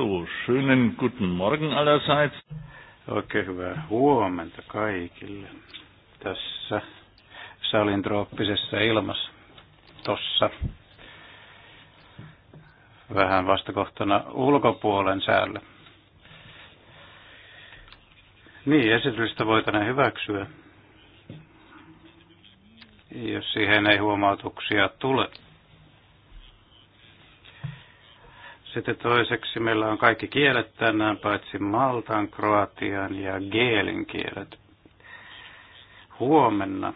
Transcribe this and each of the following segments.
So, schönen guten Morgen allerseits. Oikein hyvää huomenta kaikille tässä salintrooppisessa trooppisessa ilmassa. Tossa vähän vastakohtana ulkopuolen säälle. Niin, esitystä voitaneen hyväksyä, jos siihen ei huomautuksia tule. Sitten toiseksi meillä on kaikki kielet tänään, paitsi Maltan, Kroatian ja Geelin kielet. Huomenna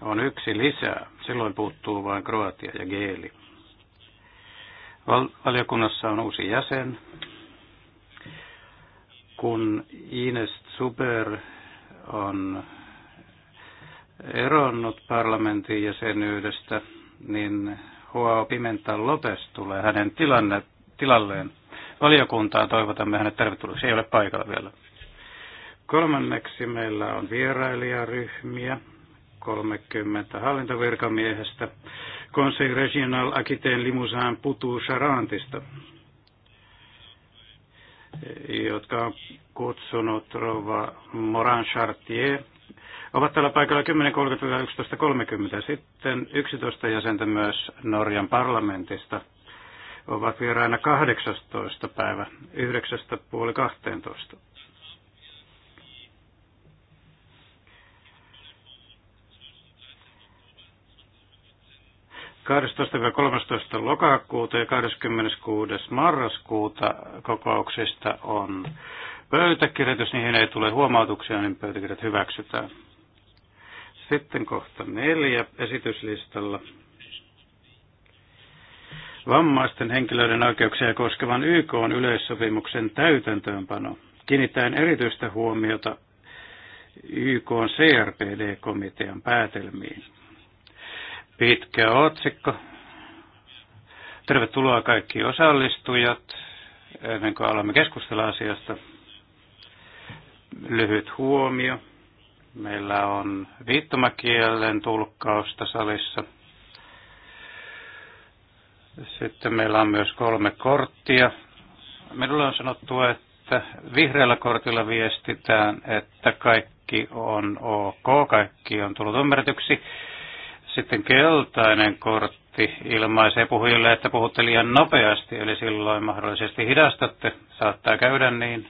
on yksi lisää. Silloin puuttuu vain Kroatia ja Geeli. Val- valiokunnassa on uusi jäsen. Kun Ines Zuber on eronnut parlamentin jäsenyydestä, niin Joao Pimenta Lopes tulee hänen tilanne tilalleen valiokuntaan. Toivotamme hänet tervetulleeksi. Ei ole paikalla vielä. Kolmanneksi meillä on vierailijaryhmiä, 30 hallintovirkamiehestä, Conseil Regional Akiteen Limousin Putu Charantista, jotka on kutsunut Rova Moran Chartier. Ovat tällä paikalla 10.30-11.30. Sitten 11 jäsentä myös Norjan parlamentista – ovat vieraina 18. päivä 9:30. puoli 12. lokakuuta ja 26. marraskuuta kokouksista on pöytäkirjat. Jos niihin ei tule huomautuksia, niin pöytäkirjat hyväksytään. Sitten kohta neljä esityslistalla vammaisten henkilöiden oikeuksia koskevan YK on yleissopimuksen täytäntöönpano, kiinnittäen erityistä huomiota YK on CRPD-komitean päätelmiin. Pitkä otsikko. Tervetuloa kaikki osallistujat. Ennen kuin alamme keskustella asiasta, lyhyt huomio. Meillä on viittomakielen tulkkausta salissa – sitten meillä on myös kolme korttia. Minulle on sanottu, että vihreällä kortilla viestitään, että kaikki on ok, kaikki on tullut ymmärretyksi. Sitten keltainen kortti ilmaisee puhujille, että puhutte liian nopeasti, eli silloin mahdollisesti hidastatte. Saattaa käydä niin.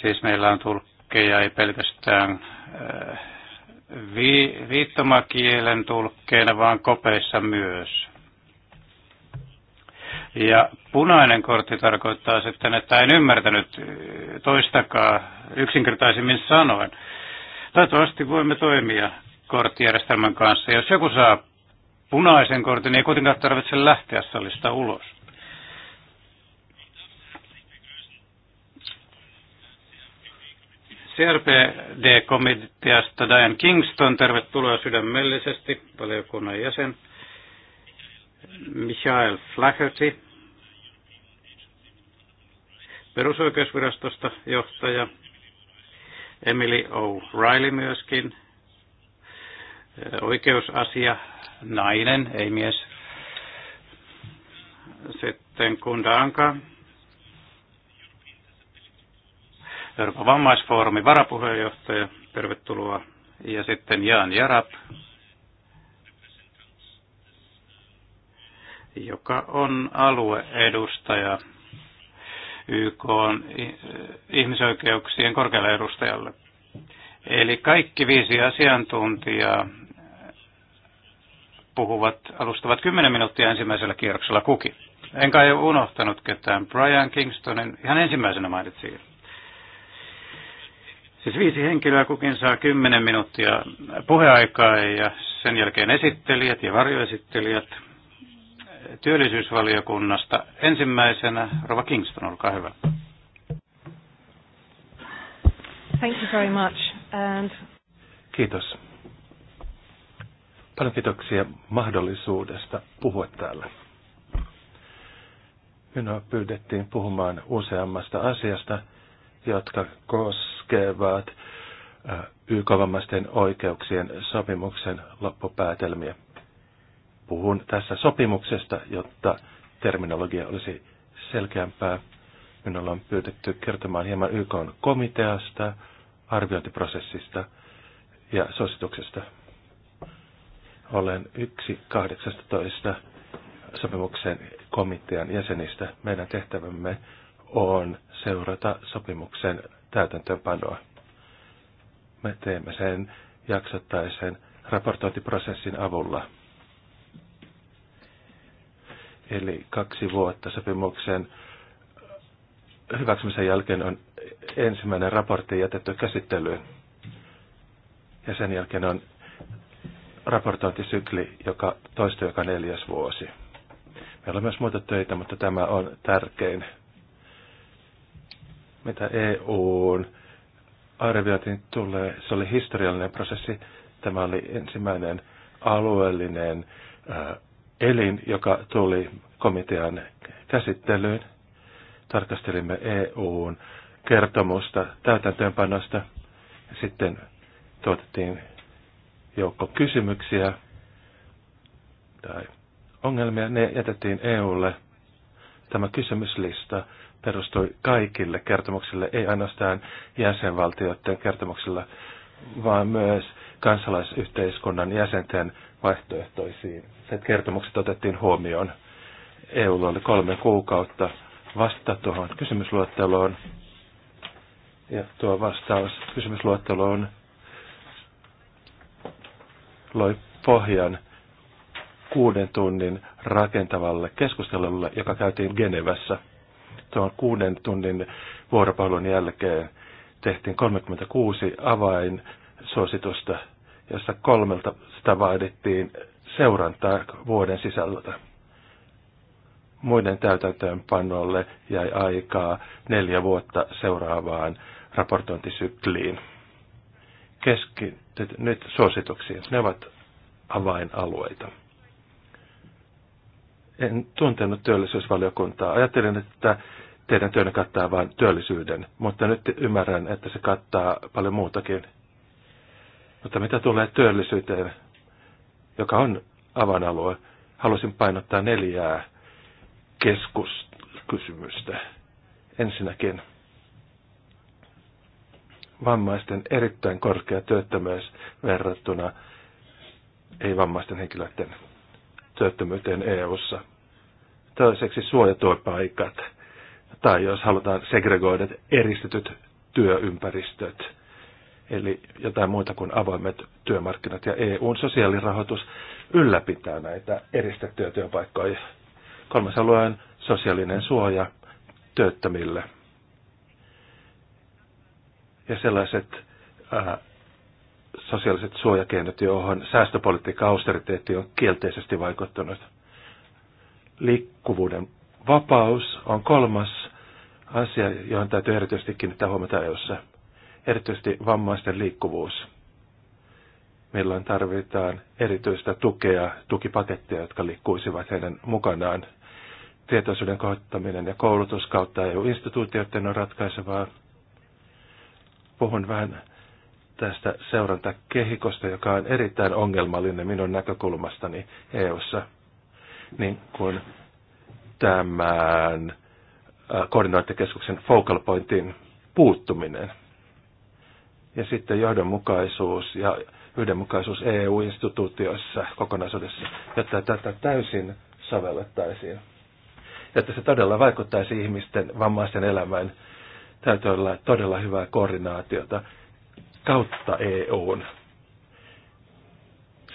Siis meillä on tulkkeja, ei pelkästään äh, vi, viittomakielen tulkkeena vaan kopeissa myös. Ja punainen kortti tarkoittaa sitten, että en ymmärtänyt toistakaan yksinkertaisemmin sanoen. Toivottavasti voimme toimia korttijärjestelmän kanssa. Jos joku saa punaisen kortin, niin ei kuitenkaan tarvitse lähteä salista ulos. CRPD-komiteasta Diane Kingston, tervetuloa sydämellisesti, valiokunnan jäsen. Michael Flaherty, perusoikeusvirastosta johtaja. Emily O'Reilly myöskin, oikeusasia, nainen, ei mies. Sitten Kunda Anka, Euroopan vammaisfoorumin varapuheenjohtaja, tervetuloa. Ja sitten Jaan Jarap, joka on alueedustaja YK on ihmisoikeuksien korkealle edustajalle. Eli kaikki viisi asiantuntijaa puhuvat, alustavat 10 minuuttia ensimmäisellä kierroksella kuki? Enkä ole unohtanut ketään. Brian Kingstonin ihan ensimmäisenä mainitsin. Siis viisi henkilöä kukin saa kymmenen minuuttia puheaikaa ja sen jälkeen esittelijät ja varjoesittelijät työllisyysvaliokunnasta. Ensimmäisenä Rova Kingston, olkaa hyvä. Thank you very much. And... Kiitos. Paljon kiitoksia mahdollisuudesta puhua täällä. Minua pyydettiin puhumaan useammasta asiasta, jotka koskevat äh, YK-vammaisten oikeuksien sopimuksen loppupäätelmiä. Puhun tässä sopimuksesta, jotta terminologia olisi selkeämpää. Minulla on pyydetty kertomaan hieman YK-komiteasta, arviointiprosessista ja suosituksesta. Olen yksi 18 sopimuksen komitean jäsenistä. Meidän tehtävämme on seurata sopimuksen täytäntöönpanoa. Me teemme sen jaksottaisen raportointiprosessin avulla. Eli kaksi vuotta sopimuksen hyväksymisen jälkeen on ensimmäinen raportti jätetty käsittelyyn. Ja sen jälkeen on raportointisykli, joka toistuu joka neljäs vuosi. Meillä on myös muita töitä, mutta tämä on tärkein mitä EUn arvioitiin tulee. Se oli historiallinen prosessi. Tämä oli ensimmäinen alueellinen äh, elin, joka tuli komitean käsittelyyn. Tarkastelimme EUn kertomusta täytäntöönpanosta. Sitten tuotettiin joukko kysymyksiä tai ongelmia. Ne jätettiin EUlle. Tämä kysymyslista perustui kaikille kertomuksille, ei ainoastaan jäsenvaltioiden kertomuksilla, vaan myös kansalaisyhteiskunnan jäsenten vaihtoehtoisiin. Se kertomukset otettiin huomioon. EU oli kolme kuukautta vastata tuohon kysymysluetteloon. Ja tuo vastaus kysymysluetteloon loi pohjan kuuden tunnin rakentavalle keskustelulle, joka käytiin Genevessä – tuon kuuden tunnin vuoropuhelun jälkeen tehtiin 36 avainsuositusta, jossa kolmelta sitä vaadittiin seurantaa vuoden sisällöltä. Muiden täytäntöönpanolle jäi aikaa neljä vuotta seuraavaan raportointisykliin. Keskityt nyt suosituksiin. Ne ovat avainalueita en tuntenut työllisyysvaliokuntaa. Ajattelin, että teidän työnne kattaa vain työllisyyden, mutta nyt ymmärrän, että se kattaa paljon muutakin. Mutta mitä tulee työllisyyteen, joka on avainalue, halusin painottaa neljää keskuskysymystä. Ensinnäkin vammaisten erittäin korkea työttömyys verrattuna ei-vammaisten henkilöiden työttömyyteen EU-ssa. Toiseksi suojatyöpaikat, tai jos halutaan segregoida eristetyt työympäristöt, eli jotain muuta kuin avoimet työmarkkinat ja EUn sosiaalirahoitus ylläpitää näitä eristettyjä työpaikkoja. Kolmas alue on sosiaalinen suoja työttömille. Ja sellaiset ää, sosiaaliset suojakeinot, johon säästöpolitiikka austeriteetti on kielteisesti vaikuttanut. Liikkuvuuden vapaus on kolmas asia, johon täytyy erityisesti kiinnittää huomiota EUssa. Erityisesti vammaisten liikkuvuus, milloin tarvitaan erityistä tukea, tukipaketteja, jotka liikkuisivat heidän mukanaan. Tietoisuuden kohottaminen ja koulutus kautta EU-instituutioiden on ratkaisevaa. Puhun vähän tästä seurantakehikosta, joka on erittäin ongelmallinen minun näkökulmastani EU-ssa, niin kuin tämän koordinaattikeskuksen focal pointin puuttuminen. Ja sitten johdonmukaisuus ja yhdenmukaisuus EU-instituutioissa kokonaisuudessa, jotta tätä täysin sovellettaisiin. Jotta se todella vaikuttaisi ihmisten vammaisten elämään, täytyy olla todella hyvää koordinaatiota kautta EUn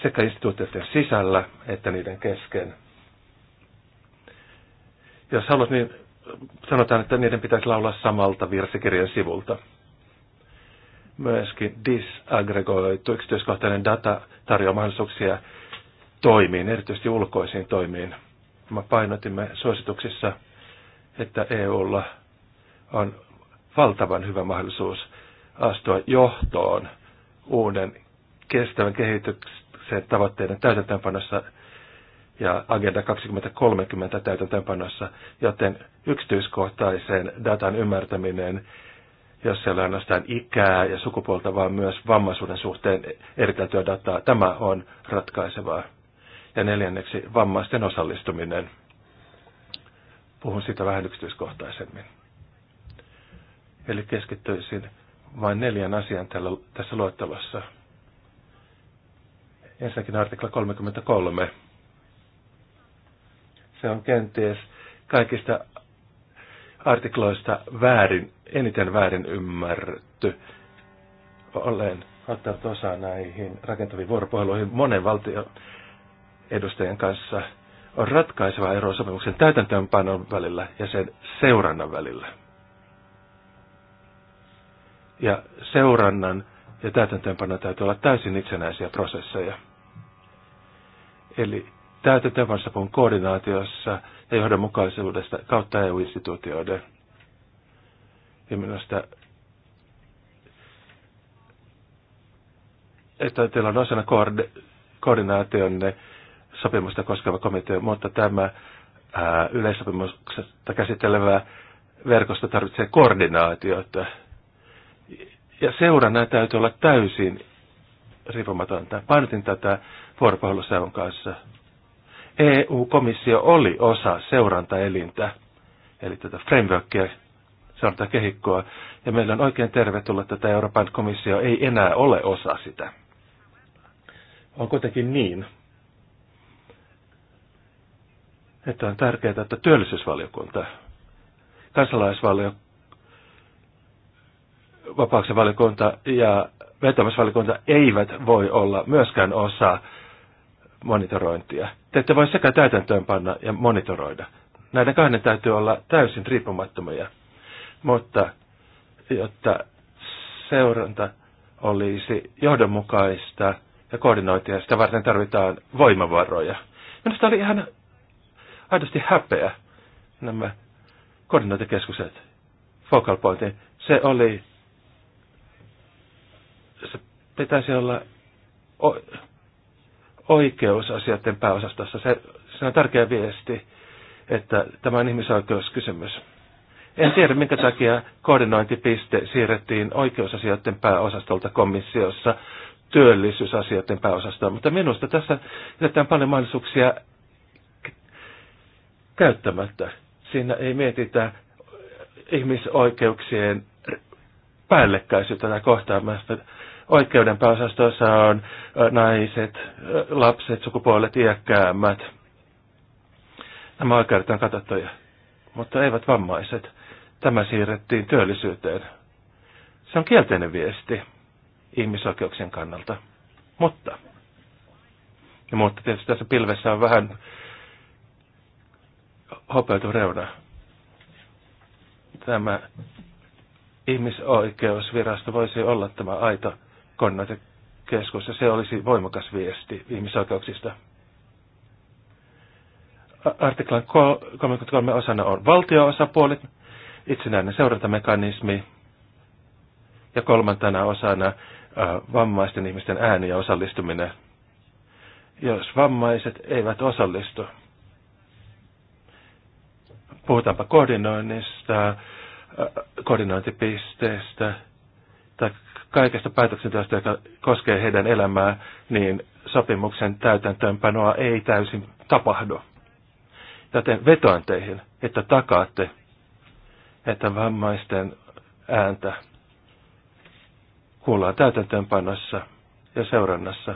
sekä instituutioiden sisällä että niiden kesken. Jos haluat, niin sanotaan, että niiden pitäisi laulaa samalta virsikirjan sivulta. Myöskin disaggregoitu yksityiskohtainen data tarjoaa mahdollisuuksia toimiin, erityisesti ulkoisiin toimiin. Mä painotimme suosituksissa, että EUlla on valtavan hyvä mahdollisuus astua johtoon uuden kestävän kehityksen tavoitteiden täytäntöönpanossa ja Agenda 2030 täytäntöönpanossa, joten yksityiskohtaisen datan ymmärtäminen, jos ei ole ainoastaan ikää ja sukupuolta, vaan myös vammaisuuden suhteen eriteltyä dataa, tämä on ratkaisevaa. Ja neljänneksi vammaisten osallistuminen. Puhun siitä vähän yksityiskohtaisemmin. Eli keskittyisin vain neljän asian tällä, tässä luettelossa. Ensinnäkin artikla 33. Se on kenties kaikista artikloista väärin, eniten väärin ymmärretty. Olen ottanut osaa näihin rakentaviin vuoropuheluihin monen valtion edustajien kanssa. On ratkaiseva ero sopimuksen täytäntöönpanon välillä ja sen seurannan välillä ja seurannan ja täytäntöönpanon täytyy olla täysin itsenäisiä prosesseja. Eli täytäntöönpanon koordinaatiossa ja johdonmukaisuudesta kautta EU-instituutioiden. Ja minusta, että teillä on osana koord- koordinaationne sopimusta koskeva komitea, mutta tämä yleissopimuksesta käsittelevä verkosto tarvitsee koordinaatiota ja seurana täytyy olla täysin riippumatonta. Painotin tätä vuoropuhelussa kanssa. EU-komissio oli osa seurantaelintä, eli tätä frameworkia, seurantakehikkoa, ja meillä on oikein tervetullut, että Euroopan komissio ei enää ole osa sitä. On kuitenkin niin, että on tärkeää, että työllisyysvaliokunta, kansalaisvaliokunta, vapauksen valiokunta ja vetomusvaliokunta eivät voi olla myöskään osa monitorointia. Te ette voi sekä täytäntöönpanna ja monitoroida. Näiden kahden täytyy olla täysin riippumattomia, mutta jotta seuranta olisi johdonmukaista ja koordinointia, sitä varten tarvitaan voimavaroja. Minusta oli ihan aidosti häpeä nämä koordinointikeskukset, focal pointin. Se oli pitäisi olla o- oikeusasioiden pääosastossa. Se, se on tärkeä viesti, että tämä on ihmisoikeuskysymys. En tiedä, minkä takia koordinointipiste siirrettiin oikeusasioiden pääosastolta komissiossa työllisyysasioiden pääosastoon, mutta minusta tässä jätetään paljon mahdollisuuksia käyttämättä. Siinä ei mietitä ihmisoikeuksien päällekkäisyyttä tai kohtaamista oikeudenpääosastossa on naiset, lapset, sukupuolet, iäkkäämmät. Nämä oikeudet on katsottuja, mutta eivät vammaiset. Tämä siirrettiin työllisyyteen. Se on kielteinen viesti ihmisoikeuksien kannalta. Mutta, ja mutta tietysti tässä pilvessä on vähän hopeutu reuna. Tämä ihmisoikeusvirasto voisi olla tämä aito konnotekeskus, ja se olisi voimakas viesti ihmisoikeuksista. Artiklan 33 osana on valtioosapuolet, itsenäinen seurantamekanismi, ja kolmantena osana vammaisten ihmisten ääni ja osallistuminen. Jos vammaiset eivät osallistu, puhutaanpa koordinoinnista, koordinointipisteestä tai kaikesta päätöksenteosta, joka koskee heidän elämää, niin sopimuksen täytäntöönpanoa ei täysin tapahdu. Joten vetoan teihin, että takaatte, että vammaisten ääntä kuullaan täytäntöönpanossa ja seurannassa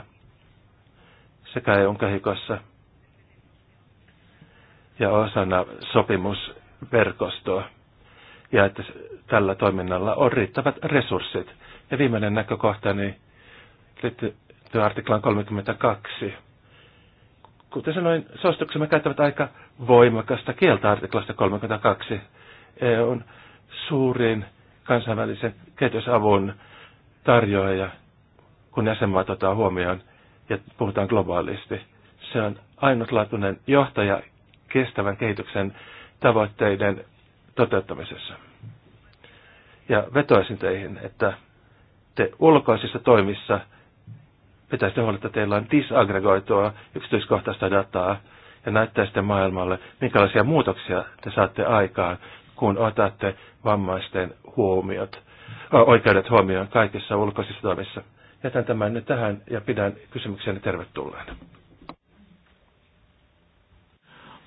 sekä EUn kehikossa ja osana sopimusverkostoa ja että tällä toiminnalla on riittävät resurssit. Ja viimeinen näkökohtani niin liittyy artiklaan 32. Kuten sanoin, suosituksemme käyttävät aika voimakasta kieltä artiklasta 32. E on suurin kansainvälisen kehitysavun tarjoaja, kun jäsenmaat otetaan huomioon ja puhutaan globaalisti. Se on ainutlaatuinen johtaja kestävän kehityksen tavoitteiden toteuttamisessa. Ja vetoaisin teihin, että te ulkoisissa toimissa pitäisi huolta, että teillä on disaggregoitua yksityiskohtaista dataa ja näyttää sitten maailmalle, minkälaisia muutoksia te saatte aikaan, kun otatte vammaisten huomiot, oikeudet huomioon kaikissa ulkoisissa toimissa. Jätän tämän nyt tähän ja pidän kysymykseni tervetulleena.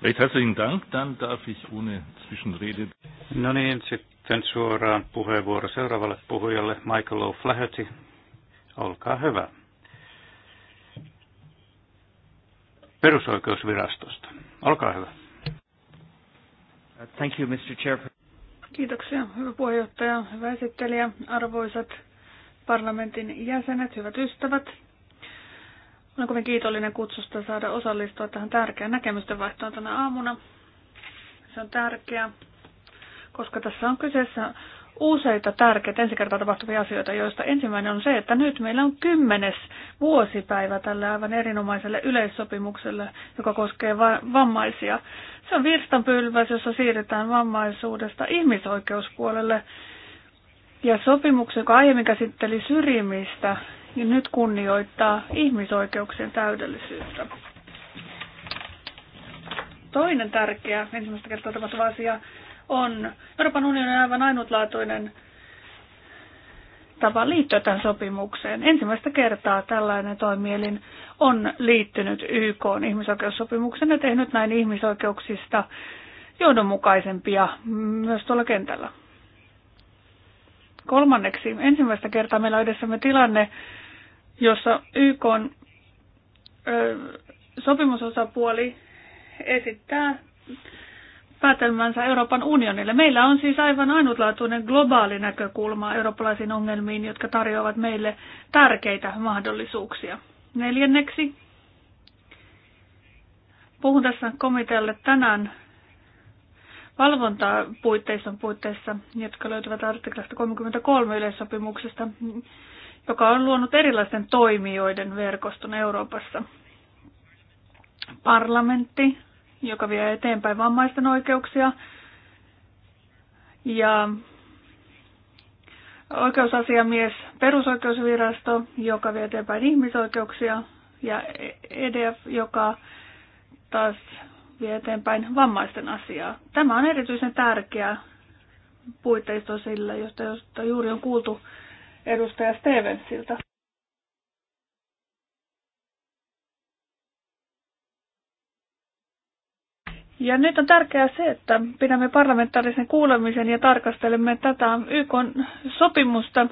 Recht herzlichen Dank. Dann darf ich ohne Zwischenrede. No niin, sitten suoraan puheenvuoro seuraavalle puhujalle, Michael O'Flaherty. Olkaa hyvä. Perusoikeusvirastosta. Olkaa hyvä. Thank you, Mr. Chair. Kiitoksia, hyvä puheenjohtaja, hyvä esittelijä, arvoisat parlamentin jäsenet, hyvät ystävät. Olen kovin kiitollinen kutsusta saada osallistua tähän tärkeään näkemysten vaihtoon tänä aamuna. Se on tärkeää, koska tässä on kyseessä useita tärkeitä ensi kertaa tapahtuvia asioita, joista ensimmäinen on se, että nyt meillä on kymmenes vuosipäivä tälle aivan erinomaiselle yleissopimukselle, joka koskee va- vammaisia. Se on virstanpylväs, jossa siirretään vammaisuudesta ihmisoikeuspuolelle. Ja sopimuksen, joka aiemmin käsitteli syrjimistä nyt kunnioittaa ihmisoikeuksien täydellisyyttä. Toinen tärkeä, ensimmäistä kertaa tapahtuva asia on Euroopan unionin aivan ainutlaatuinen tapa liittyä tähän sopimukseen. Ensimmäistä kertaa tällainen toimielin on liittynyt YK ihmisoikeussopimuksen ja tehnyt näin ihmisoikeuksista johdonmukaisempia myös tuolla kentällä. Kolmanneksi, ensimmäistä kertaa meillä on edessämme tilanne, jossa YK on, ö, sopimusosapuoli esittää päätelmänsä Euroopan unionille. Meillä on siis aivan ainutlaatuinen globaali näkökulma eurooppalaisiin ongelmiin, jotka tarjoavat meille tärkeitä mahdollisuuksia. Neljänneksi puhun tässä komitealle tänään valvontapuitteissa puitteissa, jotka löytyvät artiklasta 33 yleissopimuksesta, joka on luonut erilaisten toimijoiden verkoston Euroopassa. Parlamentti, joka vie eteenpäin vammaisten oikeuksia, ja oikeusasiamies, perusoikeusvirasto, joka vie eteenpäin ihmisoikeuksia, ja EDF, joka taas vie eteenpäin vammaisten asiaa. Tämä on erityisen tärkeä puitteisto sillä, josta, josta juuri on kuultu edustaja Stevensiltä. Ja nyt on tärkeää se, että pidämme parlamentaarisen kuulemisen ja tarkastelemme tätä YK sopimusta.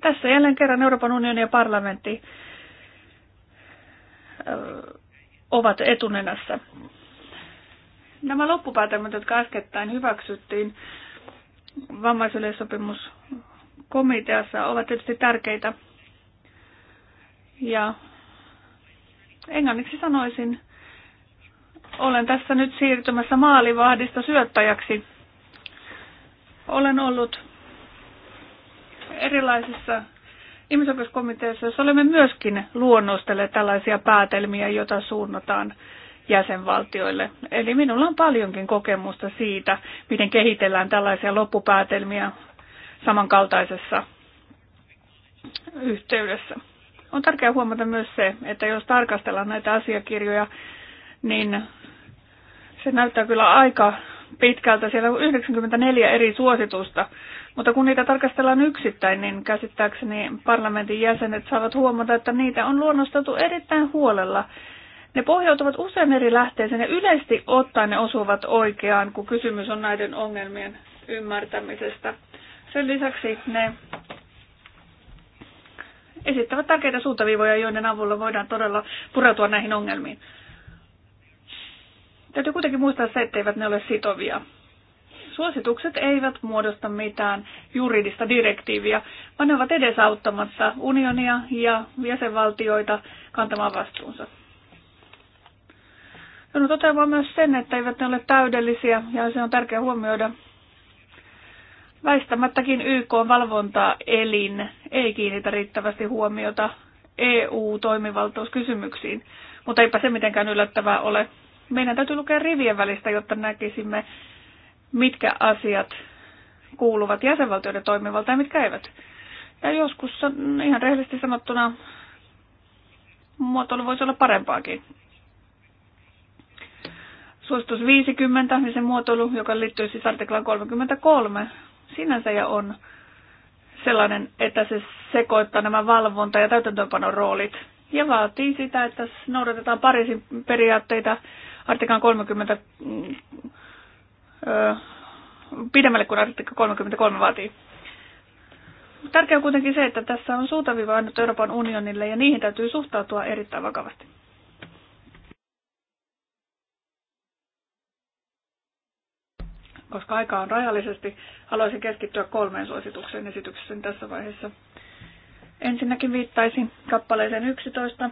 Tässä jälleen kerran Euroopan unioni ja parlamentti ovat etunenässä. Nämä loppupäätelmät, jotka äskettäin hyväksyttiin, vammaisyleissopimus komiteassa ovat tietysti tärkeitä. Ja englanniksi sanoisin, olen tässä nyt siirtymässä maalivahdista syöttäjäksi. Olen ollut erilaisissa ihmisoikeuskomiteissa, jossa olemme myöskin luonnostelleet tällaisia päätelmiä, joita suunnataan jäsenvaltioille. Eli minulla on paljonkin kokemusta siitä, miten kehitellään tällaisia loppupäätelmiä samankaltaisessa yhteydessä. On tärkeää huomata myös se, että jos tarkastellaan näitä asiakirjoja, niin se näyttää kyllä aika pitkältä. Siellä on 94 eri suositusta, mutta kun niitä tarkastellaan yksittäin, niin käsittääkseni parlamentin jäsenet saavat huomata, että niitä on luonnosteltu erittäin huolella. Ne pohjautuvat usein eri lähteeseen ja yleisesti ottaen ne osuvat oikeaan, kun kysymys on näiden ongelmien ymmärtämisestä. Sen lisäksi ne esittävät tärkeitä suuntaviivoja, joiden avulla voidaan todella pureutua näihin ongelmiin. Täytyy kuitenkin muistaa se, etteivät ne ole sitovia. Suositukset eivät muodosta mitään juridista direktiiviä, vaan ne ovat edesauttamassa unionia ja jäsenvaltioita kantamaan vastuunsa. Joudun toteamaan myös sen, että eivät ne ole täydellisiä ja se on tärkeää huomioida – Väistämättäkin YK valvontaelin ei kiinnitä riittävästi huomiota EU-toimivaltuuskysymyksiin, mutta eipä se mitenkään yllättävää ole. Meidän täytyy lukea rivien välistä, jotta näkisimme, mitkä asiat kuuluvat jäsenvaltioiden toimivalta ja mitkä eivät. Ja joskus ihan rehellisesti sanottuna muotoilu voisi olla parempaakin. Suositus 50, niin se muotoilu, joka liittyy siis artiklaan 33, sinänsä ja on sellainen, että se sekoittaa nämä valvonta- ja täytäntöönpanon roolit ja vaatii sitä, että noudatetaan Pariisin periaatteita artikan 30 öö, pidemmälle kuin artikka 33 vaatii. Tärkeää on kuitenkin se, että tässä on suuntaviiva annettu Euroopan unionille ja niihin täytyy suhtautua erittäin vakavasti. koska aika on rajallisesti, haluaisin keskittyä kolmeen suositukseen esityksessäni tässä vaiheessa. Ensinnäkin viittaisin kappaleeseen 11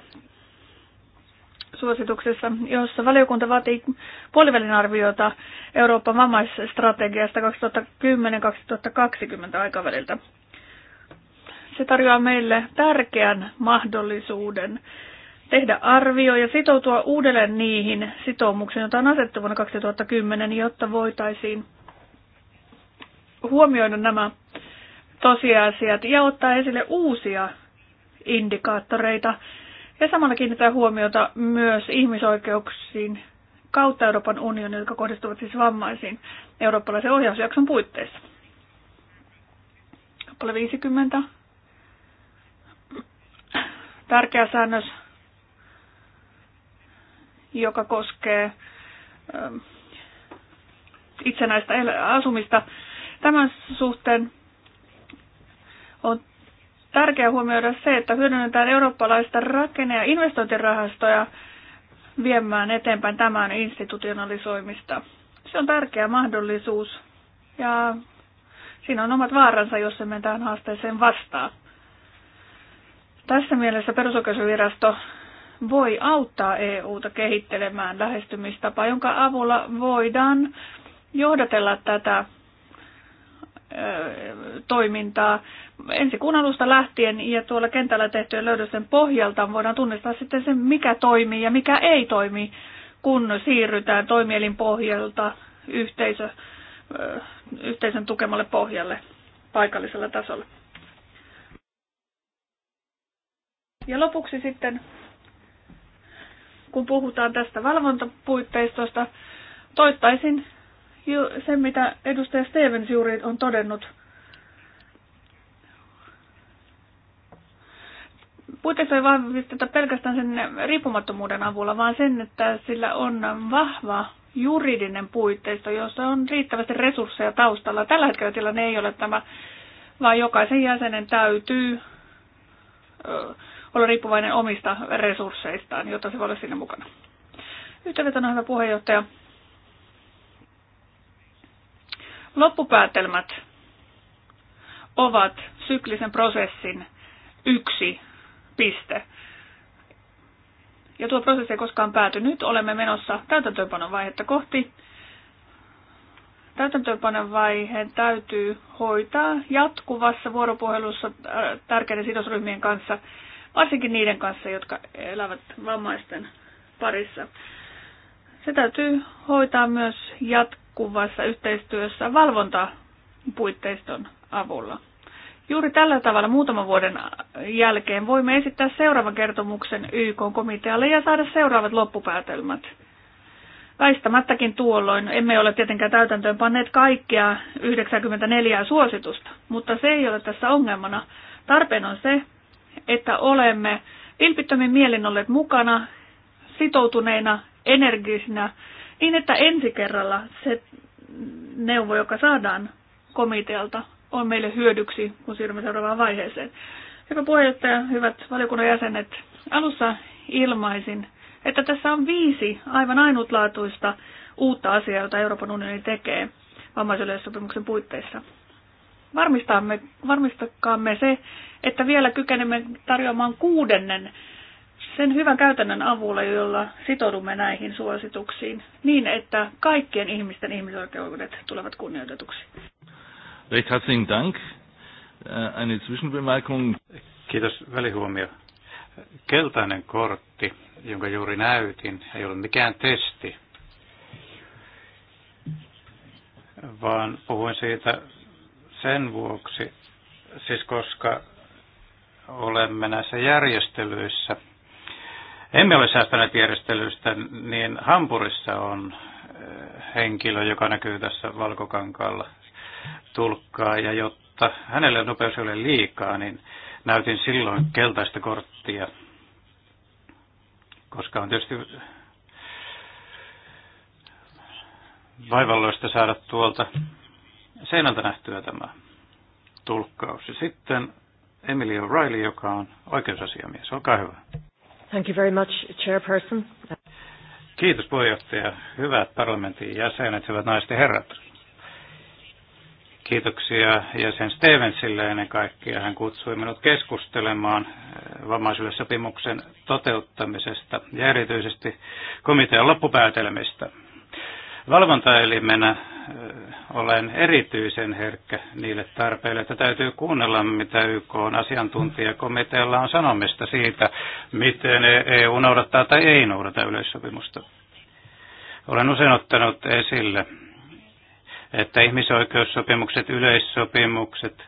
suosituksessa, jossa valiokunta vaatii puolivälin arviota Euroopan vammaisstrategiasta 2010-2020 aikaväliltä. Se tarjoaa meille tärkeän mahdollisuuden tehdä arvio ja sitoutua uudelleen niihin sitoumuksiin, joita on asettu vuonna 2010, jotta voitaisiin huomioida nämä tosiasiat ja ottaa esille uusia indikaattoreita. Ja samalla kiinnittää huomiota myös ihmisoikeuksiin kautta Euroopan unionin, jotka kohdistuvat siis vammaisiin eurooppalaisen ohjausjakson puitteissa. Kappale 50. Tärkeä säännös joka koskee ähm, itsenäistä asumista. Tämän suhteen on tärkeää huomioida se, että hyödynnetään eurooppalaista rakenne- ja investointirahastoja viemään eteenpäin tämän institutionalisoimista. Se on tärkeä mahdollisuus ja siinä on omat vaaransa, jos emme tähän haasteeseen vastaa. Tässä mielessä perusoikeusvirasto voi auttaa EUta kehittelemään lähestymistapaa, jonka avulla voidaan johdatella tätä toimintaa ensi kuun alusta lähtien ja tuolla kentällä tehtyjen löydösten pohjalta voidaan tunnistaa sitten se, mikä toimii ja mikä ei toimi, kun siirrytään toimielin pohjalta yhteisö, yhteisön tukemalle pohjalle paikallisella tasolla. Ja lopuksi sitten kun puhutaan tästä valvontapuitteistosta, toittaisin sen, mitä edustaja Stevens juuri on todennut. Puitteista ei vahvisteta pelkästään sen riippumattomuuden avulla, vaan sen, että sillä on vahva juridinen puitteisto, jossa on riittävästi resursseja taustalla. Tällä hetkellä tilanne ei ole tämä, vaan jokaisen jäsenen täytyy olla riippuvainen omista resursseistaan, jotta se voi olla siinä mukana. Yhteenvetona hyvä puheenjohtaja. Loppupäätelmät ovat syklisen prosessin yksi piste. Ja tuo prosessi ei koskaan pääty. Nyt olemme menossa täytäntöönpanon vaihetta kohti. Täytäntöönpanon vaiheen täytyy hoitaa jatkuvassa vuoropuhelussa äh, tärkeiden sidosryhmien kanssa varsinkin niiden kanssa, jotka elävät vammaisten parissa. Se täytyy hoitaa myös jatkuvassa yhteistyössä valvontapuitteiston avulla. Juuri tällä tavalla muutaman vuoden jälkeen voimme esittää seuraavan kertomuksen YK-komitealle ja saada seuraavat loppupäätelmät. Väistämättäkin tuolloin emme ole tietenkään täytäntöön panneet kaikkea 94 suositusta, mutta se ei ole tässä ongelmana. Tarpeen on se, että olemme vilpittömin mielin olleet mukana, sitoutuneina, energisinä, niin että ensi kerralla se neuvo, joka saadaan komitealta, on meille hyödyksi, kun siirrymme seuraavaan vaiheeseen. Hyvä puheenjohtaja, hyvät valiokunnan jäsenet, alussa ilmaisin, että tässä on viisi aivan ainutlaatuista uutta asiaa, jota Euroopan unioni tekee vammaisyleissopimuksen puitteissa. Varmistamme, varmistakaamme se, että vielä kykenemme tarjoamaan kuudennen sen hyvän käytännön avulla, jolla sitoudumme näihin suosituksiin, niin että kaikkien ihmisten ihmisoikeudet tulevat kunnioitetuksi. Recht herzlichen Dank. Äh, eine Zwischenbemerkung. Kiitos. Välihuomio. Keltainen kortti, jonka juuri näytin, ei ole mikään testi, vaan puhuin siitä sen vuoksi, siis koska olemme näissä järjestelyissä, emme ole säästäneet järjestelyistä, niin Hampurissa on eh, henkilö, joka näkyy tässä valkokankaalla tulkkaa, ja jotta hänelle nopeus ei ole liikaa, niin näytin silloin keltaista korttia, koska on tietysti vaivalloista saada tuolta seinältä nähtyä tämä tulkkaus. Ja sitten Emily O'Reilly, joka on oikeusasiamies. Olkaa hyvä. Thank you very much, chairperson. Kiitos puheenjohtaja. Hyvät parlamentin jäsenet, hyvät naiset ja herrat. Kiitoksia jäsen Stevensille ennen kaikkea. Hän kutsui minut keskustelemaan eh, vammaisille sopimuksen toteuttamisesta ja erityisesti komitean loppupäätelmistä – Valvontaelimenä olen erityisen herkkä niille tarpeille, että täytyy kuunnella, mitä YK on asiantuntijakomitealla on sanomista siitä, miten EU e noudattaa tai ei noudata yleissopimusta. Olen usein ottanut esille, että ihmisoikeussopimukset, yleissopimukset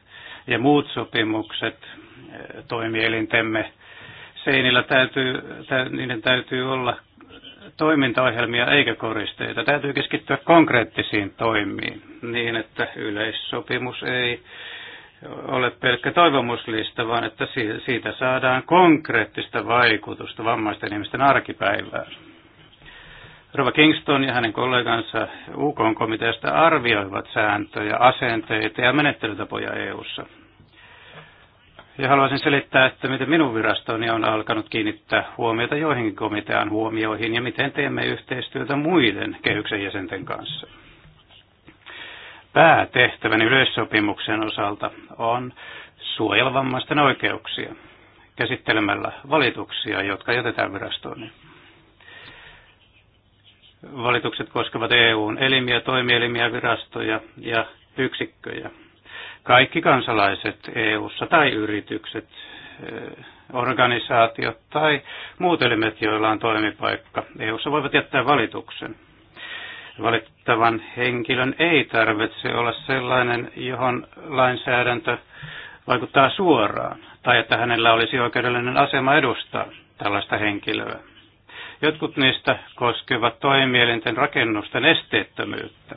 ja muut sopimukset toimielintemme seinillä täytyy, niiden täytyy olla toimintaohjelmia eikä koristeita. Täytyy keskittyä konkreettisiin toimiin niin, että yleissopimus ei ole pelkkä toivomuslista, vaan että siitä saadaan konkreettista vaikutusta vammaisten ihmisten arkipäivään. Rova Kingston ja hänen kollegansa UK-komiteasta arvioivat sääntöjä, asenteita ja menettelytapoja EU:ssa. Ja haluaisin selittää, että miten minun virastoni on alkanut kiinnittää huomiota joihinkin komitean huomioihin ja miten teemme yhteistyötä muiden kehyksen jäsenten kanssa. Päätehtävän yleissopimuksen osalta on suojella vammaisten oikeuksia käsittelemällä valituksia, jotka jätetään virastoon. Valitukset koskevat EUn elimiä, toimielimiä, virastoja ja yksikköjä kaikki kansalaiset EU-ssa tai yritykset, eh, organisaatiot tai muut elimet, joilla on toimipaikka EU-ssa, voivat jättää valituksen. Valittavan henkilön ei tarvitse olla sellainen, johon lainsäädäntö vaikuttaa suoraan, tai että hänellä olisi oikeudellinen asema edustaa tällaista henkilöä. Jotkut niistä koskevat toimielinten rakennusten esteettömyyttä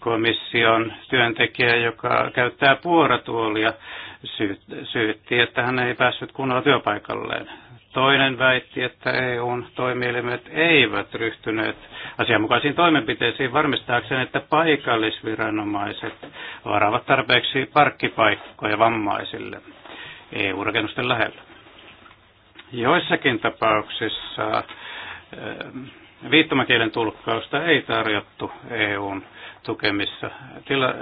komission työntekijä, joka käyttää puoratuolia, syytti, että hän ei päässyt kunnolla työpaikalleen. Toinen väitti, että EUn toimielimet eivät ryhtyneet asianmukaisiin toimenpiteisiin varmistaakseen, että paikallisviranomaiset varaavat tarpeeksi parkkipaikkoja vammaisille EU-rakennusten lähellä. Joissakin tapauksissa eh, viittomakielen tulkkausta ei tarjottu EUn tukemissa tila,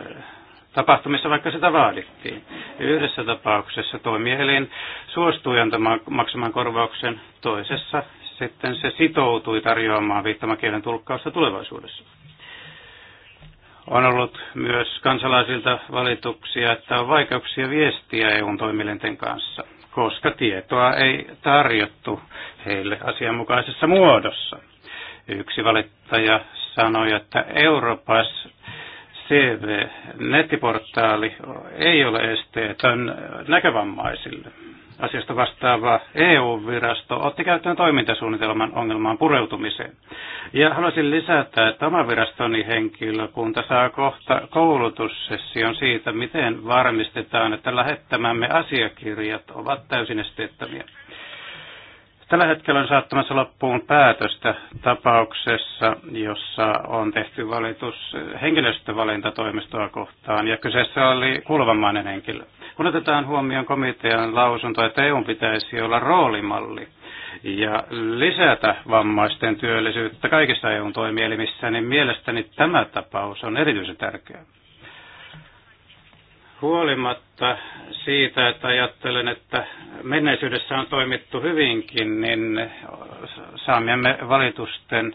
tapahtumissa, vaikka sitä vaadittiin. Yhdessä tapauksessa toimielin suostui antamaan maksamaan korvauksen, toisessa sitten se sitoutui tarjoamaan viittomakielen tulkkausta tulevaisuudessa. On ollut myös kansalaisilta valituksia, että on vaikeuksia viestiä eu toimielinten kanssa, koska tietoa ei tarjottu heille asianmukaisessa muodossa. Yksi valittaja sanoi, että Europass CV, nettiportaali, ei ole esteetön näkövammaisille. Asiasta vastaava EU-virasto otti käyttöön toimintasuunnitelman ongelmaan pureutumiseen. Ja haluaisin lisätä, että oma virastoni henkilökunta saa kohta koulutussession siitä, miten varmistetaan, että lähettämämme asiakirjat ovat täysin esteettömiä. Tällä hetkellä on saattamassa loppuun päätöstä tapauksessa, jossa on tehty valitus henkilöstövalintatoimistoa kohtaan, ja kyseessä oli kulvamainen henkilö. Kun otetaan huomioon komitean lausunto, että EUn pitäisi olla roolimalli ja lisätä vammaisten työllisyyttä kaikissa EUn toimielimissä, niin mielestäni tämä tapaus on erityisen tärkeä. Huolimatta siitä, että ajattelen, että menneisyydessä on toimittu hyvinkin, niin saamiemme valitusten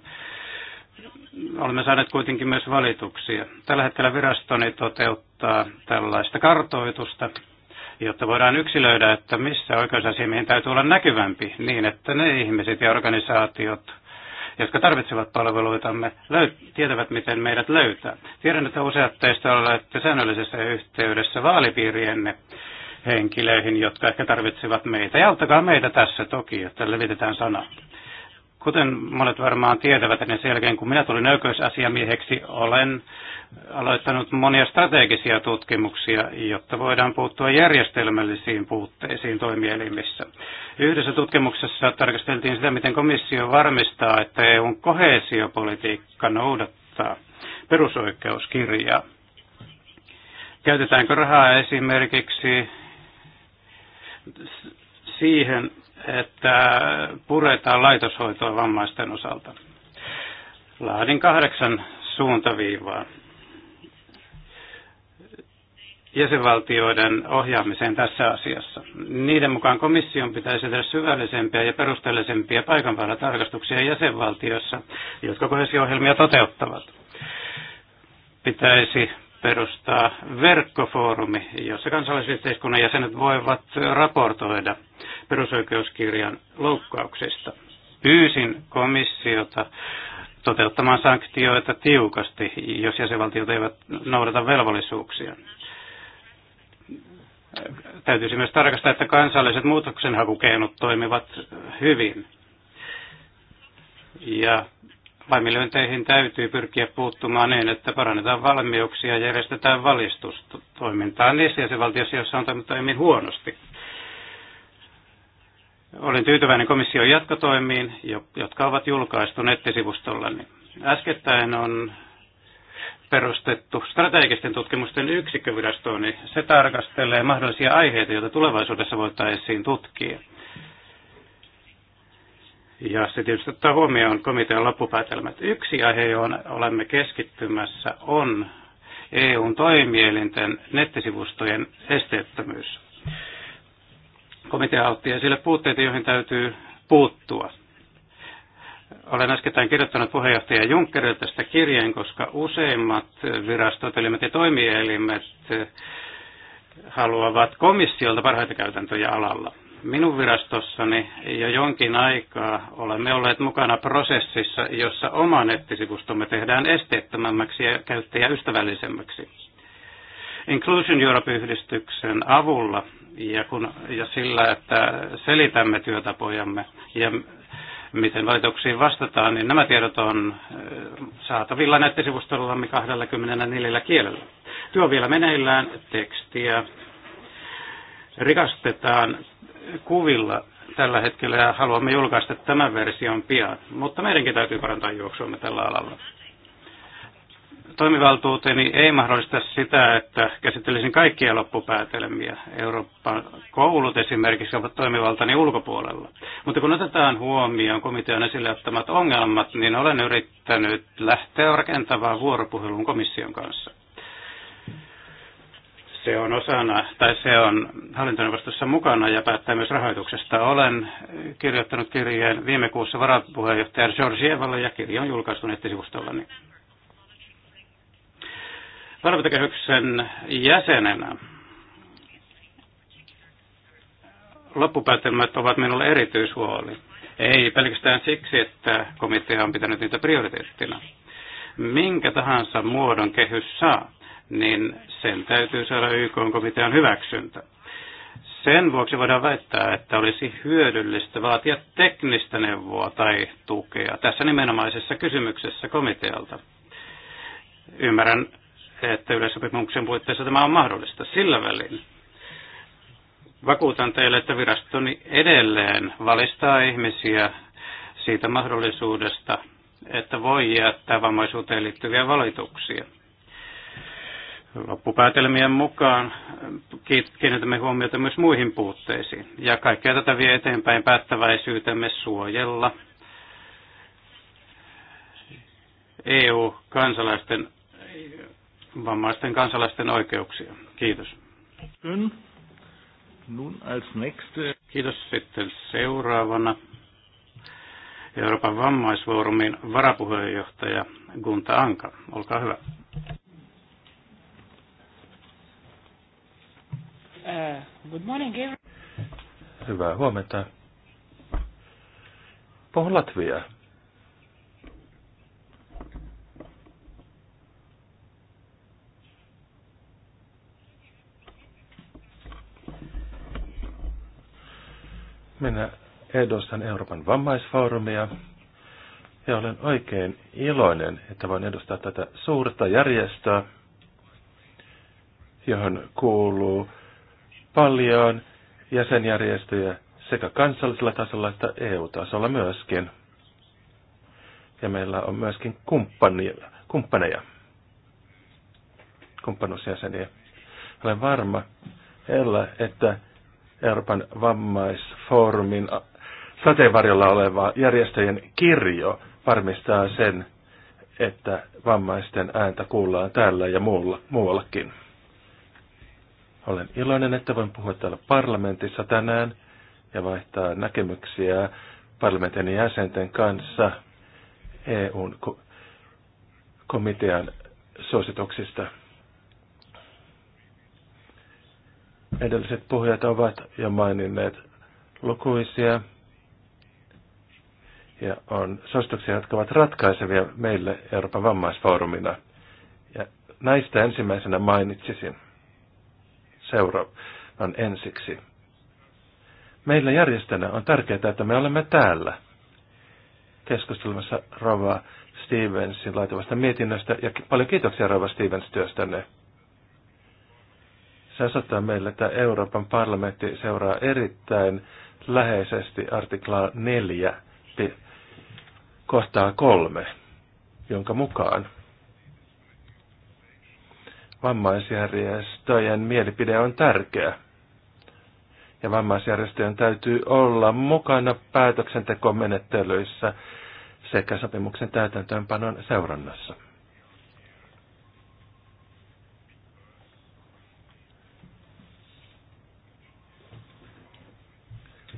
olemme saaneet kuitenkin myös valituksia. Tällä hetkellä virastoni toteuttaa tällaista kartoitusta, jotta voidaan yksilöidä, että missä oikeusasiamiehen täytyy olla näkyvämpi niin, että ne ihmiset ja organisaatiot, jotka tarvitsevat palveluitamme, löy- tietävät, miten meidät löytää. Tiedän, että useat teistä olette säännöllisessä yhteydessä vaalipiirienne henkilöihin, jotka ehkä tarvitsevat meitä. Ja auttakaa meitä tässä toki, että levitetään sana. Kuten monet varmaan tietävät, niin sen jälkeen kun minä tulin oikeusasiamieheksi, olen aloittanut monia strategisia tutkimuksia, jotta voidaan puuttua järjestelmällisiin puutteisiin toimielimissä. Yhdessä tutkimuksessa tarkasteltiin sitä, miten komissio varmistaa, että EUn kohesiopolitiikka noudattaa perusoikeuskirjaa. Käytetäänkö rahaa esimerkiksi siihen, että puretaan laitoshoitoa vammaisten osalta. Laadin kahdeksan suuntaviivaa jäsenvaltioiden ohjaamiseen tässä asiassa. Niiden mukaan komission pitäisi tehdä syvällisempiä ja perusteellisempia paikan päällä tarkastuksia jäsenvaltiossa, jotka kohesio-ohjelmia toteuttavat. Pitäisi perustaa verkkofoorumi, jossa kansalaisyhteiskunnan jäsenet voivat raportoida perusoikeuskirjan loukkauksista. Pyysin komissiota toteuttamaan sanktioita tiukasti, jos jäsenvaltiot eivät noudata velvollisuuksia. Täytyisi myös tarkastaa, että kansalliset muutoksenhakukeinot toimivat hyvin. Ja laiminlyönteihin täytyy pyrkiä puuttumaan niin, että parannetaan valmiuksia ja järjestetään valistustoimintaa niissä jäsenvaltioissa, joissa on toiminut aiemmin huonosti. Olen tyytyväinen komission jatkotoimiin, jotka ovat julkaistu nettisivustollani. Niin äskettäin on perustettu strategisten tutkimusten yksikkövirastoon, niin se tarkastelee mahdollisia aiheita, joita tulevaisuudessa voitaisiin tutkia. Ja se tietysti ottaa huomioon komitean loppupäätelmät. Yksi aihe, johon olemme keskittymässä, on EUn toimielinten nettisivustojen esteettömyys. Komitea otti esille puutteita, joihin täytyy puuttua. Olen äskettäin kirjoittanut puheenjohtaja Junckerille tästä kirjeen, koska useimmat virastot, eli ja toimielimet haluavat komissiolta parhaita käytäntöjä alalla. Minun virastossani jo jonkin aikaa olemme olleet mukana prosessissa, jossa oma nettisivustomme tehdään esteettömämmäksi ja käyttäjäystävällisemmäksi. Inclusion Europe-yhdistyksen avulla ja, kun, ja sillä, että selitämme työtapojamme ja miten valituksiin vastataan, niin nämä tiedot on saatavilla nettisivustollamme 24 kielellä. Työ on vielä meneillään, tekstiä rikastetaan kuvilla tällä hetkellä ja haluamme julkaista tämän version pian, mutta meidänkin täytyy parantaa juoksuamme tällä alalla. Toimivaltuuteni ei mahdollista sitä, että käsittelisin kaikkia loppupäätelmiä. Euroopan koulut esimerkiksi ovat toimivaltani ulkopuolella. Mutta kun otetaan huomioon komitean esille ottamat ongelmat, niin olen yrittänyt lähteä rakentavaan vuoropuheluun komission kanssa. Se on osana, tai se on hallintoneuvostossa mukana ja päättää myös rahoituksesta. Olen kirjoittanut kirjeen viime kuussa varapuheenjohtaja Georgievalle ja kirja on julkaistu nettisivustollani. Valvontakehyksen jäsenenä loppupäätelmät ovat minulle erityishuoli. Ei pelkästään siksi, että komitea on pitänyt niitä prioriteettina. Minkä tahansa muodon kehys saa niin sen täytyy saada YK-komitean hyväksyntä. Sen vuoksi voidaan väittää, että olisi hyödyllistä vaatia teknistä neuvoa tai tukea tässä nimenomaisessa kysymyksessä komitealta. Ymmärrän, että yleissopimuksen puitteissa tämä on mahdollista sillä välin. Vakuutan teille, että virastoni edelleen valistaa ihmisiä siitä mahdollisuudesta, että voi jättää vammaisuuteen liittyviä valituksia – Loppupäätelmien mukaan kiinnitämme huomiota myös muihin puutteisiin ja kaikkea tätä vie eteenpäin päättäväisyytemme suojella EU-kansalaisten, vammaisten kansalaisten oikeuksia. Kiitos. Kiitos sitten seuraavana. Euroopan vammaisfoorumin varapuheenjohtaja Gunta Anka. Olkaa hyvä. Good morning, Gabriel. Hyvää huomenta. Puhun Latvia. Minä edustan Euroopan vammaisfoorumia ja olen oikein iloinen, että voin edustaa tätä suurta järjestöä, johon kuuluu paljon jäsenjärjestöjä sekä kansallisella tasolla että EU-tasolla myöskin. Ja meillä on myöskin kumppaneja, kumppanuusjäseniä. Olen varma, Ella, että Euroopan vammaisfoorumin sateenvarjolla oleva järjestöjen kirjo varmistaa sen, että vammaisten ääntä kuullaan täällä ja muualla, muuallakin. Olen iloinen, että voin puhua täällä parlamentissa tänään ja vaihtaa näkemyksiä parlamentin jäsenten kanssa EUn komitean suosituksista. Edelliset puhujat ovat jo maininneet lukuisia ja on suosituksia, jotka ovat ratkaisevia meille Euroopan vammaisfoorumina. Ja näistä ensimmäisenä mainitsisin seuran ensiksi. Meillä järjestänä on tärkeää, että me olemme täällä keskustelemassa Rova Stevensin laitavasta mietinnöstä ja paljon kiitoksia Rova Stevens työstänne. Se osoittaa meille, että Euroopan parlamentti seuraa erittäin läheisesti artiklaa 4 kohtaa 3, jonka mukaan vammaisjärjestöjen mielipide on tärkeä. Ja vammaisjärjestöjen täytyy olla mukana päätöksentekomenettelyissä sekä sopimuksen täytäntöönpanon seurannassa.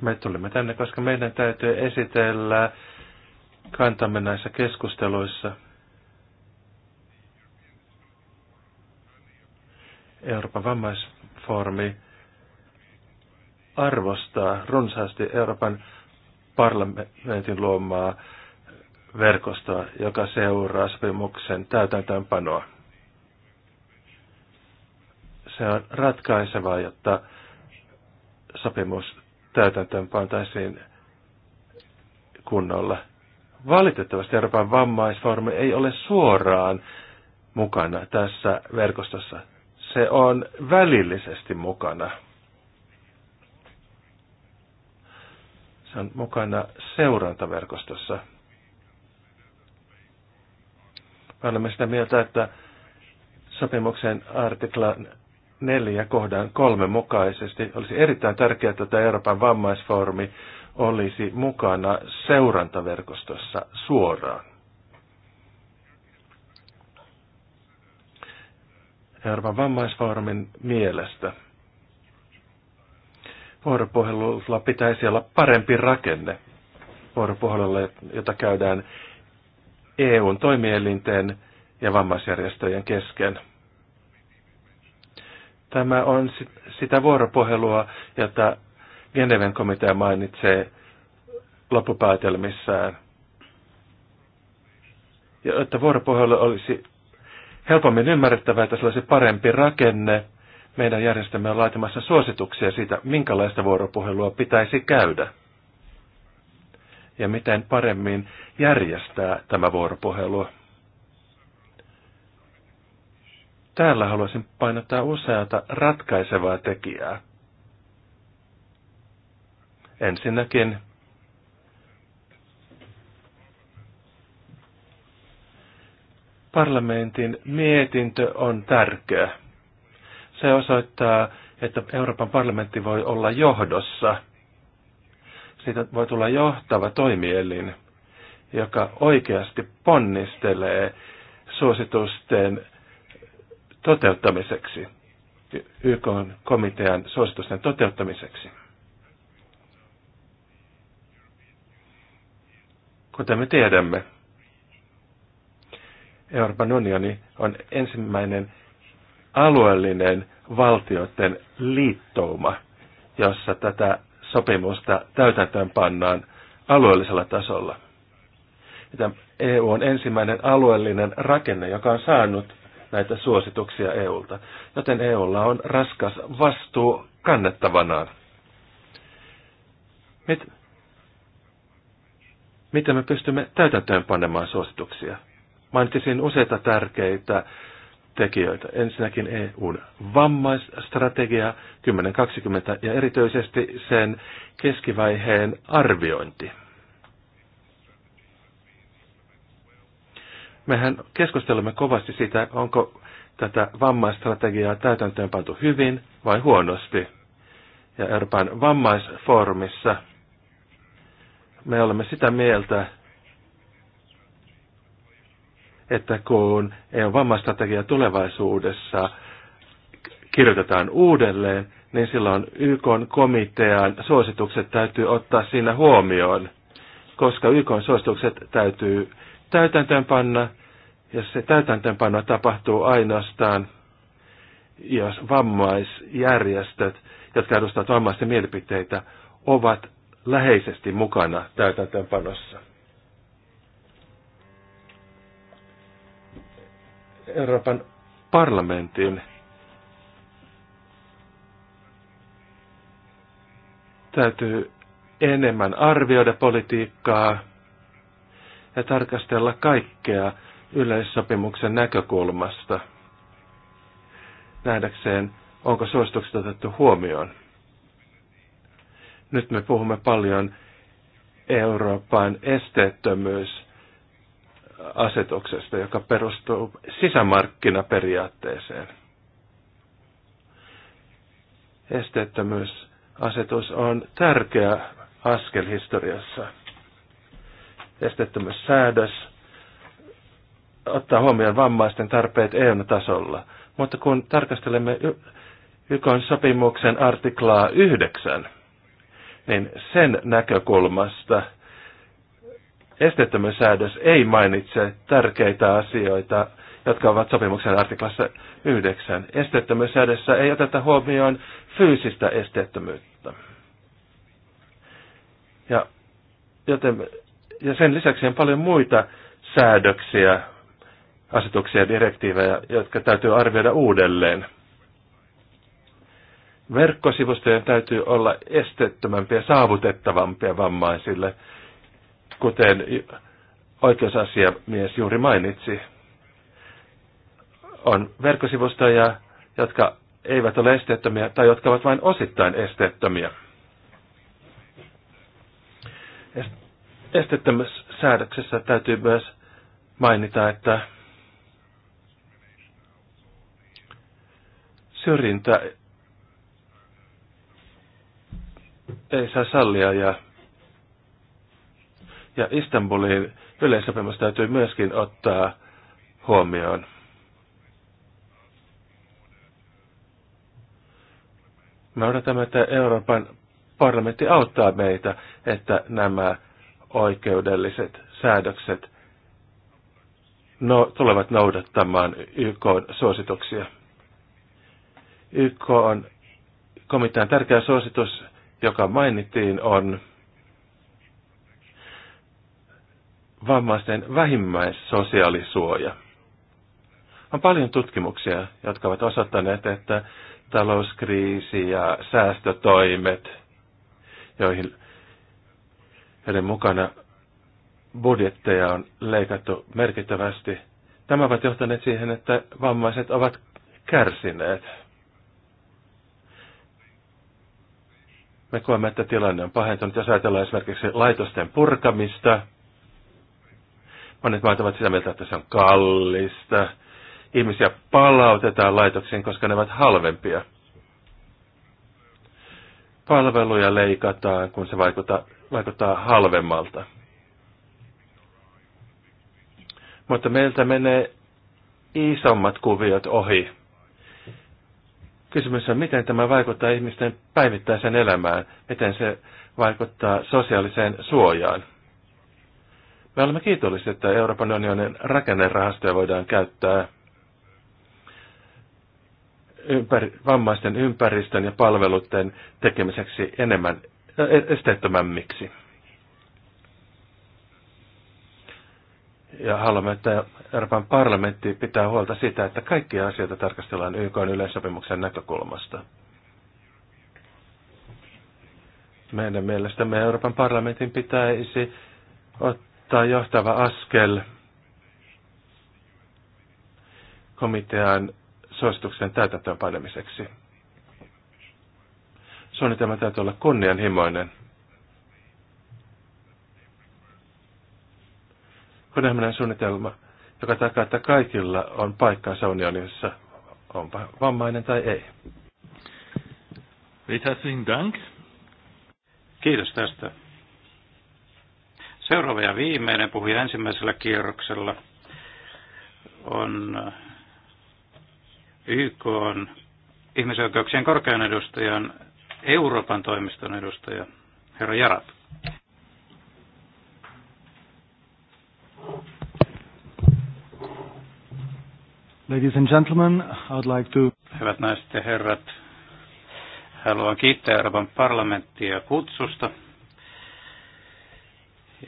Me tulemme tänne, koska meidän täytyy esitellä kantamme näissä keskusteluissa – Euroopan vammaisfoorumi arvostaa runsaasti Euroopan parlamentin luomaa verkostoa, joka seuraa sopimuksen täytäntöönpanoa. Se on ratkaisevaa, jotta sopimus täytäntöönpantaisiin kunnolla. Valitettavasti Euroopan vammaisfoorumi ei ole suoraan mukana tässä verkostossa se on välillisesti mukana. Se on mukana seurantaverkostossa. Me olemme sitä mieltä, että sopimuksen artiklan 4 kohdan 3 mukaisesti olisi erittäin tärkeää, että Euroopan vammaisfoorumi olisi mukana seurantaverkostossa suoraan. Euroopan vammaisfoorumin mielestä. Vuoropuhelulla pitäisi olla parempi rakenne vuoropuhelulle, jota käydään EUn toimielinten ja vammaisjärjestöjen kesken. Tämä on sitä vuoropuhelua, jota Geneven komitea mainitsee loppupäätelmissään. Ja että vuoropuhelu olisi helpommin ymmärrettävää, että se olisi parempi rakenne meidän järjestämme on laitamassa suosituksia siitä, minkälaista vuoropuhelua pitäisi käydä ja miten paremmin järjestää tämä vuoropuhelu. Täällä haluaisin painottaa useata ratkaisevaa tekijää. Ensinnäkin parlamentin mietintö on tärkeä. Se osoittaa, että Euroopan parlamentti voi olla johdossa. Siitä voi tulla johtava toimielin, joka oikeasti ponnistelee suositusten toteuttamiseksi, YK-komitean suositusten toteuttamiseksi. Kuten me tiedämme, Euroopan unioni on ensimmäinen alueellinen valtioiden liittouma, jossa tätä sopimusta täytäntöön pannaan alueellisella tasolla. Tämä EU on ensimmäinen alueellinen rakenne, joka on saanut näitä suosituksia EUlta, joten EUlla on raskas vastuu kannettavanaan. Mit, miten me pystymme täytäntöön panemaan suosituksia? Mainitsin useita tärkeitä tekijöitä. Ensinnäkin EUn vammaisstrategia 1020 ja erityisesti sen keskivaiheen arviointi. Mehän keskustelemme kovasti sitä, onko tätä vammaistrategiaa täytäntöön pantu hyvin vai huonosti. Ja Euroopan vammaisfoorumissa me olemme sitä mieltä, että kun EU-vammastrategia tulevaisuudessa kirjoitetaan uudelleen, niin silloin YK-komitean suositukset täytyy ottaa siinä huomioon, koska YK-suositukset täytyy täytäntöönpanna, ja se täytäntöönpano tapahtuu ainoastaan, jos vammaisjärjestöt, jotka edustavat vammaisten mielipiteitä, ovat läheisesti mukana täytäntöönpanossa. Euroopan parlamentin täytyy enemmän arvioida politiikkaa ja tarkastella kaikkea yleissopimuksen näkökulmasta nähdäkseen, onko suositukset otettu huomioon. Nyt me puhumme paljon Euroopan esteettömyys asetuksesta, joka perustuu sisämarkkinaperiaatteeseen. Esteettömyysasetus on tärkeä askel historiassa. Esteettömyyssäädös ottaa huomioon vammaisten tarpeet EU-tasolla, mutta kun tarkastelemme YKn sopimuksen artiklaa 9, niin sen näkökulmasta – säädös ei mainitse tärkeitä asioita, jotka ovat sopimuksen artiklassa 9. Esteettömyyssäädössä ei oteta huomioon fyysistä esteettömyyttä. Ja, joten, ja sen lisäksi on paljon muita säädöksiä, asetuksia ja direktiivejä, jotka täytyy arvioida uudelleen. Verkkosivustojen täytyy olla esteettömämpiä, saavutettavampia vammaisille – kuten oikeusasiamies juuri mainitsi, on verkkosivustoja, jotka eivät ole esteettömiä tai jotka ovat vain osittain esteettömiä. Esteettömyyssäädöksessä täytyy myös mainita, että syrjintä ei saa sallia ja ja Istanbulin yleisopimus täytyy myöskin ottaa huomioon. Me odotamme, että Euroopan parlamentti auttaa meitä, että nämä oikeudelliset säädökset no, tulevat noudattamaan YK suosituksia. YK on komitean tärkeä suositus, joka mainittiin, on vammaisten vähimmäissosiaalisuoja. On paljon tutkimuksia, jotka ovat osoittaneet, että talouskriisi ja säästötoimet, joihin joiden mukana budjetteja on leikattu merkittävästi, Tämä ovat johtaneet siihen, että vammaiset ovat kärsineet. Me koemme, että tilanne on pahentunut, jos ajatellaan esimerkiksi laitosten purkamista – Monet maat ovat sitä mieltä, että se on kallista. Ihmisiä palautetaan laitoksiin, koska ne ovat halvempia. Palveluja leikataan, kun se vaikuttaa, vaikuttaa halvemmalta. Mutta meiltä menee isommat kuviot ohi. Kysymys on, miten tämä vaikuttaa ihmisten päivittäiseen elämään, miten se vaikuttaa sosiaaliseen suojaan. Me olemme kiitollisia, että Euroopan unionin rakennerahastoja voidaan käyttää ympäri, vammaisten ympäristön ja palveluiden tekemiseksi enemmän esteettömämmiksi. Ja haluamme, että Euroopan parlamentti pitää huolta siitä, että kaikkia asioita tarkastellaan YK yleissopimuksen näkökulmasta. Meidän mielestämme Euroopan parlamentin pitäisi ottaa tai johtava askel komitean suosituksen täytäntöön panemiseksi. Suunnitelma täytyy olla kunnianhimoinen. Kunnianhimoinen suunnitelma, joka takaa, että kaikilla on paikkansa unionissa, onpa vammainen tai ei. Dank. Kiitos tästä. Seuraava ja viimeinen puhuja ensimmäisellä kierroksella on YK on ihmisoikeuksien korkean edustajan Euroopan toimiston edustaja, herra Jarat. Ladies and gentlemen, I would like to... Hyvät naiset ja herrat, haluan kiittää Euroopan parlamenttia kutsusta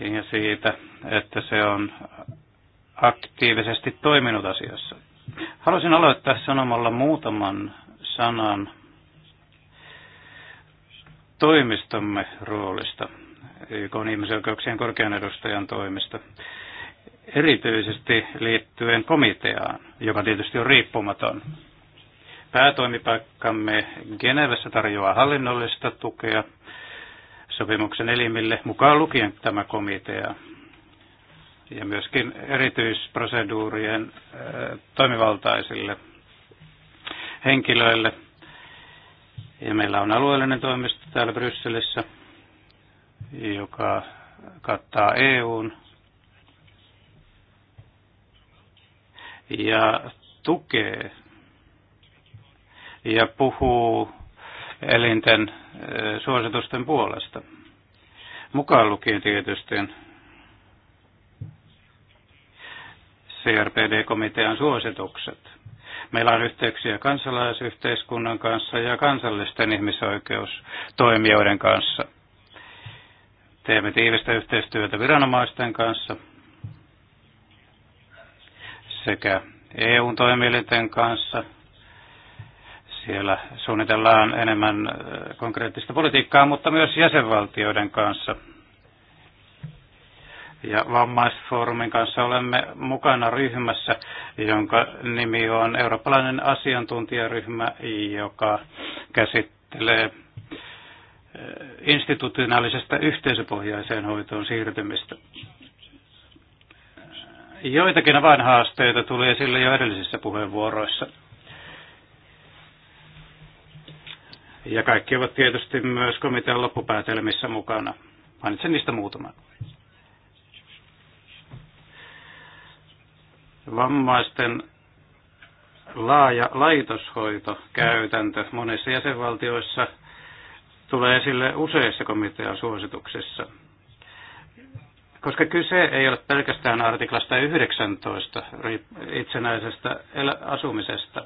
ja siitä, että se on aktiivisesti toiminut asiassa. Haluaisin aloittaa sanomalla muutaman sanan toimistomme roolista, YK on ihmisoikeuksien korkean edustajan toimista, erityisesti liittyen komiteaan, joka tietysti on riippumaton. Päätoimipaikkamme Genevessä tarjoaa hallinnollista tukea sopimuksen elimille, mukaan lukien tämä komitea, ja myöskin erityisproseduurien äh, toimivaltaisille henkilöille. Ja meillä on alueellinen toimisto täällä Brysselissä, joka kattaa EUn ja tukee ja puhuu elinten eh, suositusten puolesta. Mukaan lukien tietysti CRPD-komitean suositukset. Meillä on yhteyksiä kansalaisyhteiskunnan kanssa ja kansallisten ihmisoikeustoimijoiden kanssa. Teemme tiivistä yhteistyötä viranomaisten kanssa sekä EU-toimielinten kanssa – siellä suunnitellaan enemmän äh, konkreettista politiikkaa, mutta myös jäsenvaltioiden kanssa. Ja vammaisfoorumin kanssa olemme mukana ryhmässä, jonka nimi on Eurooppalainen asiantuntijaryhmä, joka käsittelee äh, institutionaalisesta yhteisöpohjaiseen hoitoon siirtymistä. Joitakin avainhaasteita tuli esille jo edellisissä puheenvuoroissa. Ja kaikki ovat tietysti myös komitean loppupäätelmissä mukana. Mainitsen niistä muutaman. Vammaisten laaja laitoshoitokäytäntö monissa jäsenvaltioissa tulee esille useissa komitean suosituksissa. Koska kyse ei ole pelkästään artiklasta 19 itsenäisestä asumisesta,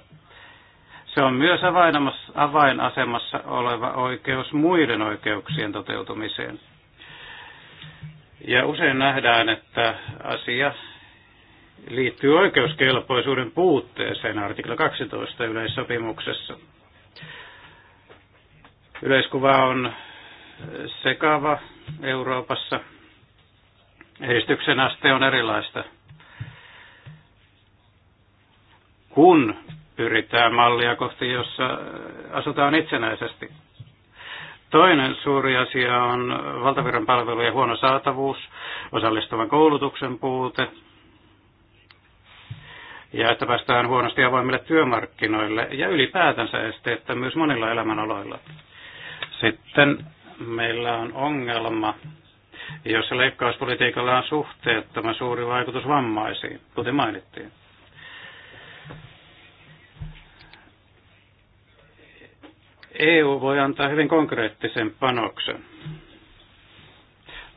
se on myös avainasemassa oleva oikeus muiden oikeuksien toteutumiseen. Ja usein nähdään, että asia liittyy oikeuskelpoisuuden puutteeseen artikla 12 yleissopimuksessa. Yleiskuva on sekava Euroopassa. Edistyksen aste on erilaista. Kun pyritään mallia kohti, jossa äh, asutaan itsenäisesti. Toinen suuri asia on valtaviran palvelujen huono saatavuus, osallistuvan koulutuksen puute ja että päästään huonosti avoimille työmarkkinoille ja ylipäätänsä esteettä myös monilla elämänaloilla. Sitten meillä on ongelma, jossa leikkauspolitiikalla on suhteettoman suuri vaikutus vammaisiin, kuten mainittiin. EU voi antaa hyvin konkreettisen panoksen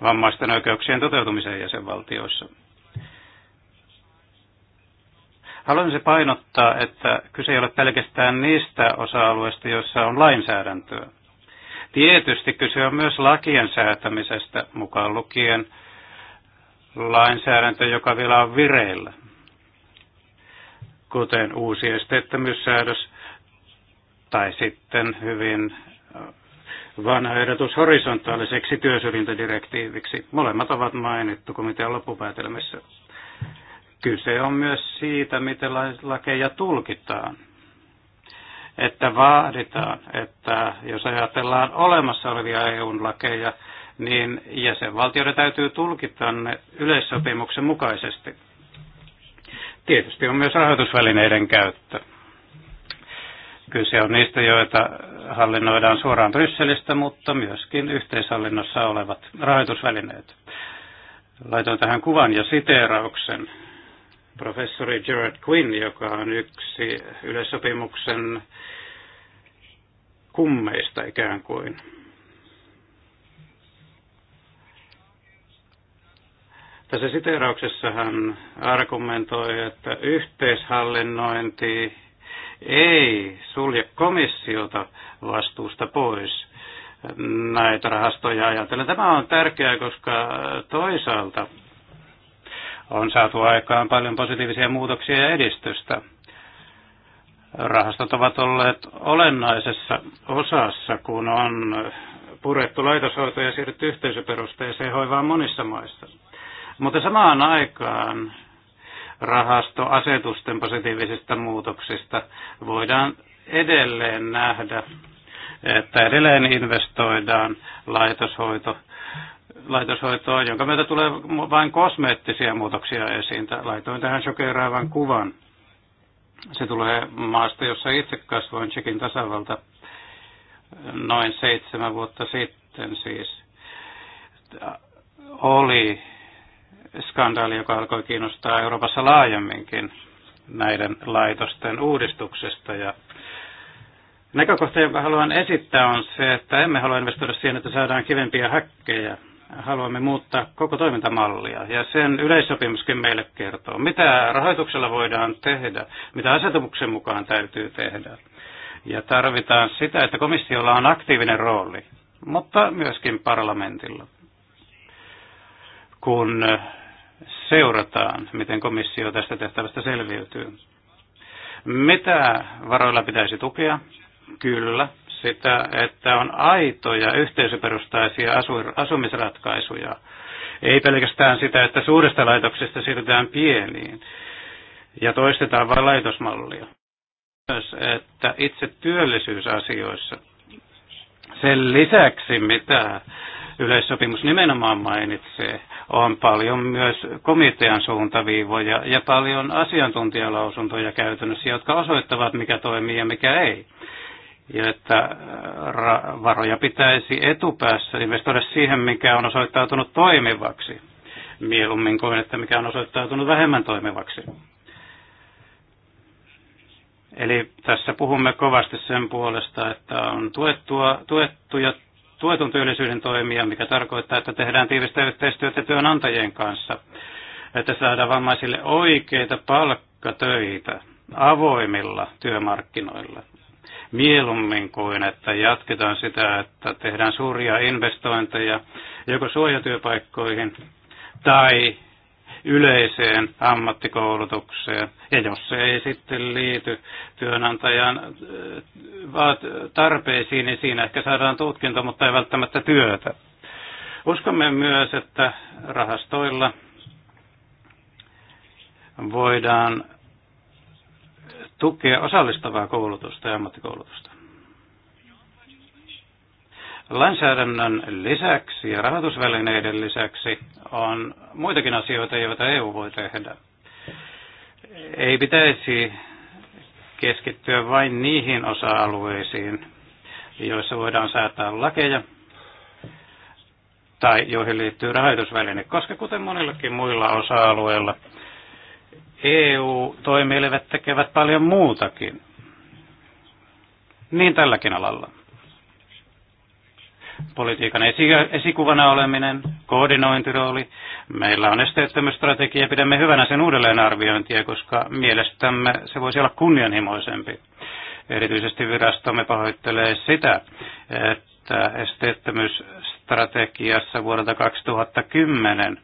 vammaisten oikeuksien toteutumiseen jäsenvaltioissa. Haluaisin painottaa, että kyse ei ole pelkästään niistä osa-alueista, joissa on lainsäädäntöä. Tietysti kyse on myös lakien säätämisestä, mukaan lukien lainsäädäntö, joka vielä on vireillä, kuten uusi esteettömyyssäädös tai sitten hyvin äh, vanha ehdotus horisontaaliseksi työsyrjintädirektiiviksi. Molemmat ovat mainittu komitean loppupäätelmissä. Kyse on myös siitä, miten lakeja tulkitaan. Että vaaditaan, että jos ajatellaan olemassa olevia EU-lakeja, niin jäsenvaltioiden täytyy tulkita ne yleissopimuksen mukaisesti. Tietysti on myös rahoitusvälineiden käyttö Kyse on niistä, joita hallinnoidaan suoraan Brysselistä, mutta myöskin yhteishallinnossa olevat rahoitusvälineet. Laitoin tähän kuvan ja siteerauksen professori Gerard Quinn, joka on yksi yleissopimuksen kummeista ikään kuin. Tässä siteerauksessa hän argumentoi, että yhteishallinnointi ei sulje komissiota vastuusta pois näitä rahastoja ajatellen. Tämä on tärkeää, koska toisaalta on saatu aikaan paljon positiivisia muutoksia ja edistystä. Rahastot ovat olleet olennaisessa osassa, kun on purettu laitoshoitoja ja siirrytty yhteisöperusteeseen hoivaan monissa maissa. Mutta samaan aikaan rahastoasetusten positiivisista muutoksista voidaan edelleen nähdä, että edelleen investoidaan laitoshoito, laitoshoitoon, jonka myötä tulee vain kosmeettisia muutoksia esiin. Laitoin tähän shokeraavan kuvan. Se tulee maasta, jossa itse kasvoin Tsekin tasavalta noin seitsemän vuotta sitten siis. Oli skandaali, joka alkoi kiinnostaa Euroopassa laajemminkin näiden laitosten uudistuksesta. Ja näkökohta, jonka haluan esittää, on se, että emme halua investoida siihen, että saadaan kivempiä häkkejä. Haluamme muuttaa koko toimintamallia, ja sen yleissopimuskin meille kertoo, mitä rahoituksella voidaan tehdä, mitä asetuksen mukaan täytyy tehdä. Ja tarvitaan sitä, että komissiolla on aktiivinen rooli, mutta myöskin parlamentilla kun seurataan, miten komissio tästä tehtävästä selviytyy. Mitä varoilla pitäisi tukea? Kyllä, sitä, että on aitoja yhteisöperustaisia asumisratkaisuja. Ei pelkästään sitä, että suuresta laitoksesta siirrytään pieniin ja toistetaan vain laitosmallia. Myös, että itse työllisyysasioissa sen lisäksi, mitä yleissopimus nimenomaan mainitsee, on paljon myös komitean suuntaviivoja ja paljon asiantuntijalausuntoja käytännössä, jotka osoittavat, mikä toimii ja mikä ei. Ja että äh, varoja pitäisi etupäässä investoida siihen, mikä on osoittautunut toimivaksi, mieluummin kuin että mikä on osoittautunut vähemmän toimivaksi. Eli tässä puhumme kovasti sen puolesta, että on tuettua, tuettuja tuetun työllisyyden toimia, mikä tarkoittaa, että tehdään tiivistä yhteistyötä työnantajien kanssa, että saadaan vammaisille oikeita palkkatöitä avoimilla työmarkkinoilla mieluummin kuin, että jatketaan sitä, että tehdään suuria investointeja joko suojatyöpaikkoihin tai yleiseen ammattikoulutukseen. Ja jos se ei sitten liity työnantajan äh, tarpeisiin, niin siinä ehkä saadaan tutkinto, mutta ei välttämättä työtä. Uskomme myös, että rahastoilla voidaan tukea osallistavaa koulutusta ja ammattikoulutusta. Lainsäädännön lisäksi ja rahoitusvälineiden lisäksi on muitakin asioita, joita EU voi tehdä. Ei pitäisi keskittyä vain niihin osa-alueisiin, joissa voidaan säätää lakeja tai joihin liittyy rahoitusväline, koska kuten monillakin muilla osa-alueilla, EU-toimielivät tekevät paljon muutakin, niin tälläkin alalla politiikan esikuvana oleminen, koordinointirooli. Meillä on esteettömyysstrategia ja pidämme hyvänä sen uudelleenarviointia, koska mielestämme se voisi olla kunnianhimoisempi. Erityisesti virastomme pahoittelee sitä, että esteettömyysstrategiassa vuodelta 2010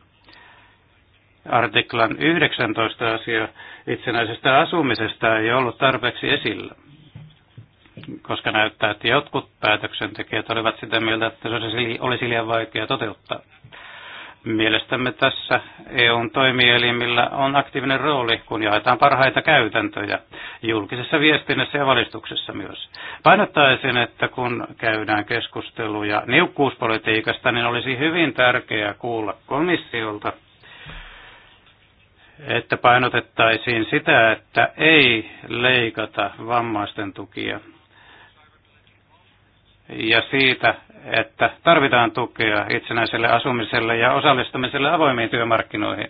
artiklan 19 asia itsenäisestä asumisesta ei ollut tarpeeksi esillä koska näyttää, että jotkut päätöksentekijät olivat sitä mieltä, että se olisi liian vaikea toteuttaa. Mielestämme tässä EUn toimielimillä on aktiivinen rooli, kun jaetaan parhaita käytäntöjä julkisessa viestinnässä ja valistuksessa myös. Painottaisin, että kun käydään keskusteluja niukkuuspolitiikasta, niin olisi hyvin tärkeää kuulla komissiolta, että painotettaisiin sitä, että ei leikata vammaisten tukia ja siitä, että tarvitaan tukea itsenäiselle asumiselle ja osallistumiselle avoimiin työmarkkinoihin,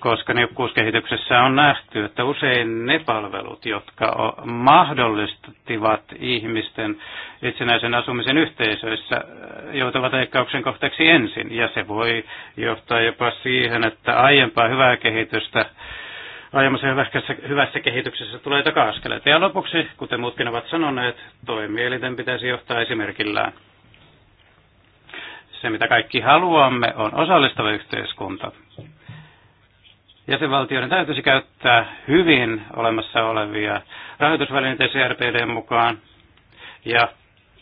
koska niukkuuskehityksessä on nähty, että usein ne palvelut, jotka mahdollistivat ihmisten itsenäisen asumisen yhteisöissä, joutuvat leikkauksen kohteeksi ensin, ja se voi johtaa jopa siihen, että aiempaa hyvää kehitystä aiemmassa hyvässä, hyvässä kehityksessä tulee taka-askeleita. Ja lopuksi, kuten muutkin ovat sanoneet, toimielinten pitäisi johtaa esimerkillään. Se, mitä kaikki haluamme, on osallistava yhteiskunta. Jäsenvaltioiden täytyisi käyttää hyvin olemassa olevia rahoitusvälineitä CRPDn mukaan ja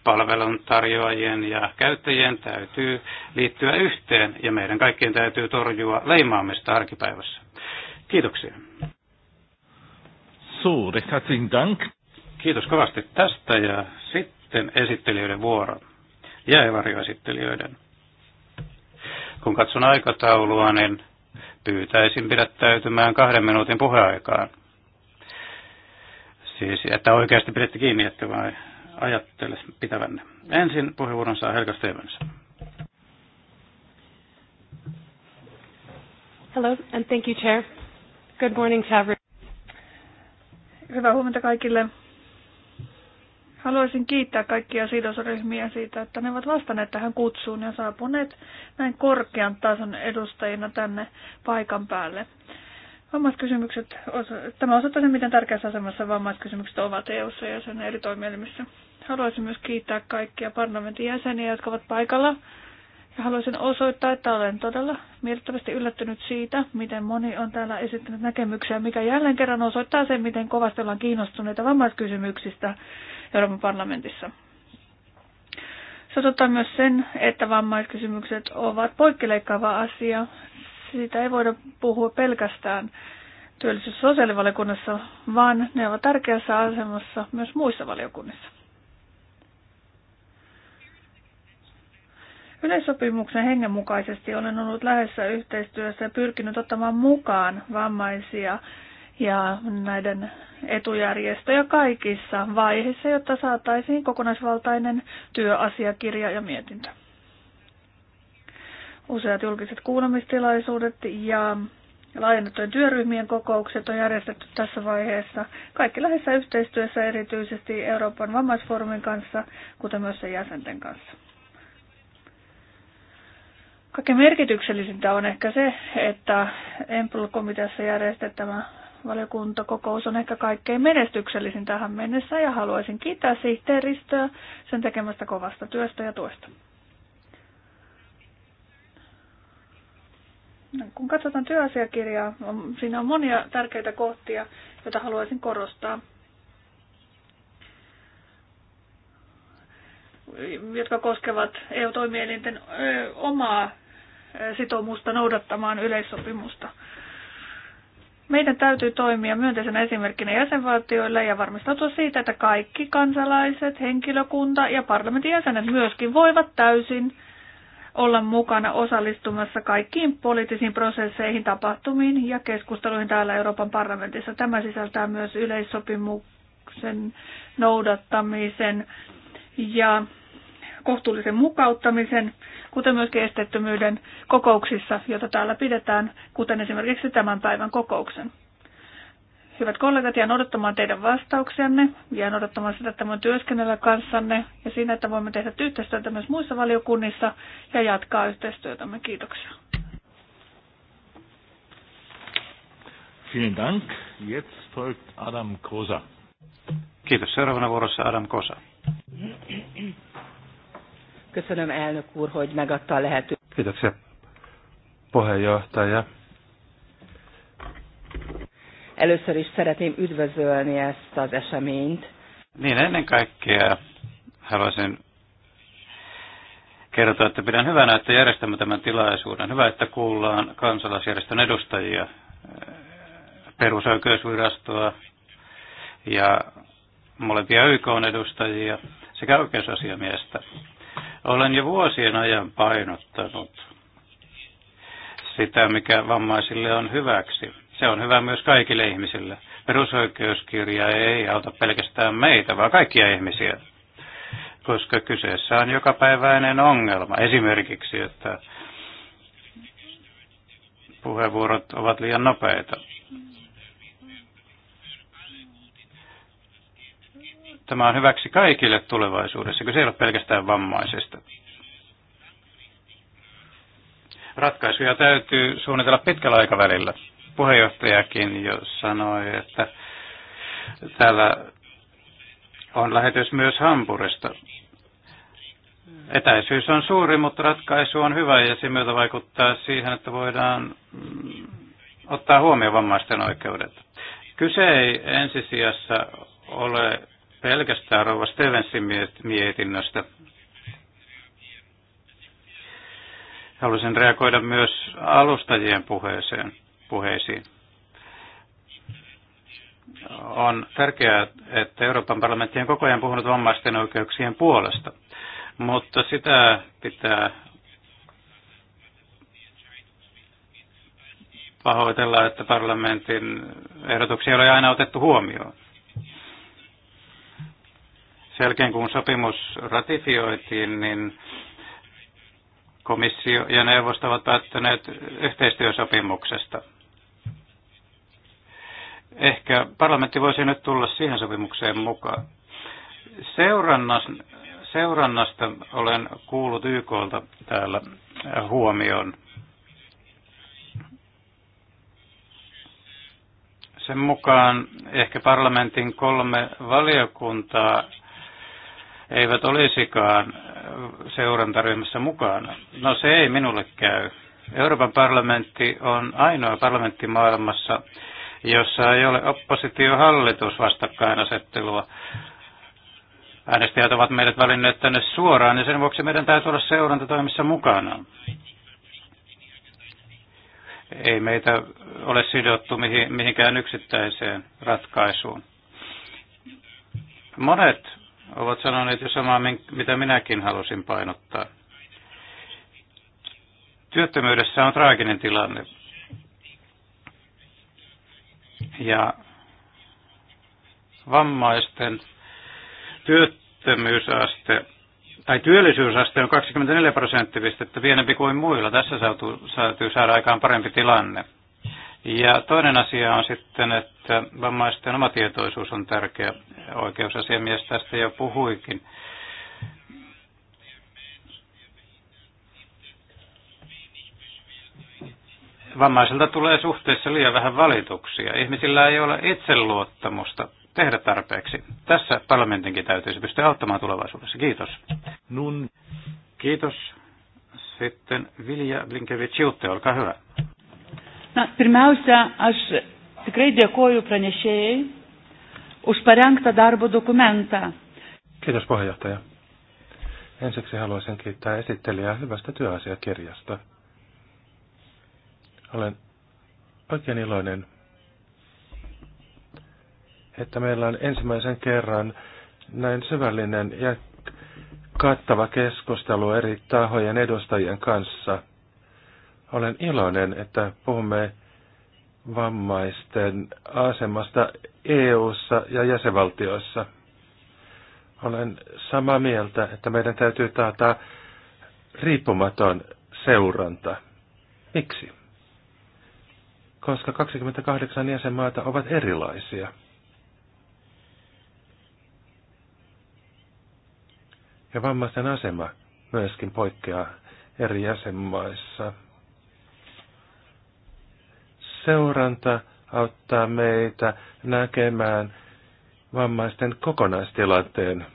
palveluntarjoajien ja käyttäjien täytyy liittyä yhteen ja meidän kaikkien täytyy torjua leimaamista arkipäivässä. Kiitoksia. Suuri herzlichen Dank. Kiitos kovasti tästä ja sitten esittelijöiden vuoro. Jäävarjoesittelijöiden. Kun katson aikataulua, niin pyytäisin pidättäytymään kahden minuutin puheaikaan. Siis, että oikeasti pidätte kiinni, että vai ajattele pitävänne. Ensin puheenvuoron saa Helga Stevens. Hello and thank you, Chair. Good morning to everyone. Hyvää huomenta kaikille. Haluaisin kiittää kaikkia sidosryhmiä siitä, että ne ovat vastanneet tähän kutsuun ja saapuneet näin korkean tason edustajina tänne paikan päälle. Vammaiskysymykset, tämä osoittaa sen, miten tärkeässä asemassa vammaiskysymykset ovat EU-ssa ja sen eri toimielimissä. Haluaisin myös kiittää kaikkia parlamentin jäseniä, jotka ovat paikalla ja haluaisin osoittaa, että olen todella mielettävästi yllättynyt siitä, miten moni on täällä esittänyt näkemyksiä, mikä jälleen kerran osoittaa sen, miten kovasti ollaan kiinnostuneita vammaiskysymyksistä Euroopan parlamentissa. Se osoittaa myös sen, että vammaiskysymykset ovat poikkileikkaava asia. Siitä ei voida puhua pelkästään työllisyys- ja sosiaalivaliokunnassa, vaan ne ovat tärkeässä asemassa myös muissa valiokunnissa. Yleissopimuksen hengen mukaisesti olen ollut läheisessä yhteistyössä ja pyrkinyt ottamaan mukaan vammaisia ja näiden etujärjestöjä kaikissa vaiheissa, jotta saataisiin kokonaisvaltainen työasiakirja ja mietintö. Useat julkiset kuulemistilaisuudet ja laajennettujen työryhmien kokoukset on järjestetty tässä vaiheessa. Kaikki läheisessä yhteistyössä erityisesti Euroopan vammaisfoorumin kanssa, kuten myös sen jäsenten kanssa. Kaikkein merkityksellisintä on ehkä se, että Empl-komiteassa järjestettävä valiokuntakokous on ehkä kaikkein menestyksellisin tähän mennessä ja haluaisin kiittää sihteeristöä sen tekemästä kovasta työstä ja tuesta. Kun katsotaan työasiakirjaa, siinä on monia tärkeitä kohtia, joita haluaisin korostaa. jotka koskevat EU-toimielinten omaa sitoumusta noudattamaan yleissopimusta. Meidän täytyy toimia myönteisenä esimerkkinä jäsenvaltioille ja varmistautua siitä, että kaikki kansalaiset, henkilökunta ja parlamentin jäsenet myöskin voivat täysin olla mukana osallistumassa kaikkiin poliittisiin prosesseihin, tapahtumiin ja keskusteluihin täällä Euroopan parlamentissa. Tämä sisältää myös yleissopimuksen noudattamisen ja kohtuullisen mukauttamisen, kuten myös esteettömyyden kokouksissa, joita täällä pidetään, kuten esimerkiksi tämän päivän kokouksen. Hyvät kollegat, jään odottamaan teidän vastauksianne, jään odottamaan sitä, että voin työskennellä kanssanne ja siinä, että voimme tehdä yhteistyötä myös muissa valiokunnissa ja jatkaa yhteistyötämme. Kiitoksia. Vielen Dank. Jetzt folgt Adam Kosa. Kiitos. Seuraavana vuorossa Adam Kosa. Köszönöm elnök úr, hogy megadta a lehetőséget. Kiitoksia pohelyjártája. Először is szeretném üdvözölni ezt az eseményt. Niin, ennen kaikkea haluaisin kertoa, että pidän hyvänä, että järjestämme tämän tilaisuuden. Hyvä, että kuullaan kansalaisjärjestön edustajia, perusoikeusvirastoa ja molempia YK edustajia sekä oikeusasiamiestä. Olen jo vuosien ajan painottanut sitä, mikä vammaisille on hyväksi. Se on hyvä myös kaikille ihmisille. Perusoikeuskirja ei auta pelkästään meitä, vaan kaikkia ihmisiä, koska kyseessä on jokapäiväinen ongelma. Esimerkiksi, että puheenvuorot ovat liian nopeita. Tämä on hyväksi kaikille tulevaisuudessa, kun se ei ole pelkästään vammaisesta Ratkaisuja täytyy suunnitella pitkällä aikavälillä. Puheenjohtajakin jo sanoi, että täällä on lähetys myös Hampurista. Etäisyys on suuri, mutta ratkaisu on hyvä ja se myötä vaikuttaa siihen, että voidaan mm, ottaa huomioon vammaisten oikeudet. Kyse ei ensisijassa ole pelkästään Rova Stevensin mietinnöstä. Haluaisin reagoida myös alustajien puheeseen, puheisiin. On tärkeää, että Euroopan parlamentti on koko ajan puhunut vammaisten oikeuksien puolesta, mutta sitä pitää pahoitella, että parlamentin ehdotuksia ei ole aina otettu huomioon. Sen jälkeen kun sopimus ratifioitiin, niin komissio ja neuvosto ovat päättäneet yhteistyösopimuksesta. Ehkä parlamentti voisi nyt tulla siihen sopimukseen mukaan. Seurannas, seurannasta olen kuullut YKlta täällä huomioon. Sen mukaan ehkä parlamentin kolme valiokuntaa eivät olisikaan seurantaryhmässä mukana. No se ei minulle käy. Euroopan parlamentti on ainoa parlamentti maailmassa, jossa ei ole oppositiohallitus vastakkainasettelua. Äänestäjät ovat meidät valinneet tänne suoraan ja sen vuoksi meidän täytyy olla seurantatoimissa mukana. Ei meitä ole sidottu mihinkään yksittäiseen ratkaisuun. Monet ovat sanoneet jo samaa, mitä minäkin halusin painottaa. Työttömyydessä on traaginen tilanne. Ja vammaisten työttömyysaste tai työllisyysaste on 24 että pienempi kuin muilla. Tässä täytyy saada aikaan parempi tilanne. Ja toinen asia on sitten, että vammaisten omatietoisuus on tärkeä Oikeusasiamies tästä jo puhuikin. Vammaisilta tulee suhteessa liian vähän valituksia. Ihmisillä ei ole itseluottamusta tehdä tarpeeksi. Tässä parlamentinkin täytyisi pystyä auttamaan tulevaisuudessa. Kiitos. Nun. Kiitos. Sitten Vilja jutte, olkaa hyvä. Na, pirmäusia, aš tikrai dėkoju pranešėjai už parengtą darbo dokumentą. Kiitos puheenjohtaja. Ensiksi haluaisin kiittää esittelijää hyvästä työasiakirjasta. Olen oikein iloinen, että meillä on ensimmäisen kerran näin syvällinen ja kattava keskustelu eri tahojen edustajien kanssa. Olen iloinen, että puhumme vammaisten asemasta EU:ssa ja jäsenvaltioissa. Olen samaa mieltä, että meidän täytyy taata riippumaton seuranta. Miksi? Koska 28 jäsenmaata ovat erilaisia. Ja vammaisten asema myöskin poikkeaa eri jäsenmaissa – seuranta auttaa meitä näkemään vammaisten kokonaistilanteen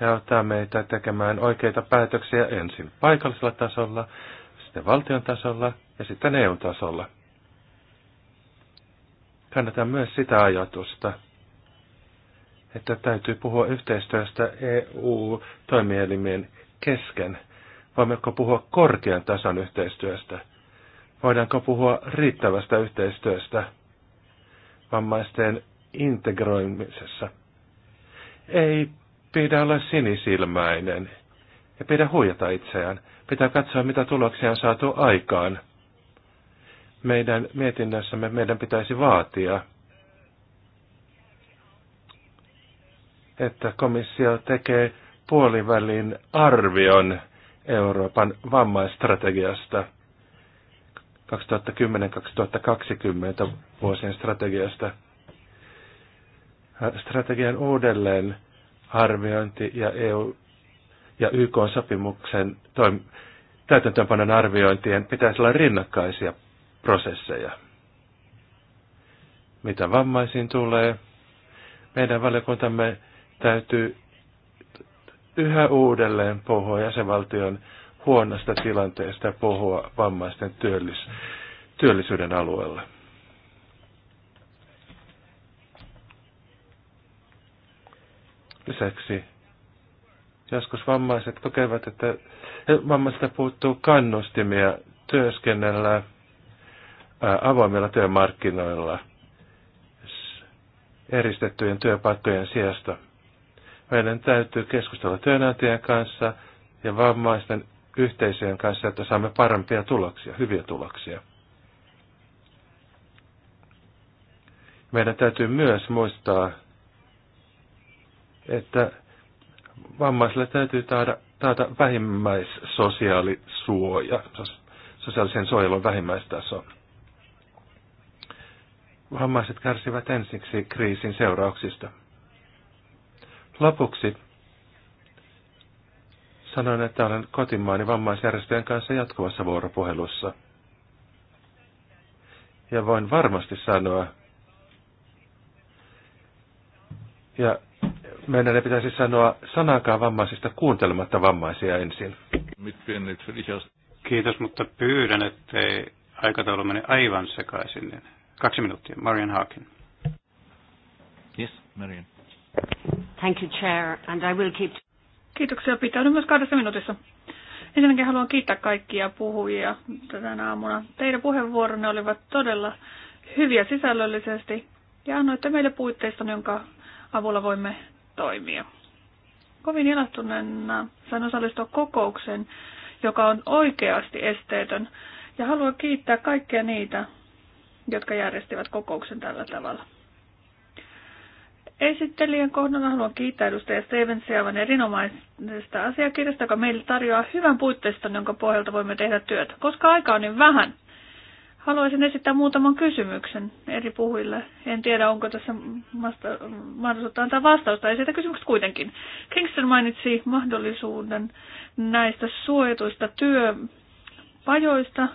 ja auttaa meitä tekemään oikeita päätöksiä ensin paikallisella tasolla, sitten valtion tasolla ja sitten EU-tasolla. Kannatan myös sitä ajatusta, että täytyy puhua yhteistyöstä EU-toimielimien kesken. Voimmeko puhua korkean tason yhteistyöstä – Voidaanko puhua riittävästä yhteistyöstä vammaisten integroimisessa? Ei pidä olla sinisilmäinen ja pidä huijata itseään. Pitää katsoa, mitä tuloksia on saatu aikaan. Meidän mietinnössämme meidän pitäisi vaatia, että komissio tekee puolivälin arvion Euroopan vammaistrategiasta – 2010-2020 vuosien strategiasta. Strategian uudelleen arviointi ja EU ja YK-sopimuksen toim- täytäntöönpanon arviointien pitäisi olla rinnakkaisia prosesseja. Mitä vammaisiin tulee, meidän valiokuntamme täytyy yhä uudelleen puhua jäsenvaltion huonosta tilanteesta puhua vammaisten työllis- työllisyyden alueella. Lisäksi joskus vammaiset kokevat, että vammaisista puuttuu kannustimia työskennellä avoimilla työmarkkinoilla eristettyjen työpaikkojen sijasta. Meidän täytyy keskustella työnantajien kanssa ja vammaisten yhteisöjen kanssa, että saamme parempia tuloksia, hyviä tuloksia. Meidän täytyy myös muistaa, että vammaisille täytyy taada, taata vähimmäissosiaalisuoja, sosiaalisen suojelun vähimmäistaso. Vammaiset kärsivät ensiksi kriisin seurauksista. Lopuksi Sanoin, että olen kotimaani vammaisjärjestöjen kanssa jatkuvassa vuoropuhelussa. Ja voin varmasti sanoa, ja meidän ei pitäisi sanoa sanakaan vammaisista kuuntelematta vammaisia ensin. Kiitos, mutta pyydän, ettei aikataulu mene aivan sekaisin. Kaksi minuuttia. Marian Haakin. Yes, Marian. Thank you, Chair, and I will keep... Kiitoksia. Pitää myös kahdessa minuutissa. Ensinnäkin haluan kiittää kaikkia puhujia tänä aamuna. Teidän puheenvuoronne olivat todella hyviä sisällöllisesti ja annoitte meille puitteista, jonka avulla voimme toimia. Kovin ilahtuneena sain osallistua kokoukseen, joka on oikeasti esteetön, ja haluan kiittää kaikkia niitä, jotka järjestivät kokouksen tällä tavalla. Esittelijän kohdalla haluan kiittää edustaja Stevensia aivan erinomaisesta asiakirjasta, joka meille tarjoaa hyvän puitteiston, jonka pohjalta voimme tehdä työtä. Koska aika on niin vähän, haluaisin esittää muutaman kysymyksen eri puhujille. En tiedä, onko tässä mahdollisuutta antaa vastausta. Esitä kysymykset kuitenkin. Kingston mainitsi mahdollisuuden näistä suojatuista työpajoista,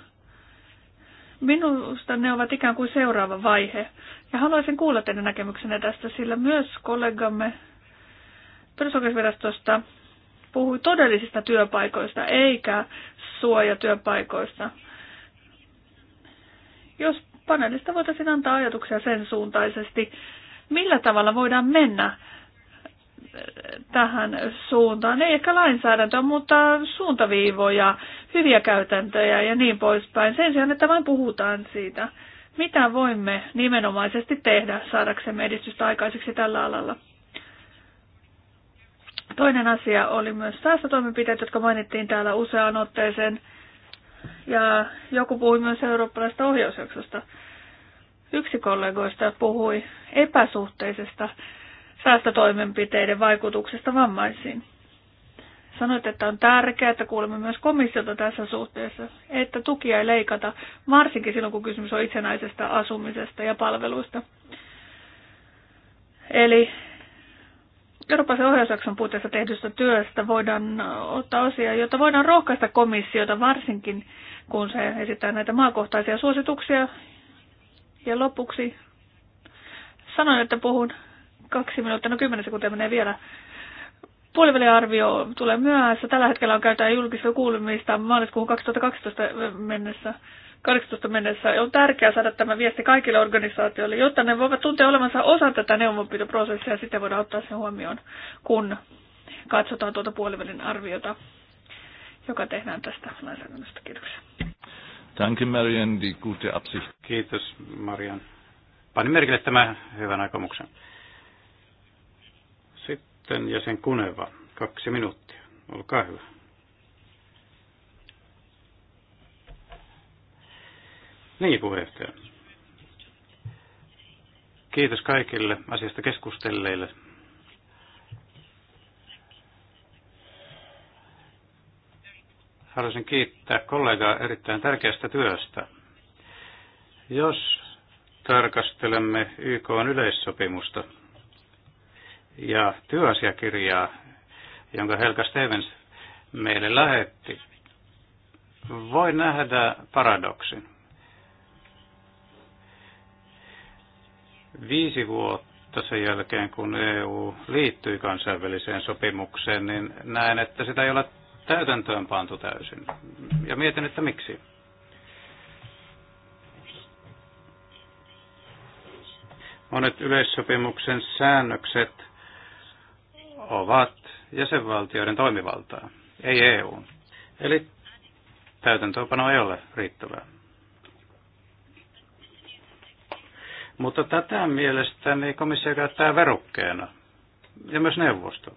Minusta ne ovat ikään kuin seuraava vaihe. Ja haluaisin kuulla teidän näkemyksenne tästä, sillä myös kollegamme perusoikeusvirastosta puhui todellisista työpaikoista eikä suojatyöpaikoista. Jos panelista voitaisiin antaa ajatuksia sen suuntaisesti, millä tavalla voidaan mennä tähän suuntaan. Ei ehkä lainsäädäntöä, mutta suuntaviivoja, hyviä käytäntöjä ja niin poispäin. Sen sijaan, että vain puhutaan siitä, mitä voimme nimenomaisesti tehdä saadaksemme edistystä aikaiseksi tällä alalla. Toinen asia oli myös säästötoimenpiteet, jotka mainittiin täällä useaan otteeseen. Ja joku puhui myös eurooppalaisesta ohjausjaksosta. Yksi kollegoista puhui epäsuhteisesta säästötoimenpiteiden vaikutuksesta vammaisiin. Sanoit, että on tärkeää, että kuulemme myös komissiota tässä suhteessa, että tukia ei leikata, varsinkin silloin kun kysymys on itsenäisestä asumisesta ja palveluista. Eli Euroopan ohjausjakson puitteissa tehdystä työstä voidaan ottaa osia, jotta voidaan rohkaista komissiota varsinkin, kun se esittää näitä maakohtaisia suosituksia. Ja lopuksi sanoin, että puhun kaksi minuuttia, no kymmenen sekuntia menee vielä. Puoliväliarvio tulee myöhässä. Tällä hetkellä on käytetään julkista kuulemista maaliskuuhun 2012 mennessä. 18 mennessä on tärkeää saada tämä viesti kaikille organisaatioille, jotta ne voivat tuntea olevansa osa tätä neuvonpidoprosessia ja sitten voidaan ottaa se huomioon, kun katsotaan tuota puolivälin arviota, joka tehdään tästä lainsäädännöstä. Kiitoksia. Danke Marian, die gute Absicht. Kiitos Marian. Panin merkille tämän hyvän aikomuksen. Sitten jäsen Kuneva, kaksi minuuttia. Olkaa hyvä. Niin, puheenjohtaja. Kiitos kaikille asiasta keskustelleille. Haluaisin kiittää kollegaa erittäin tärkeästä työstä. Jos tarkastelemme YK yleissopimusta, ja työasiakirjaa, jonka Helga Stevens meille lähetti, voi nähdä paradoksin. Viisi vuotta sen jälkeen, kun EU liittyi kansainväliseen sopimukseen, niin näen, että sitä ei ole täytäntöön pantu täysin. Ja mietin, että miksi. Monet yleissopimuksen säännökset ovat jäsenvaltioiden toimivaltaa, ei EU. Eli täytäntöönpano ei ole riittävää. Mutta tätä mielestäni komissio käyttää verukkeena ja myös neuvosto.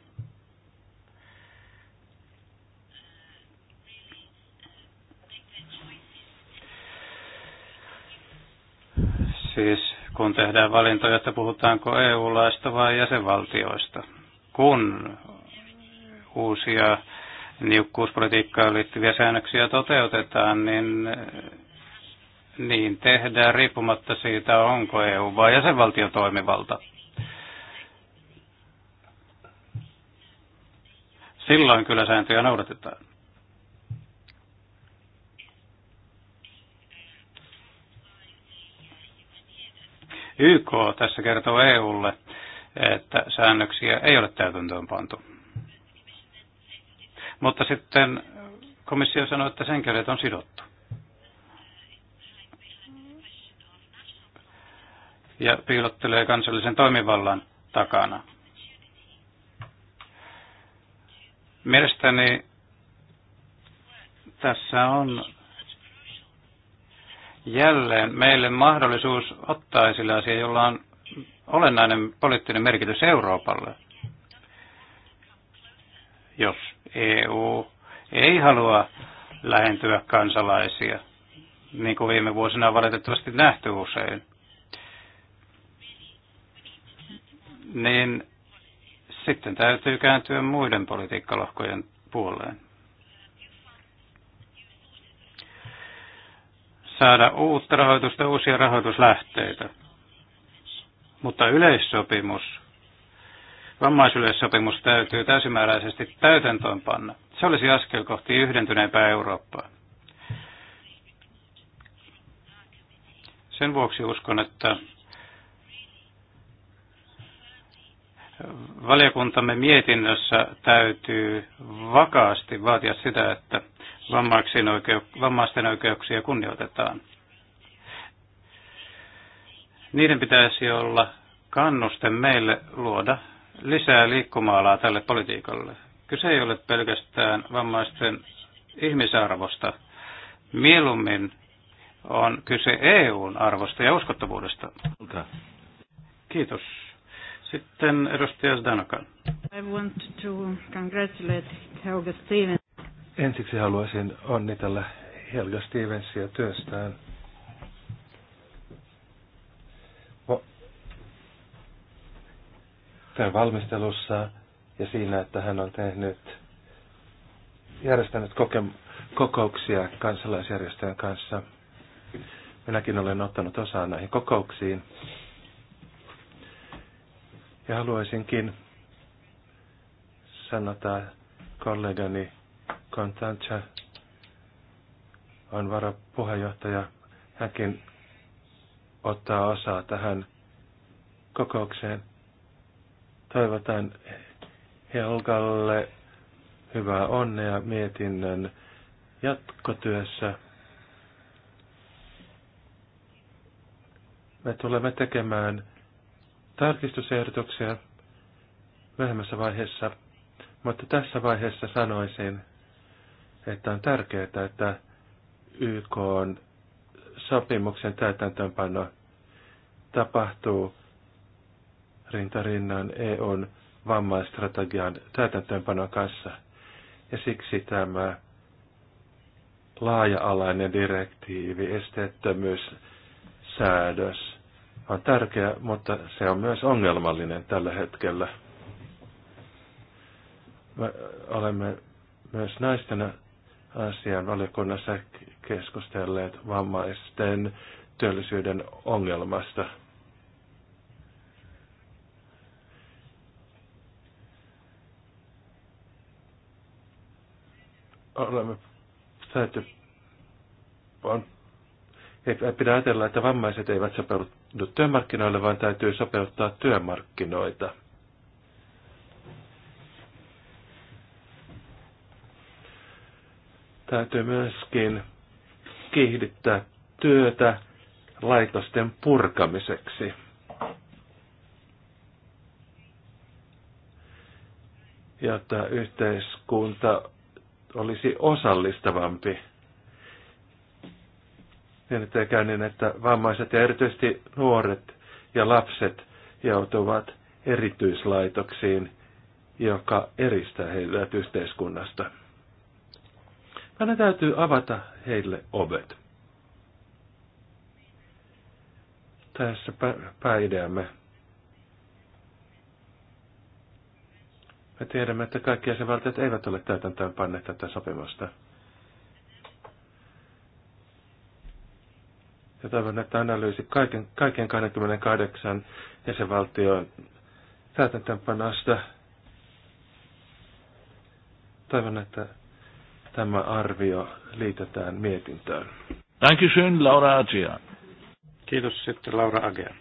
Siis kun tehdään valintoja, että puhutaanko EU-laista vai jäsenvaltioista – kun uusia niukkuuspolitiikkaan liittyviä säännöksiä toteutetaan, niin niin tehdään riippumatta siitä, onko EU vai jäsenvaltio toimivalta. Silloin kyllä sääntöjä noudatetaan. YK tässä kertoo EUlle, että säännöksiä ei ole täytäntöön pantu. Mutta sitten komissio sanoi, että kädet on sidottu. Ja piilottelee kansallisen toimivallan takana. Mielestäni tässä on jälleen meille mahdollisuus ottaa esille asia, jolla on olennainen poliittinen merkitys Euroopalle. Jos EU ei halua lähentyä kansalaisia, niin kuin viime vuosina on valitettavasti nähty usein, niin sitten täytyy kääntyä muiden politiikkalohkojen puoleen. Saada uutta rahoitusta, uusia rahoituslähteitä. Mutta yleissopimus, vammaisyleissopimus täytyy täysimääräisesti täytäntöönpanna. Se olisi askel kohti yhdentyneempää Eurooppaa. Sen vuoksi uskon, että valiokuntamme mietinnössä täytyy vakaasti vaatia sitä, että vammaisten, vammaisten oikeuksia kunnioitetaan. Niiden pitäisi olla kannuste meille luoda lisää liikkumaalaa tälle politiikalle. Kyse ei ole pelkästään vammaisten ihmisarvosta. Mieluummin on kyse EUn arvosta ja uskottavuudesta. Kiitos. Sitten edustaja Zdanokan. I want to congratulate Helga Stevens. Ensiksi haluaisin onnitella Helga Stevensia työstään sen valmistelussa ja siinä, että hän on tehnyt, järjestänyt koke- kokouksia kansalaisjärjestöjen kanssa. Minäkin olen ottanut osaa näihin kokouksiin. Ja haluaisinkin sanota kollegani Kontantsa on varapuheenjohtaja. Hänkin ottaa osaa tähän kokoukseen. Toivotan Helgalle hyvää onnea mietinnön jatkotyössä. Me tulemme tekemään tarkistusehdotuksia myöhemmässä vaiheessa, mutta tässä vaiheessa sanoisin, että on tärkeää, että YK on sopimuksen täytäntöönpano tapahtuu rintarinnan EUn vammaistrategian täytäntöönpanon kanssa. Ja siksi tämä laaja-alainen direktiivi, esteettömyyssäädös, on tärkeä, mutta se on myös ongelmallinen tällä hetkellä. Me olemme myös naisten asian valiokunnassa keskustelleet vammaisten työllisyyden ongelmasta – olemme täytyy, on, ei, ei pidä ajatella, että vammaiset eivät sopeudu työmarkkinoille, vaan täytyy sopeuttaa työmarkkinoita. Täytyy myöskin kiihdyttää työtä laitosten purkamiseksi. jotta yhteiskunta olisi osallistavampi. Niin niin, että vammaiset ja erityisesti nuoret ja lapset joutuvat erityislaitoksiin, joka eristää heidät yhteiskunnasta. Aina täytyy avata heille ovet. Tässä pääideamme. Me tiedämme, että kaikki jäsenvaltiot eivät ole täytäntöön panneet tätä sopimusta. Ja toivon, että analyysi kaiken, kaiken 28 jäsenvaltion täytäntöönpanosta. Toivon, että tämä arvio liitetään mietintöön. Dankeschön, Laura Agia. Kiitos sitten Laura Agia.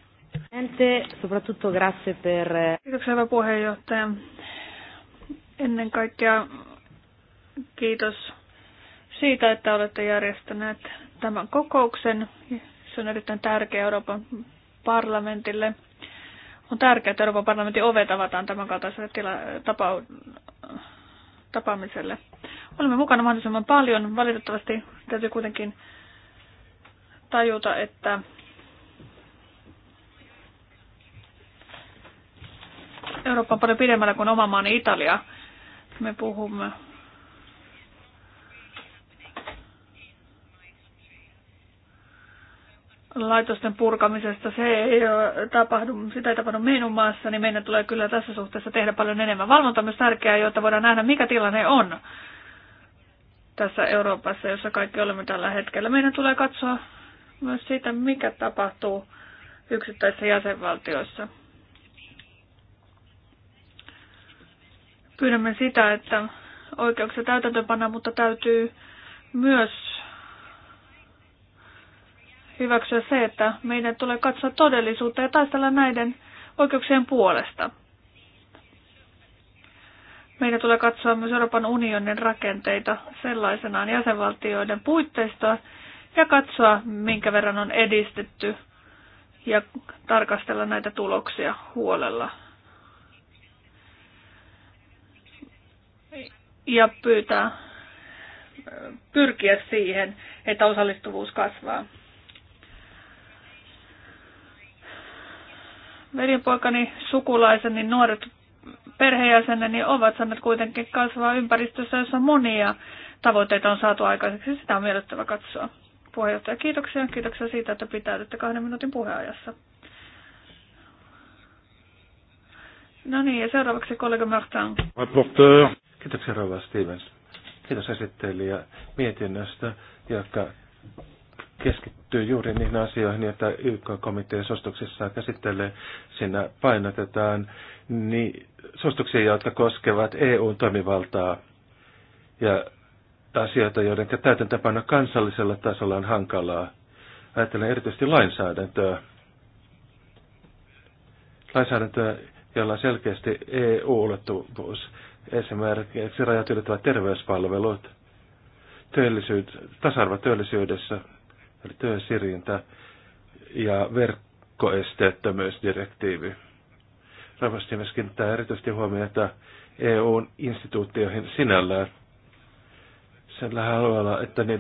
soprattutto grazie per... Kiitoksia hyvä puheenjohtaja. Ennen kaikkea kiitos siitä, että olette järjestäneet tämän kokouksen. Se on erittäin tärkeä Euroopan parlamentille. On tärkeää, että Euroopan parlamentin ovet avataan tämän kaltaiselle tila- tapa- tapaamiselle. Olemme mukana mahdollisimman paljon. Valitettavasti täytyy kuitenkin tajuta, että Eurooppa on paljon pidemmällä kuin oma maani Italia me puhumme. laitosten purkamisesta, se ei tapahdu, sitä ei tapahdu minun maassa, niin meidän tulee kyllä tässä suhteessa tehdä paljon enemmän. Valvonta on myös tärkeää, jotta voidaan nähdä, mikä tilanne on tässä Euroopassa, jossa kaikki olemme tällä hetkellä. Meidän tulee katsoa myös siitä, mikä tapahtuu yksittäisissä jäsenvaltioissa. Pyydämme sitä, että oikeuksia täytäntöpana, mutta täytyy myös hyväksyä se, että meidän tulee katsoa todellisuutta ja taistella näiden oikeuksien puolesta. Meidän tulee katsoa myös Euroopan unionin rakenteita sellaisenaan jäsenvaltioiden puitteista ja katsoa, minkä verran on edistetty ja tarkastella näitä tuloksia huolella. ja pyytää pyrkiä siihen, että osallistuvuus kasvaa. Veljenpoikani, sukulaiseni, nuoret perheenjäseneni ovat saaneet kuitenkin kasvaa ympäristössä, jossa monia tavoitteita on saatu aikaiseksi. Sitä on miellyttävä katsoa. Puheenjohtaja, kiitoksia. Kiitoksia siitä, että pitäydytte kahden minuutin puheajassa. No niin, ja seuraavaksi kollega Martin. Rapporteur. Kiitoksia Rova Stevens. Kiitos esittelijä mietinnöstä, joka keskittyy juuri niihin asioihin, joita YK-komitean suostuksissa käsittelee. Siinä painotetaan niin, suostuksia, jotka koskevat EUn toimivaltaa ja asioita, joiden täytäntöpano kansallisella tasolla on hankalaa. Ajattelen erityisesti lainsäädäntöä. Lainsäädäntöä, jolla on selkeästi EU-ulottuvuus esimerkiksi rajat ylittävät terveyspalvelut, työllisyyd, tasa-arvo työllisyydessä, eli työsirjintä ja verkkoesteettömyysdirektiivi. Ravastimes kiinnittää erityisesti huomiota EUn instituutioihin sinällään Sen lähellä että ne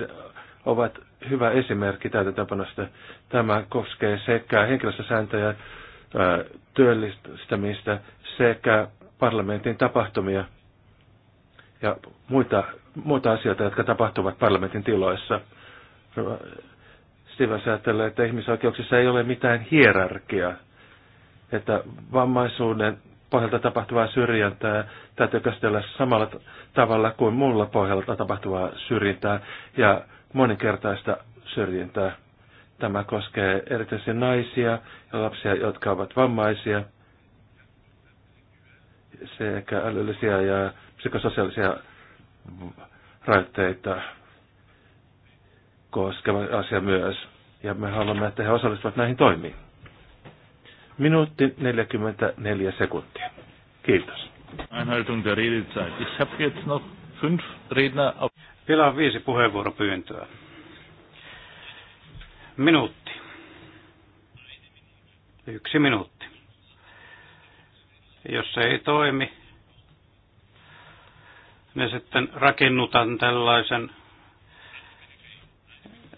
ovat hyvä esimerkki täytäntöpanosta. Tämä koskee sekä henkilöstösääntöjä, työllistämistä sekä parlamentin tapahtumia – ja muita, muita asioita, jotka tapahtuvat parlamentin tiloissa. Stevens ajattelee, että ihmisoikeuksissa ei ole mitään hierarkiaa, että vammaisuuden pohjalta tapahtuvaa syrjintää täytyy käsitellä samalla tavalla kuin muulla pohjalta tapahtuvaa syrjintää ja moninkertaista syrjintää. Tämä koskee erityisesti naisia ja lapsia, jotka ovat vammaisia, sekä älyllisiä ja psykososiaalisia rajoitteita koskeva asia myös. Ja me haluamme, että he osallistuvat näihin toimiin. Minuutti 44 sekuntia. Kiitos. Einhaltung der Redezeit. Ich habe jetzt noch fünf Redner auf. Vielä on viisi puheenvuoropyyntöä. Minuutti. Yksi minuutti. Jos se ei toimi, me sitten rakennutaan tällaisen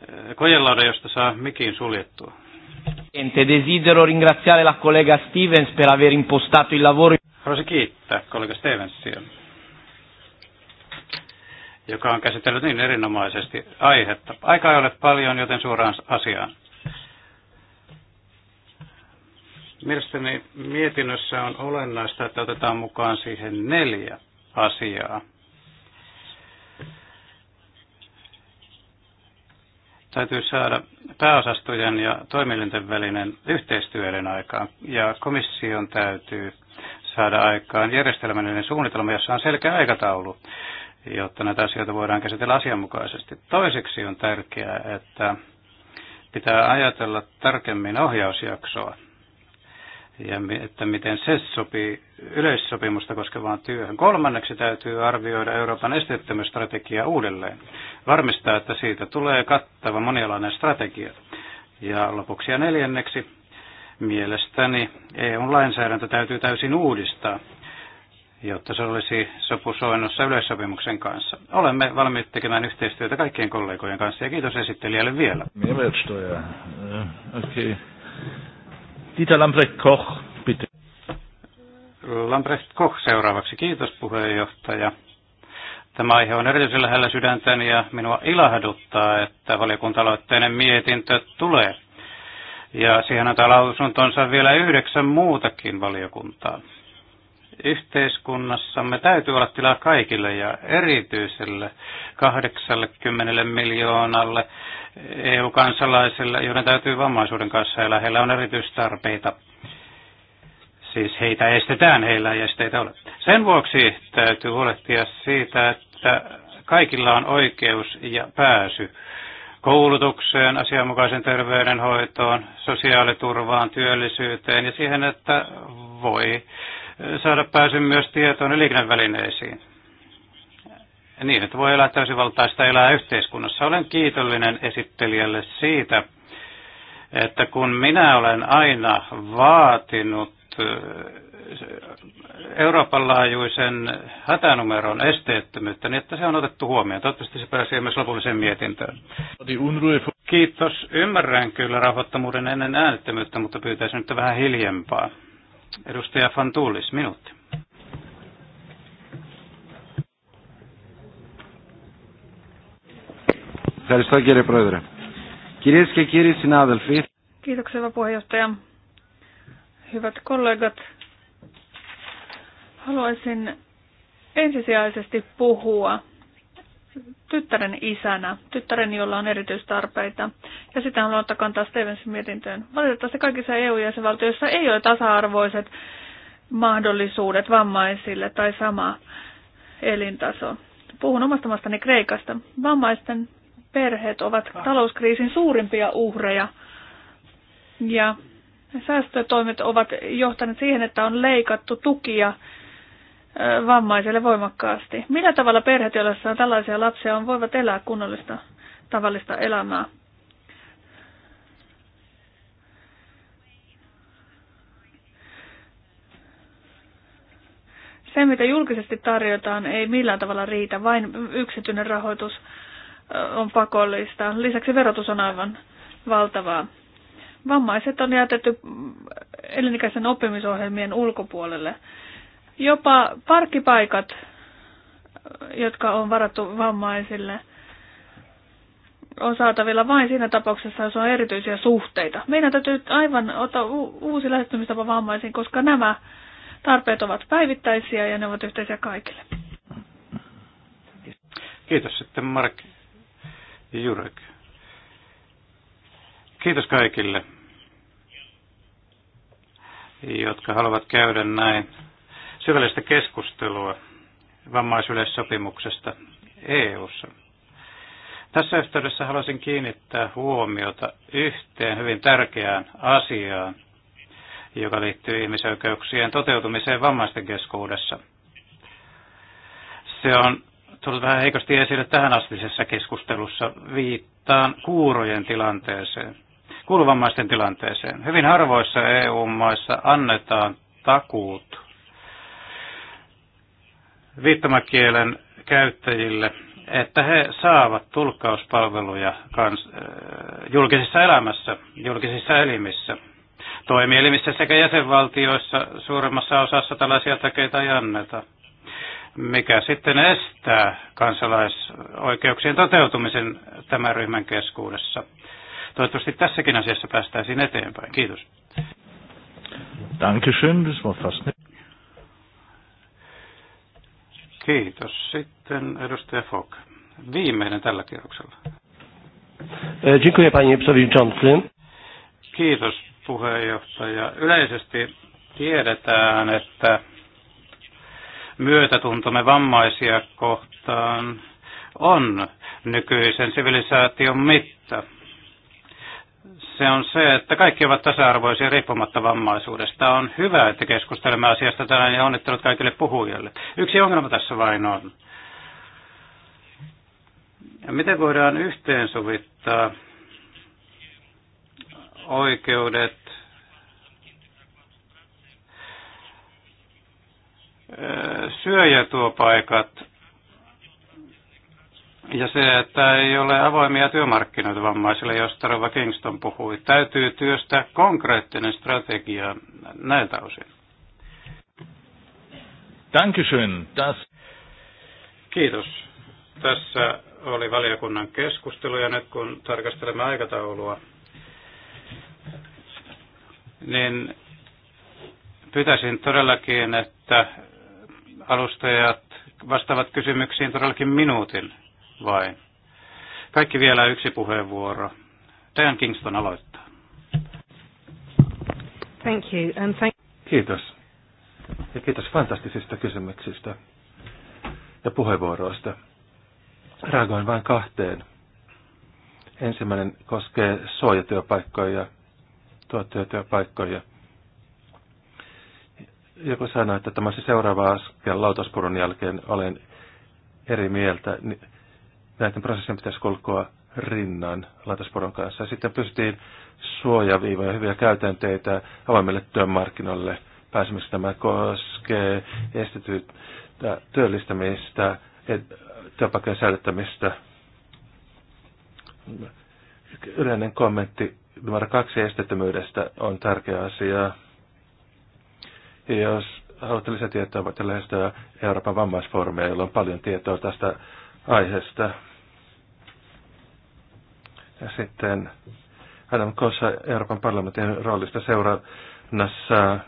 eh, kojelauden, josta saa mikin suljettua. Desidero ringraziare la collega Stevens per aver impostato il lavoro. Haluaisin kiittää kollega Stevensia, joka on käsitellyt niin erinomaisesti aihetta. Aika ei ole paljon, joten suoraan asiaan. Mielestäni mietinnössä on olennaista, että otetaan mukaan siihen neljä asiaa, Täytyy saada pääosastojen ja toimielinten välinen yhteistyöiden aikaan, ja komission täytyy saada aikaan järjestelmällinen suunnitelma, jossa on selkeä aikataulu, jotta näitä asioita voidaan käsitellä asianmukaisesti. Toiseksi on tärkeää, että pitää ajatella tarkemmin ohjausjaksoa ja että miten se sopii yleissopimusta koskevaan työhön. Kolmanneksi täytyy arvioida Euroopan esteettömyysstrategia uudelleen. Varmistaa, että siitä tulee kattava monialainen strategia. Ja lopuksi ja neljänneksi mielestäni EU-lainsäädäntö täytyy täysin uudistaa jotta se olisi sopusoinnossa yleissopimuksen kanssa. Olemme valmiit tekemään yhteistyötä kaikkien kollegojen kanssa ja kiitos esittelijälle vielä. Mielestäni. Äh, okay. Dieter Lambrecht-Koch, bitte. Lambrecht-Koch seuraavaksi. Kiitos puheenjohtaja. Tämä aihe on erityisen lähellä sydäntäni ja minua ilahduttaa, että valiokuntaloitteinen mietintö tulee. Ja siihen antaa lausuntonsa vielä yhdeksän muutakin valiokuntaa. Yhteiskunnassamme täytyy olla tilaa kaikille ja erityiselle 80 miljoonalle EU-kansalaisilla, joiden täytyy vammaisuuden kanssa elää. Heillä on erityistarpeita. Siis heitä estetään, heillä ei esteitä ole. Sen vuoksi täytyy huolehtia siitä, että kaikilla on oikeus ja pääsy koulutukseen, asianmukaisen terveydenhoitoon, sosiaaliturvaan, työllisyyteen ja siihen, että voi saada pääsyn myös tietoon ja liikennevälineisiin niin, että voi elää täysivaltaista elää yhteiskunnassa. Olen kiitollinen esittelijälle siitä, että kun minä olen aina vaatinut eh, Euroopan laajuisen hätänumeron esteettömyyttä, niin että se on otettu huomioon. Toivottavasti se pääsee myös lopulliseen mietintöön. Kiitos. Ymmärrän kyllä rauhoittamuuden ennen äänettömyyttä, mutta pyytäisin nyt vähän hiljempaa. Edustaja Fantuulis, minuutti. Ευχαριστώ κύριε Πρόεδρε. Κυρίε και κύριοι συνάδελφοι. Kiitoksia hyvä puheenjohtaja. Hyvät kollegat, haluaisin ensisijaisesti puhua tyttären isänä, tyttären, jolla on erityistarpeita. Ja sitä haluan ottaa kantaa Stevensin mietintöön. Valitettavasti kaikissa EU-jäsenvaltioissa ei ole tasa-arvoiset mahdollisuudet vammaisille tai sama elintaso. Puhun omasta maastani Kreikasta. Vammaisten perheet ovat talouskriisin suurimpia uhreja. Ja säästötoimet ovat johtaneet siihen, että on leikattu tukia vammaiselle voimakkaasti. Millä tavalla perheet, joilla on tällaisia lapsia, on, voivat elää kunnollista tavallista elämää? Se, mitä julkisesti tarjotaan, ei millään tavalla riitä, vain yksityinen rahoitus on pakollista. Lisäksi verotus on aivan valtavaa. Vammaiset on jätetty elinikäisen oppimisohjelmien ulkopuolelle. Jopa parkkipaikat, jotka on varattu vammaisille, on saatavilla vain siinä tapauksessa, jos on erityisiä suhteita. Meidän täytyy aivan ottaa uusi lähestymistapa vammaisiin, koska nämä tarpeet ovat päivittäisiä ja ne ovat yhteisiä kaikille. Kiitos sitten Mark ja Jurek. Kiitos kaikille, jotka haluavat käydä näin syvällistä keskustelua vammaisyleissopimuksesta EU-ssa. Tässä yhteydessä haluaisin kiinnittää huomiota yhteen hyvin tärkeään asiaan, joka liittyy ihmisoikeuksien toteutumiseen vammaisten keskuudessa. Se on tullut vähän heikosti esille tähän astisessa keskustelussa. Viittaan kuurojen tilanteeseen, kuuluvammaisten tilanteeseen. Hyvin harvoissa EU-maissa annetaan takuut viittomakielen käyttäjille, että he saavat tulkkauspalveluja kans, äh, julkisessa elämässä, julkisissa elimissä. Toimielimissä sekä jäsenvaltioissa suuremmassa osassa tällaisia takeita ei anneta mikä sitten estää kansalaisoikeuksien toteutumisen tämän ryhmän keskuudessa. Toivottavasti tässäkin asiassa päästäisiin eteenpäin. Kiitos. Dankeschön, das war fast Kiitos. Sitten edustaja Fogg. Viimeinen tällä kierroksella. E, dziękuję panie przewodniczący. Kiitos puheenjohtaja. Yleisesti tiedetään, että myötätuntomme vammaisia kohtaan on nykyisen sivilisaation mitta. Se on se, että kaikki ovat tasa-arvoisia riippumatta vammaisuudesta. On hyvä, että keskustelemme asiasta tänään ja onnittelut kaikille puhujille. Yksi ongelma tässä vain on. Ja miten voidaan yhteensovittaa oikeudet syöjätuopaikat ja se, että ei ole avoimia työmarkkinoita vammaisille, josta Rova Kingston puhui. Täytyy työstää konkreettinen strategia näiltä osin. Dankeschön. Das... Kiitos. Tässä oli valiokunnan keskustelu ja nyt kun tarkastelemme aikataulua, niin pyytäisin todellakin, että alustajat vastaavat kysymyksiin todellakin minuutin vai. Kaikki vielä yksi puheenvuoro. Dan Kingston aloittaa. Thank you, and thank... Kiitos. Ja kiitos fantastisista kysymyksistä ja puheenvuoroista. Reagoin vain kahteen. Ensimmäinen koskee suojatyöpaikkoja, tuottajatyöpaikkoja. työpaikkoja joku sanoi, että tämä se seuraava askel lautaspurun jälkeen olen eri mieltä. Niin näiden prosessien pitäisi kulkua rinnan lautasporon kanssa. Sitten pystyttiin suojaviivoja, hyviä käytänteitä avoimille työmarkkinoille pääsemistä. Tämä koskee estetyt työllistämistä, työpaikkojen säilyttämistä. Yleinen kommentti numero kaksi esteettömyydestä on tärkeä asia. Jos haluatte lisätietoa, voitte lähestyä Euroopan vammaisfoorumia, jolla on paljon tietoa tästä aiheesta. Ja sitten Adam Kossa Euroopan parlamentin roolista seurannassa.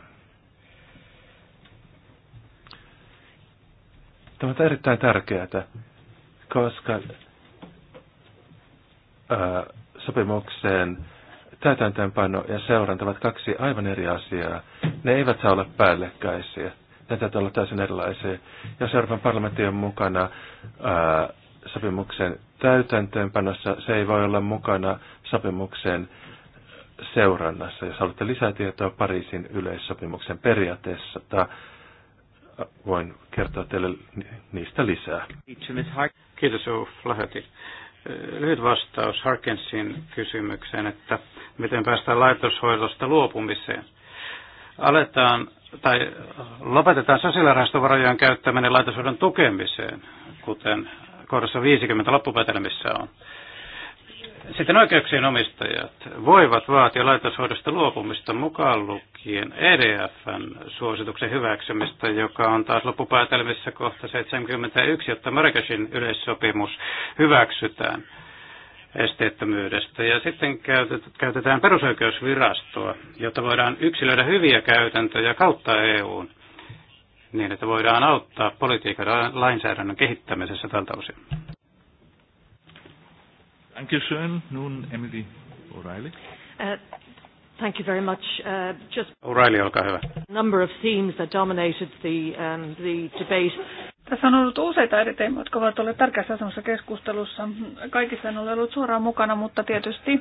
Tämä on erittäin tärkeää, koska ää, sopimukseen täytäntöönpano ja seuranta ovat kaksi aivan eri asiaa. Ne eivät saa olla päällekkäisiä. Ne täytyy olla täysin erilaisia. Ja Euroopan parlamentti on mukana ää, sopimuksen täytäntöönpanossa, se ei voi olla mukana sopimuksen seurannassa. Jos haluatte lisätietoa Pariisin yleissopimuksen periaatteessa, voin kertoa teille niistä lisää. Kiitos, Flaherty lyhyt vastaus Harkensin kysymykseen, että miten päästään laitoshoidosta luopumiseen. Aletaan tai lopetetaan sosiaalirahastovarojen käyttäminen laitoshoidon tukemiseen, kuten kohdassa 50 loppupäätelmissä on. Sitten oikeuksien omistajat voivat vaatia laitoshoidosta luopumista mukaan lukien EDFn suosituksen hyväksymistä, joka on taas loppupäätelmissä kohta 71, jotta Marrakeshin yleissopimus hyväksytään esteettömyydestä. Ja sitten käytetään perusoikeusvirastoa, jotta voidaan yksilöidä hyviä käytäntöjä kautta EUn niin, että voidaan auttaa politiikan lainsäädännön kehittämisessä tältä osin. Dankeschön. Nun Emily O'Reilly. Uh, thank you very much. Uh, O'Reilly, olkaa hyvä. Number of themes that dominated the, um, the debate. Tässä on ollut useita eri teemoja, jotka ovat olleet tärkeässä asemassa keskustelussa. Kaikissa en ole ollut suoraan mukana, mutta tietysti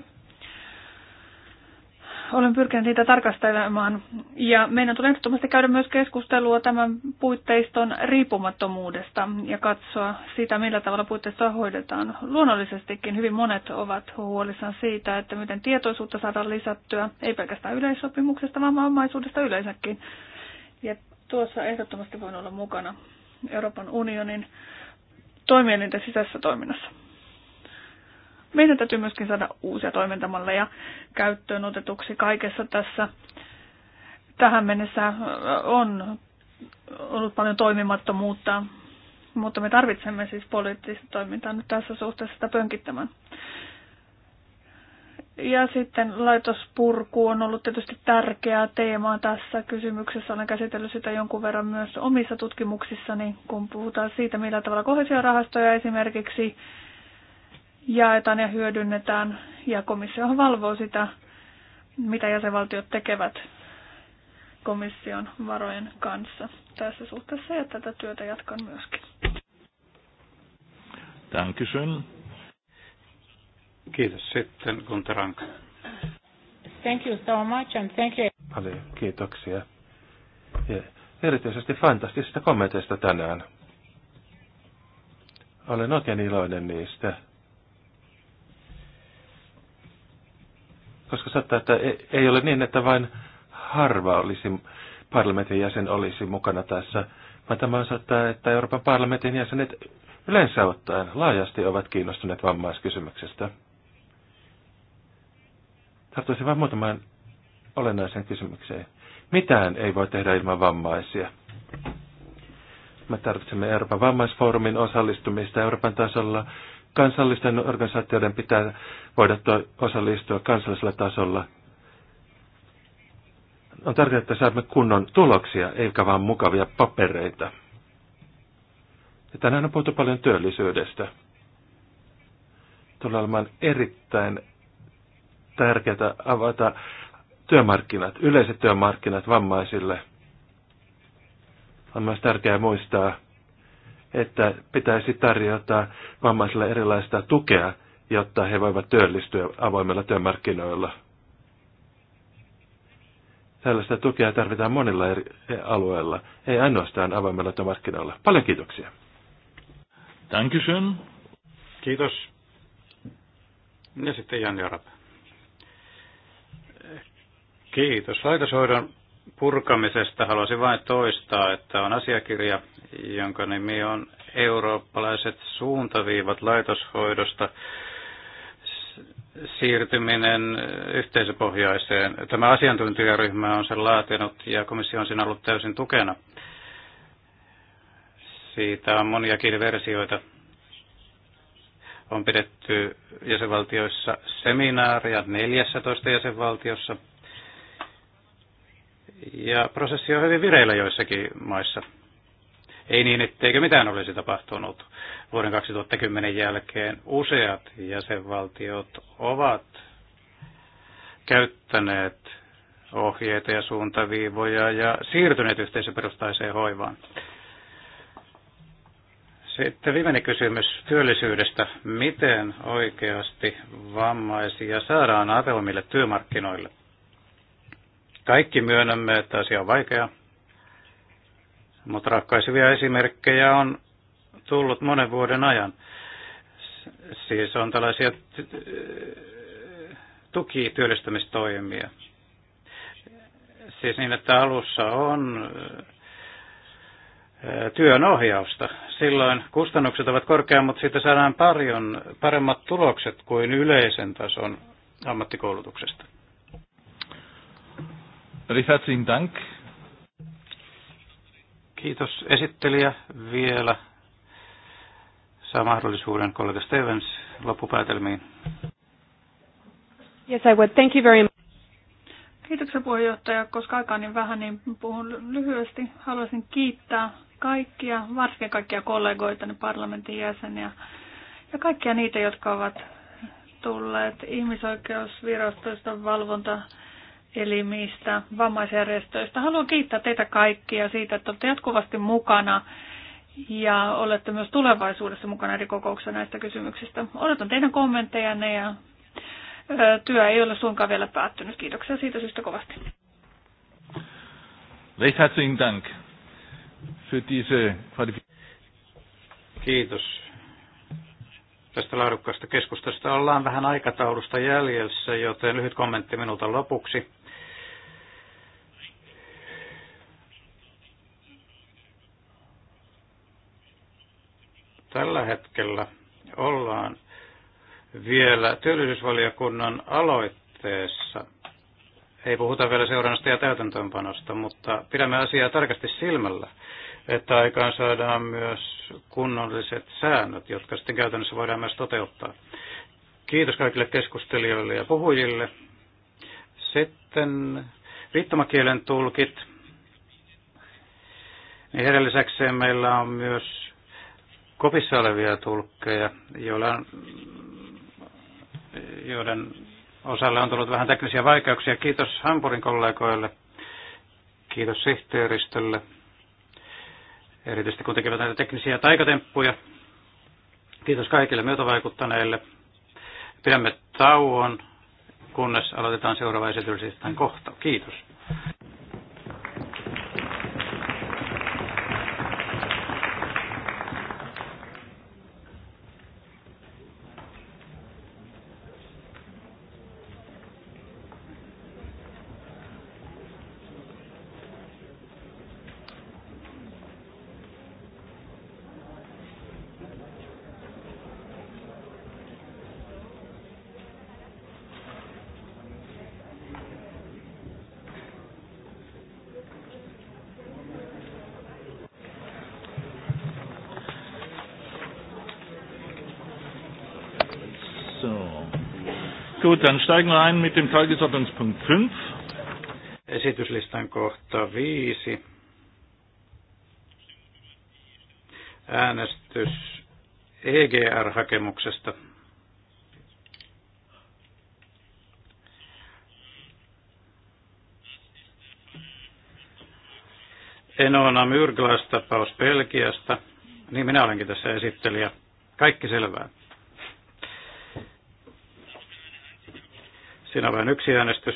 olen pyrkinyt niitä tarkastelemaan. Ja meidän tulee ehdottomasti käydä myös keskustelua tämän puitteiston riippumattomuudesta ja katsoa sitä, millä tavalla puitteistoa hoidetaan. Luonnollisestikin hyvin monet ovat huolissaan siitä, että miten tietoisuutta saadaan lisättyä, ei pelkästään yleissopimuksesta, vaan omaisuudesta yleensäkin. Ja tuossa ehdottomasti voin olla mukana Euroopan unionin toimielinten sisäisessä toiminnassa. Meidän täytyy myöskin saada uusia toimintamalleja käyttöön otetuksi kaikessa tässä. Tähän mennessä on ollut paljon toimimattomuutta, mutta me tarvitsemme siis poliittista toimintaa nyt tässä suhteessa sitä pönkittämään. Ja sitten laitospurku on ollut tietysti tärkeä teema tässä kysymyksessä. Olen käsitellyt sitä jonkun verran myös omissa tutkimuksissani, kun puhutaan siitä, millä tavalla kohesiorahastoja esimerkiksi jaetaan ja hyödynnetään, ja komissio valvoo sitä, mitä jäsenvaltiot tekevät komission varojen kanssa tässä suhteessa, ja tätä työtä jatkan myöskin. Dankeschön. Kiitos. Sitten Gunter Ranka. Thank you so much and thank you. Paljon kiitoksia. Ja erityisesti fantastisista kommenteista tänään. Olen oikein iloinen niistä. koska saattaa, että e- ei ole niin, että vain harva olisi parlamentin jäsen olisi mukana tässä, vaan tämä saattaa, että Euroopan parlamentin jäsenet yleensä ottaen laajasti ovat kiinnostuneet vammaiskysymyksestä. Tartuisin vain muutamaan olennaisen kysymykseen. Mitään ei voi tehdä ilman vammaisia. Me tarvitsemme Euroopan vammaisfoorumin osallistumista Euroopan tasolla, kansallisten organisaatioiden pitää voida osallistua kansallisella tasolla. On tärkeää, että saamme kunnon tuloksia, eikä vain mukavia papereita. Ja tänään on puhuttu paljon työllisyydestä. Tulee olemaan erittäin tärkeää avata työmarkkinat, yleiset työmarkkinat vammaisille. On myös tärkeää muistaa, että pitäisi tarjota vammaisille erilaista tukea, jotta he voivat työllistyä avoimilla työmarkkinoilla. Tällaista tukea tarvitaan monilla eri alueilla, ei ainoastaan avoimella työmarkkinoilla. Paljon kiitoksia. Dankeschön. Kiitos. Ja sitten Jan Jarap. Kiitos. Laitoshoidon purkamisesta haluaisin vain toistaa, että on asiakirja, jonka nimi on Eurooppalaiset suuntaviivat laitoshoidosta siirtyminen yhteisöpohjaiseen. Tämä asiantuntijaryhmä on sen laatinut ja komissio on siinä ollut täysin tukena. Siitä on moniakin versioita. On pidetty jäsenvaltioissa seminaaria 14 jäsenvaltiossa – ja prosessi on hyvin vireillä joissakin maissa. Ei niin, etteikö mitään olisi tapahtunut. Vuoden 2010 jälkeen useat jäsenvaltiot ovat käyttäneet ohjeita ja suuntaviivoja ja siirtyneet yhteisöperustaiseen hoivaan. Sitten viimeinen kysymys työllisyydestä. Miten oikeasti vammaisia saadaan avoimille työmarkkinoille? Kaikki myönnämme, että asia on vaikea, mutta ratkaisevia esimerkkejä on tullut monen vuoden ajan. Siis on tällaisia tukityöllistämistoimia. Siis niin, että alussa on työnohjausta. Silloin kustannukset ovat korkeammat, mutta siitä saadaan paljon paremmat tulokset kuin yleisen tason ammattikoulutuksesta. Recht herzlichen Dank. Kiitos esittelijä vielä. Saa mahdollisuuden kollega Stevens loppupäätelmiin. Yes, I would. Thank you very much. Kiitoksia puheenjohtaja. Koska aikaa niin vähän, niin puhun lyhyesti. Haluaisin kiittää kaikkia, varsinkin kaikkia kollegoita, parlamentin jäseniä ja kaikkia niitä, jotka ovat tulleet ihmisoikeusvirastoista valvonta elimistä, vammaisjärjestöistä. Haluan kiittää teitä kaikkia siitä, että olette jatkuvasti mukana ja olette myös tulevaisuudessa mukana eri kokouksissa näistä kysymyksistä. Odotan teidän kommenttejanne ja työ ei ole suinkaan vielä päättynyt. Kiitoksia siitä syystä kovasti. Kiitos tästä laadukkaasta keskustelusta. Ollaan vähän aikataulusta jäljessä, joten lyhyt kommentti minulta lopuksi. Tällä hetkellä ollaan vielä työllisyysvaliokunnan aloitteessa. Ei puhuta vielä seurannasta ja täytäntöönpanosta, mutta pidämme asiaa tarkasti silmällä, että aikaan saadaan myös kunnolliset säännöt, jotka sitten käytännössä voidaan myös toteuttaa. Kiitos kaikille keskustelijoille ja puhujille. Sitten viittomakielen tulkit. Niin heidän meillä on myös kopissa olevia tulkkeja, joilla on, joiden osalle on tullut vähän teknisiä vaikeuksia. Kiitos Hampurin kollegoille, kiitos sihteeristölle, erityisesti kun tekevät näitä teknisiä taikatemppuja. Kiitos kaikille myötävaikuttaneille. Pidämme tauon, kunnes aloitetaan seuraava esitys kohta. Kiitos. Gut, dann steigen wir ein mit dem Tagesordnungspunkt 5. Esityslistan kohta 5. Äänestys EGR-hakemuksesta. Enona Myrglas-tapaus Belgiasta. Niin minä olenkin tässä esittelijä. Kaikki selvää. Siinä vain yksi äänestys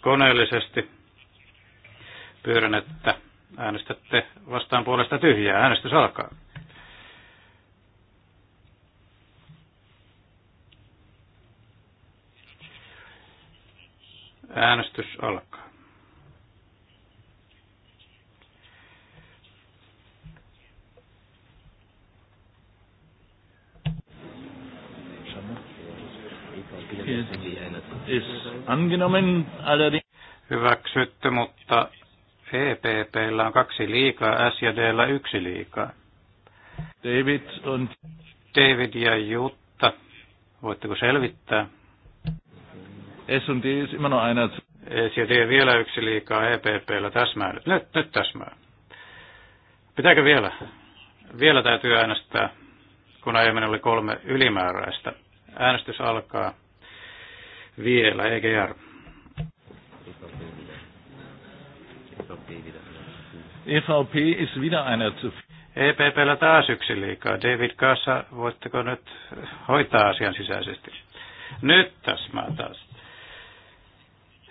koneellisesti. Pyydän, että äänestätte vastaan puolesta tyhjää. Äänestys alkaa. Äänestys alkaa. angenommen, allerdings... Hyväksytty, mutta EPPllä on kaksi liikaa, S ja Dllä yksi liikaa. David on... David ja Jutta, voitteko selvittää? S on immer noch einer. S ja D vielä yksi liikaa EPPllä täsmää. Nyt, nyt täsmää. Pitääkö vielä? Vielä täytyy äänestää, kun aiemmin oli kolme ylimääräistä. Äänestys alkaa vielä, EGR. EVP is wieder einer zu EPPllä taas yksi liikaa. David Kassa, voitteko nyt hoitaa asian sisäisesti? Nyt tässä mä taas.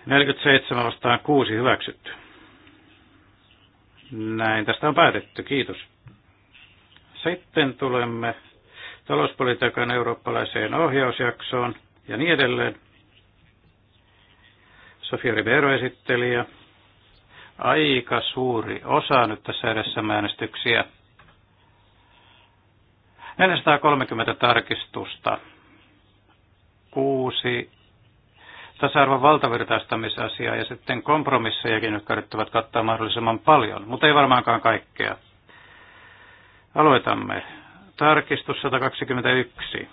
47 vastaan 6 hyväksytty. Näin, tästä on päätetty. Kiitos. Sitten tulemme talouspolitiikan eurooppalaiseen ohjausjaksoon ja niin edelleen. Sofia Ribeiro esitteli ja aika suuri osa nyt tässä edessä äänestyksiä. 430 tarkistusta. Kuusi tasa-arvon valtavirtaistamisasiaa ja sitten kompromissejakin, jotka yrittävät kattaa mahdollisimman paljon, mutta ei varmaankaan kaikkea. Aloitamme. Tarkistus 121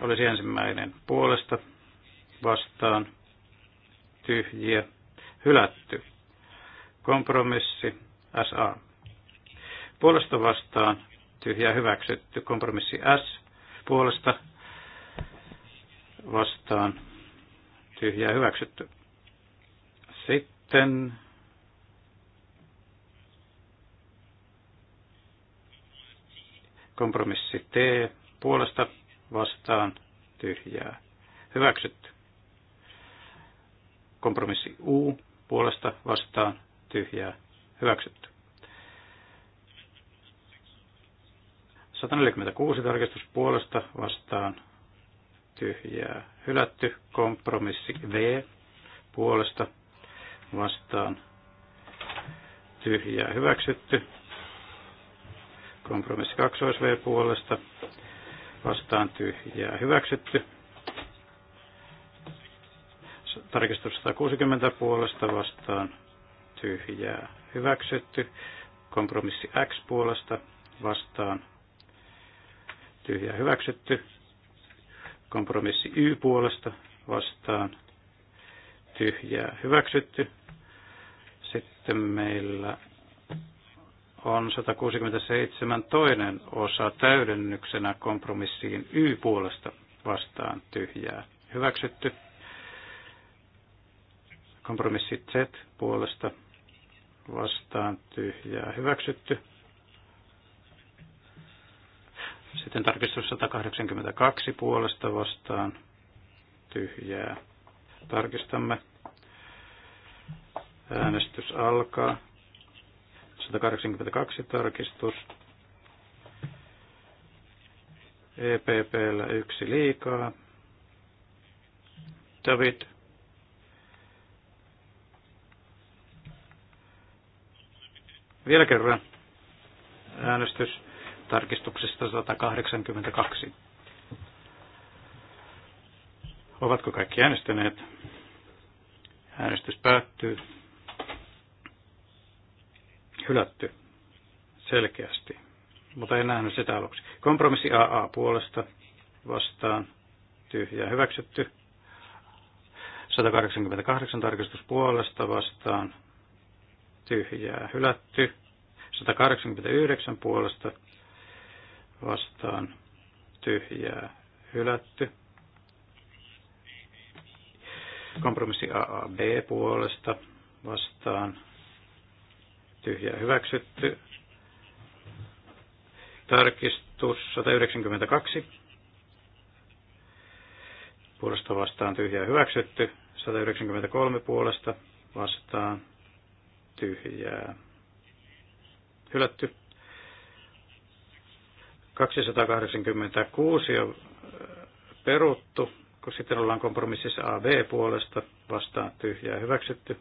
olisi ensimmäinen puolesta vastaan tyhjiä, hylätty. Kompromissi SA. Puolesta vastaan tyhjä hyväksytty. Kompromissi S. Puolesta vastaan tyhjä hyväksytty. Sitten kompromissi T puolesta vastaan tyhjää hyväksytty. Kompromissi U puolesta vastaan tyhjää hyväksytty. 146 tarkistus puolesta vastaan tyhjää hylätty. Kompromissi V puolesta vastaan tyhjää hyväksytty. Kompromissi 2 V puolesta vastaan tyhjää hyväksytty tarkistus 160 puolesta vastaan tyhjää hyväksytty. Kompromissi X puolesta vastaan tyhjää hyväksytty. Kompromissi Y puolesta vastaan tyhjää hyväksytty. Sitten meillä on 167 toinen osa täydennyksenä kompromissiin Y puolesta vastaan tyhjää hyväksytty. Kompromissi Z puolesta vastaan tyhjää hyväksytty. Sitten tarkistus 182 puolesta vastaan tyhjää. Tarkistamme. Äänestys alkaa. 182 tarkistus. EPPllä yksi liikaa. David Vielä kerran äänestys tarkistuksesta 182. Ovatko kaikki äänestäneet? Äänestys päättyy. Hylätty. Selkeästi. Mutta en nähnyt sitä aluksi. Kompromissi AA puolesta vastaan. Tyhjä hyväksytty. 188 tarkistus puolesta vastaan tyhjää hylätty. 189 puolesta vastaan tyhjää hylätty. Kompromissi AAB puolesta vastaan tyhjää hyväksytty. Tarkistus 192 puolesta vastaan tyhjää hyväksytty. 193 puolesta vastaan tyhjää. Hylätty. 286 on äh, peruttu, kun sitten ollaan kompromississa AB puolesta vastaan tyhjää hyväksytty.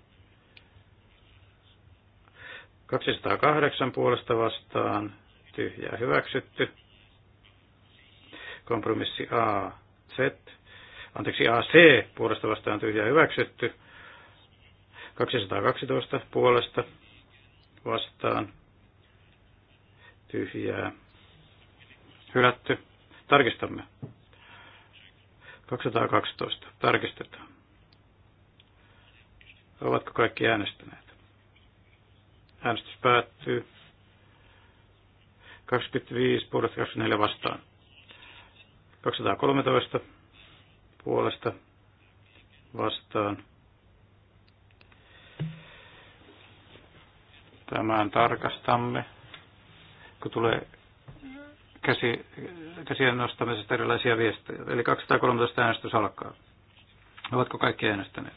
208 puolesta vastaan tyhjää hyväksytty. Kompromissi A, anteeksi AC puolesta vastaan tyhjää hyväksytty. 212 puolesta vastaan tyhjää hylätty. Tarkistamme. 212. Tarkistetaan. Ovatko kaikki äänestäneet? Äänestys päättyy. 25 puolesta 24 vastaan. 213 puolesta vastaan Tämän tarkastamme, kun tulee käsi, käsien nostamisesta erilaisia viestejä. Eli 213 äänestys alkaa. Ovatko kaikki äänestäneet?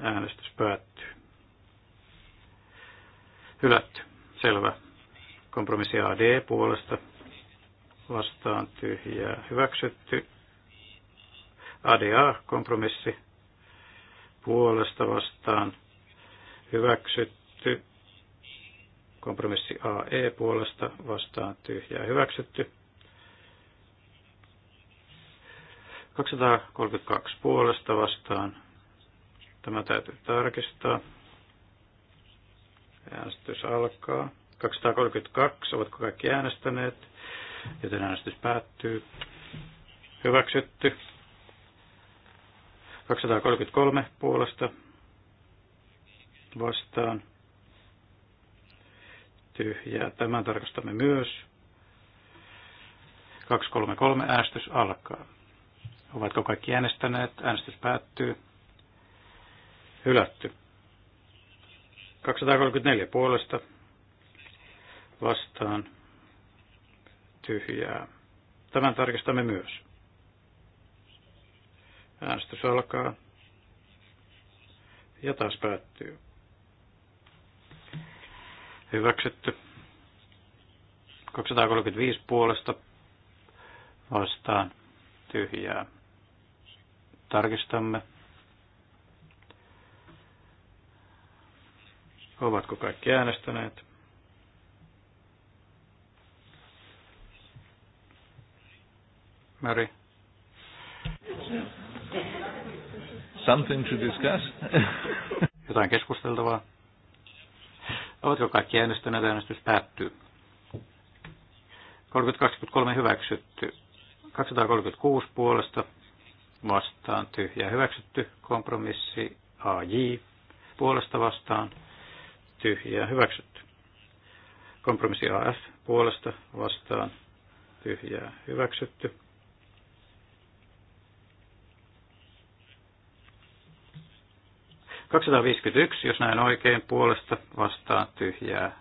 Äänestys päättyy. Hylätty. Selvä. Kompromissi AD puolesta. Vastaan tyhjää. Hyväksytty. ADA-kompromissi puolesta vastaan hyväksytty hyväksytty. Kompromissi AE puolesta vastaan tyhjää hyväksytty. 232 puolesta vastaan. Tämä täytyy tarkistaa. Äänestys alkaa. 232, ovatko kaikki äänestäneet? Joten äänestys päättyy. Hyväksytty. 233 puolesta vastaan tyhjää. Tämän tarkastamme myös. 233 äänestys alkaa. Ovatko kaikki äänestäneet? Äänestys päättyy. Hylätty. 234 puolesta vastaan tyhjää. Tämän tarkistamme myös. Äänestys alkaa ja taas päättyy. Hyväksytty. 235 puolesta vastaan tyhjää. Tarkistamme. Ovatko kaikki äänestäneet? Mary. Something to discuss. Jotain keskusteltavaa. Ovatko kaikki äänestäneet? Äänestys päättyy. 3023 hyväksytty. 236 puolesta vastaan tyhjä hyväksytty. Kompromissi AJ puolesta vastaan tyhjä hyväksytty. Kompromissi AF puolesta vastaan tyhjää hyväksytty. 251, jos näen oikein, puolesta vastaan tyhjää.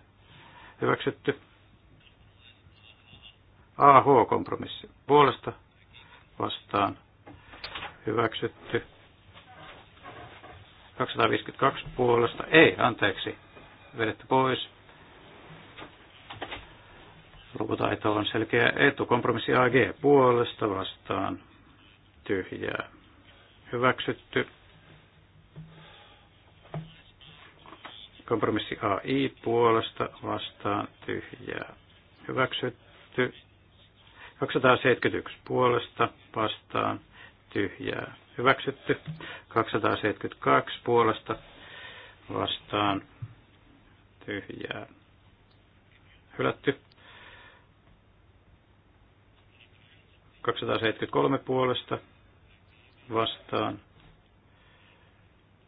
Hyväksytty. AH-kompromissi. Puolesta vastaan hyväksytty. 252 puolesta. Ei, anteeksi. Vedetty pois. Lukutaito on selkeä etu. Kompromissi AG puolesta vastaan tyhjää. Hyväksytty. Kompromissi AI puolesta vastaan tyhjää. Hyväksytty. 271 puolesta vastaan tyhjää. Hyväksytty. 272 puolesta vastaan tyhjää. Hylätty. 273 puolesta vastaan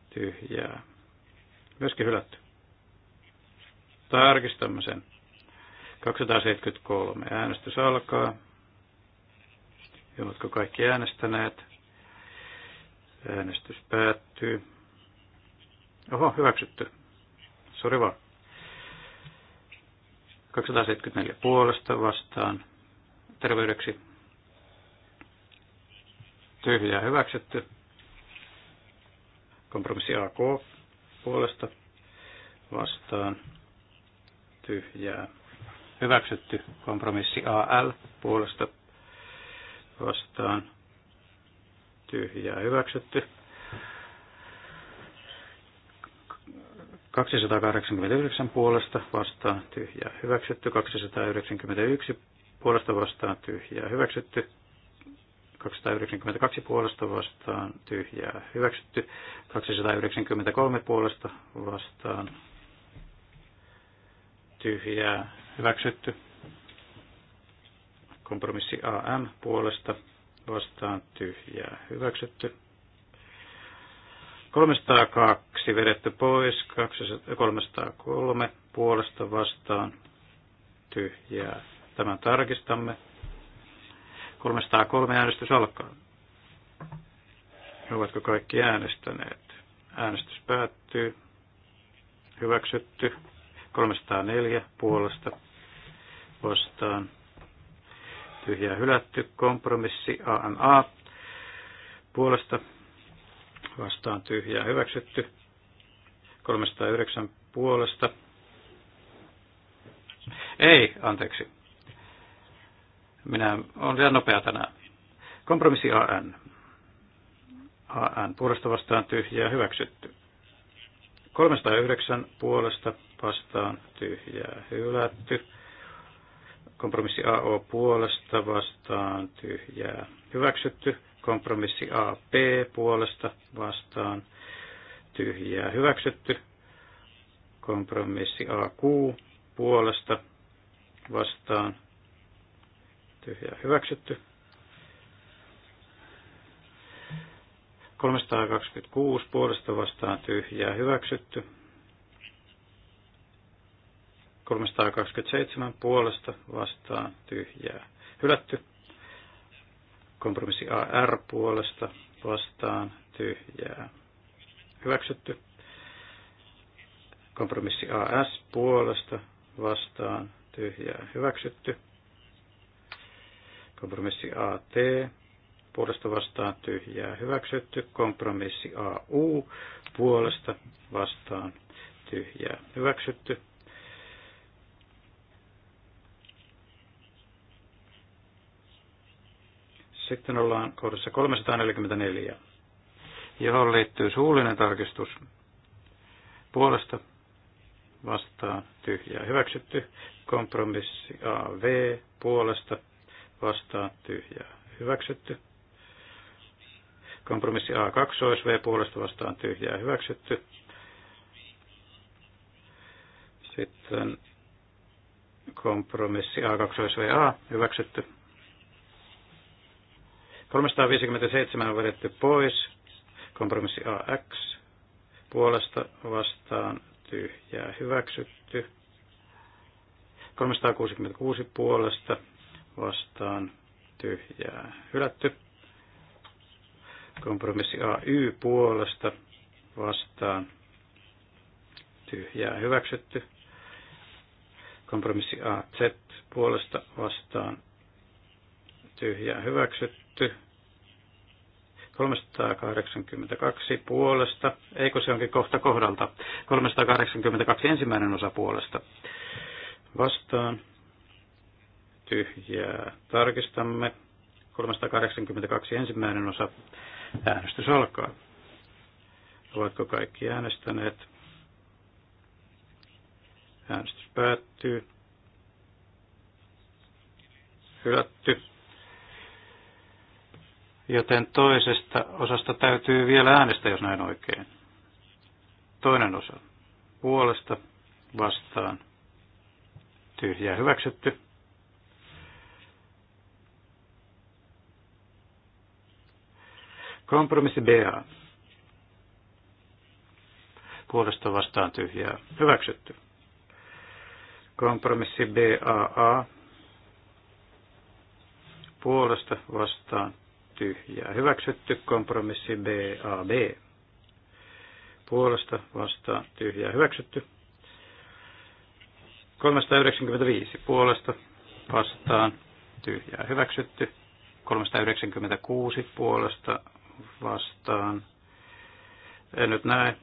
tyhjää. Myöskin hylätty. Tarkistamme sen. 273. Äänestys alkaa. Ovatko kaikki äänestäneet? Äänestys päättyy. Oho, hyväksytty. Sori vaan. 274 puolesta vastaan. Terveydeksi. Tyhjää hyväksytty. Kompromissi AK puolesta vastaan tyhjää. Hyväksytty kompromissi AL puolesta vastaan tyhjää. Hyväksytty 289 puolesta vastaan tyhjää. Hyväksytty 291 puolesta vastaan tyhjää. Hyväksytty 292 puolesta vastaan tyhjää hyväksytty, 293 puolesta vastaan tyhjää hyväksytty. Kompromissi AM puolesta vastaan tyhjää hyväksytty. 302 vedetty pois, 303 puolesta vastaan tyhjää. Tämän tarkistamme. 303 äänestys alkaa. Ovatko kaikki äänestäneet? Äänestys päättyy. Hyväksytty. 304 puolesta vastaan tyhjää hylätty. Kompromissi ANA puolesta vastaan tyhjää hyväksytty. 309 puolesta. Ei, anteeksi. Minä olen liian nopea tänään. Kompromissi AN. AN puolesta vastaan tyhjää hyväksytty. 309 puolesta vastaan tyhjää hylätty. Kompromissi AO puolesta vastaan tyhjää hyväksytty. Kompromissi AP puolesta vastaan tyhjää hyväksytty. Kompromissi AQ puolesta vastaan tyhjää hyväksytty. 326 puolesta vastaan tyhjää hyväksytty. 327 puolesta vastaan tyhjää hylätty. Kompromissi AR puolesta vastaan tyhjää hyväksytty. Kompromissi AS puolesta vastaan tyhjää hyväksytty. Kompromissi AT puolesta vastaan tyhjää hyväksytty. Kompromissi AU puolesta vastaan tyhjää hyväksytty. Sitten ollaan kohdassa 344, johon liittyy suullinen tarkistus puolesta vastaan tyhjää hyväksytty. Kompromissi AV puolesta vastaan tyhjää hyväksytty. Kompromissi A2, OSV puolesta vastaan tyhjää hyväksytty. Sitten kompromissi a 2 A hyväksytty. 357 on vedetty pois. Kompromissi AX puolesta vastaan tyhjää hyväksytty. 366 puolesta vastaan tyhjää hylätty. Kompromissi AY puolesta vastaan tyhjää hyväksytty. Kompromissi AZ puolesta vastaan tyhjää hyväksytty. 382 puolesta, eikö se onkin kohta kohdalta, 382 ensimmäinen osa puolesta vastaan tyhjää. Tarkistamme 382 ensimmäinen osa. Äänestys alkaa. Ovatko kaikki äänestäneet? Äänestys päättyy. Hylätty. Joten toisesta osasta täytyy vielä äänestää, jos näin oikein. Toinen osa. Puolesta vastaan. Tyhjää hyväksytty. Kompromissi BA. Puolesta vastaan tyhjää. Hyväksytty. Kompromissi BAA. Puolesta vastaan tyhjää. Hyväksytty. Kompromissi BAB. Puolesta vastaan tyhjää. Hyväksytty. 395 puolesta vastaan tyhjää hyväksytty. 396 puolesta vastaan. En nyt näe.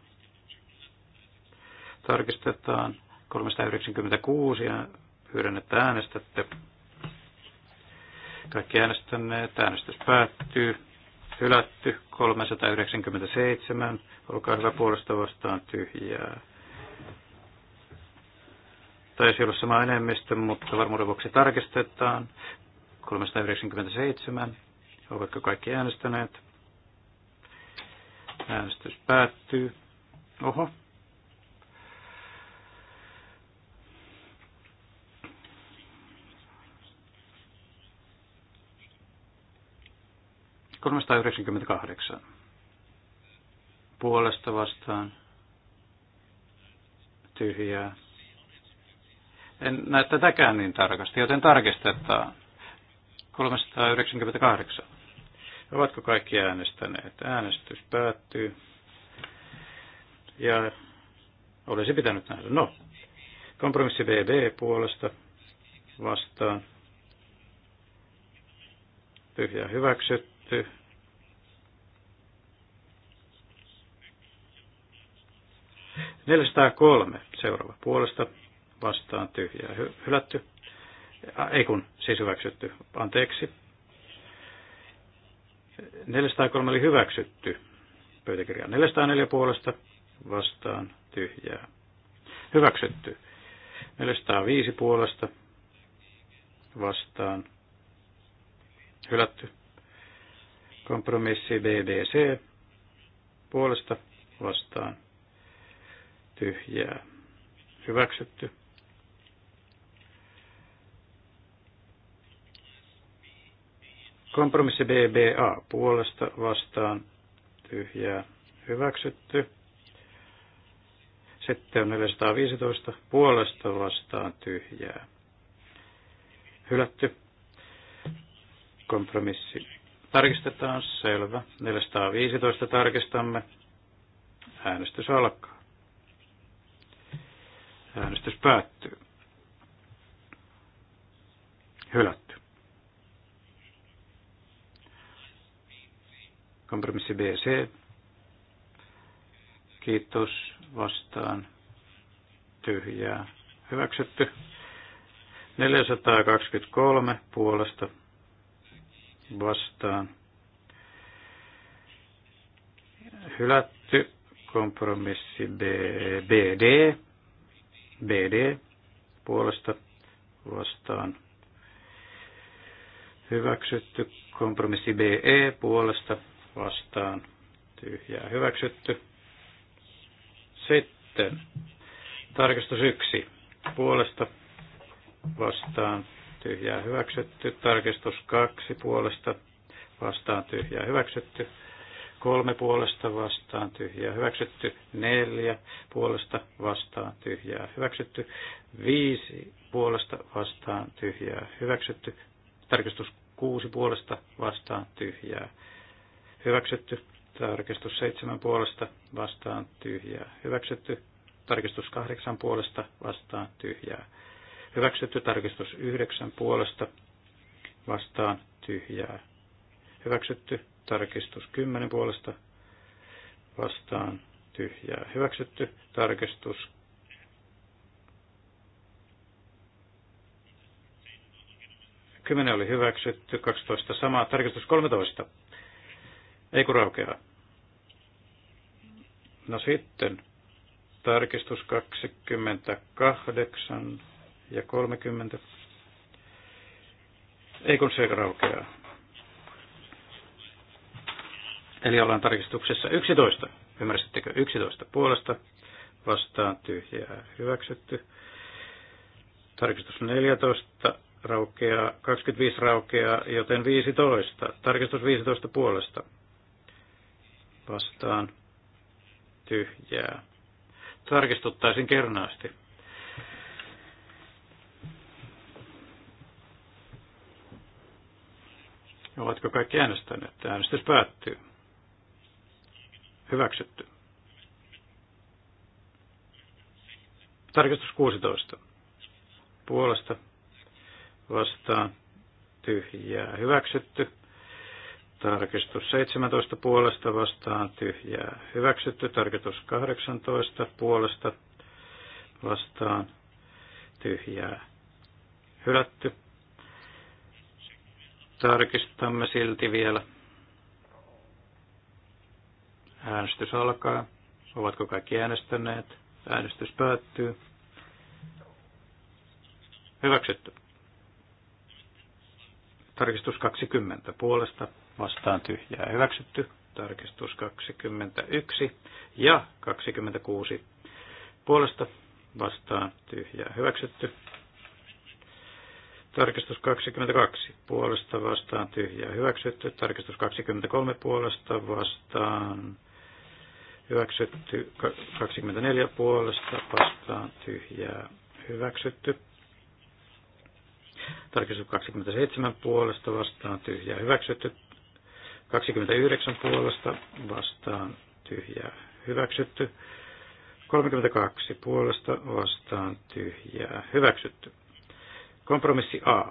Tarkistetaan 396 ja pyydän, että äänestätte. Kaikki äänestäneet. Äänestys päättyy. Hylätty 397. Olkaa hyvä puolesta vastaan tyhjää. Taisi olla sama enemmistö, mutta varmuuden vuoksi tarkistetaan. 397. Ovatko kaikki äänestäneet? Äänestys päättyy. Oho. Kolmesataayhdeksänkymmentäkahdeksan. Puolesta vastaan. Tyhjää. En näe tätäkään niin tarkasti, joten tarkistetaan. 398. Ovatko kaikki äänestäneet? Äänestys päättyy. Ja olisi pitänyt nähdä. No, kompromissi BB puolesta vastaan. Tyhjä hyväksytty. Neljäsataa kolme seuraava puolesta vastaan tyhjää hylätty. Ei kun, siis hyväksytty. Anteeksi. 403 oli hyväksytty pöytäkirja 404 puolesta vastaan tyhjää. Hyväksytty. 405 puolesta vastaan hylätty. Kompromissi BBC puolesta vastaan tyhjää. Hyväksytty. Kompromissi BBA puolesta vastaan tyhjää hyväksytty. Sitten 415 puolesta vastaan tyhjää hylätty. Kompromissi tarkistetaan, selvä. 415 tarkistamme. Äänestys alkaa. Äänestys päättyy. Hylätty. Kompromissi BC. Kiitos vastaan. Tyhjää. Hyväksytty. 423 puolesta vastaan. Hylätty kompromissi B, BD, BD puolesta vastaan. Hyväksytty kompromissi BE puolesta vastaan tyhjää hyväksytty. Sitten tarkistus 1 puolesta vastaan tyhjää hyväksytty. Tarkistus 2 puolesta vastaan tyhjää hyväksytty. Kolme puolesta vastaan tyhjää hyväksytty. Neljä puolesta vastaan tyhjää hyväksytty. Viisi puolesta vastaan tyhjää hyväksytty. Tarkistus kuusi puolesta vastaan tyhjää hyväksytty. Tarkistus 7 puolesta vastaan tyhjää, hyväksytty. Tarkistus 8 puolesta vastaan tyhjää, hyväksytty. Tarkistus 9 puolesta vastaan tyhjää, hyväksytty. Tarkistus 10 puolesta vastaan tyhjää, hyväksytty. Tarkistus Kymmenen oli hyväksytty, 12 samaa, tarkistus 13 ei kun raukeaa. No sitten tarkistus 28 ja 30. Ei kun se raukeaa. Eli ollaan tarkistuksessa 11. Ymmärsittekö? 11 puolesta vastaan tyhjää hyväksytty. Tarkistus 14 raukeaa, 25 raukeaa, joten 15. Tarkistus 15 puolesta vastaan tyhjää. Tarkistuttaisin kernaasti. Ovatko kaikki äänestäneet? Äänestys päättyy. Hyväksytty. Tarkistus 16. Puolesta vastaan tyhjää. Hyväksytty. Tarkistus 17 puolesta vastaan tyhjää hyväksytty. Tarkistus 18 puolesta vastaan tyhjää hylätty. Tarkistamme silti vielä. Äänestys alkaa. Ovatko kaikki äänestäneet? Äänestys päättyy. Hyväksytty. Tarkistus 20 puolesta vastaan tyhjää hyväksytty. Tarkistus 21 ja 26 puolesta vastaan tyhjää hyväksytty. Tarkistus 22 puolesta vastaan tyhjää hyväksytty. Tarkistus 23 puolesta vastaan hyväksytty. 24 puolesta vastaan tyhjää hyväksytty. Tarkistus 27 puolesta vastaan tyhjää hyväksytty. 29 puolesta vastaan tyhjää hyväksytty. 32 puolesta vastaan tyhjää hyväksytty. Kompromissi A.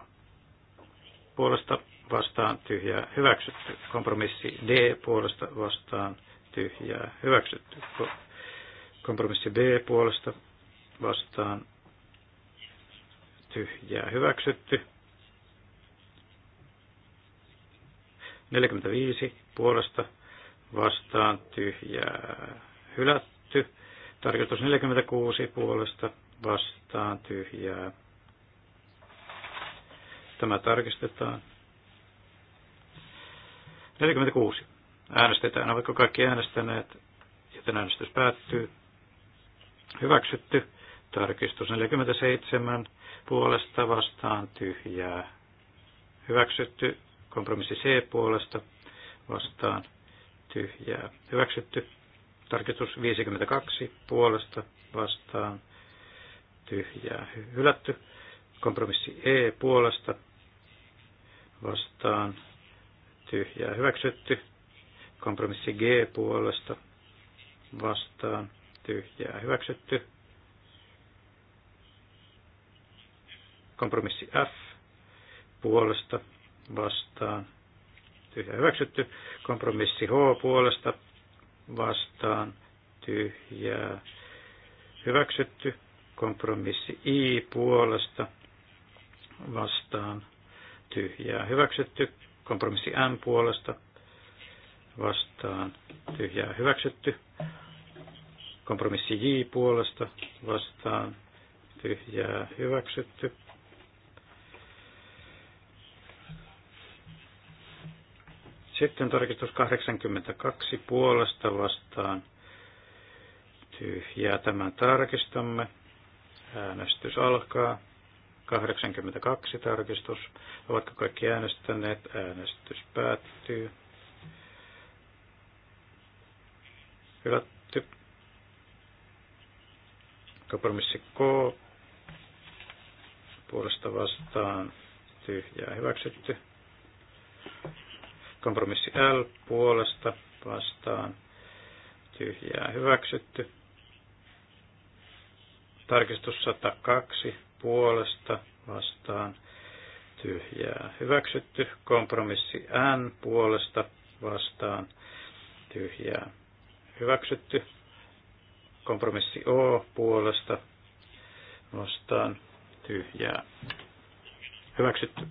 Puolesta vastaan tyhjää hyväksytty. Kompromissi D. Puolesta vastaan tyhjää hyväksytty. Kompromissi B. Puolesta vastaan tyhjää hyväksytty. 45 puolesta vastaan tyhjää hylätty. Tarkoitus 46 puolesta vastaan tyhjää. Tämä tarkistetaan. 46. Äänestetään, ovatko kaikki äänestäneet, joten äänestys päättyy. Hyväksytty. Tarkistus 47 puolesta vastaan tyhjää. Hyväksytty Kompromissi C puolesta vastaan tyhjää hyväksytty. Tarkistus 52 puolesta vastaan tyhjää hylätty. Kompromissi E puolesta vastaan tyhjää hyväksytty. Kompromissi G puolesta vastaan tyhjää hyväksytty. Kompromissi F puolesta vastaan tyhjä hyväksytty. Kompromissi H puolesta vastaan tyhjä hyväksytty. Kompromissi I puolesta vastaan tyhjää hyväksytty. Kompromissi M puolesta vastaan tyhjää hyväksytty. Kompromissi J puolesta vastaan tyhjää hyväksytty. Sitten tarkistus 82 puolesta vastaan tyhjää. Tämän tarkistamme. Äänestys alkaa. 82 tarkistus. Ovatko kaikki äänestäneet? Äänestys päättyy. Hylätty. Kompromissi K. Puolesta vastaan tyhjää hyväksytty. Kompromissi L puolesta vastaan tyhjää hyväksytty. Tarkistus 102 puolesta vastaan tyhjää hyväksytty. Kompromissi N puolesta vastaan tyhjää hyväksytty. Kompromissi O puolesta vastaan tyhjää hyväksytty.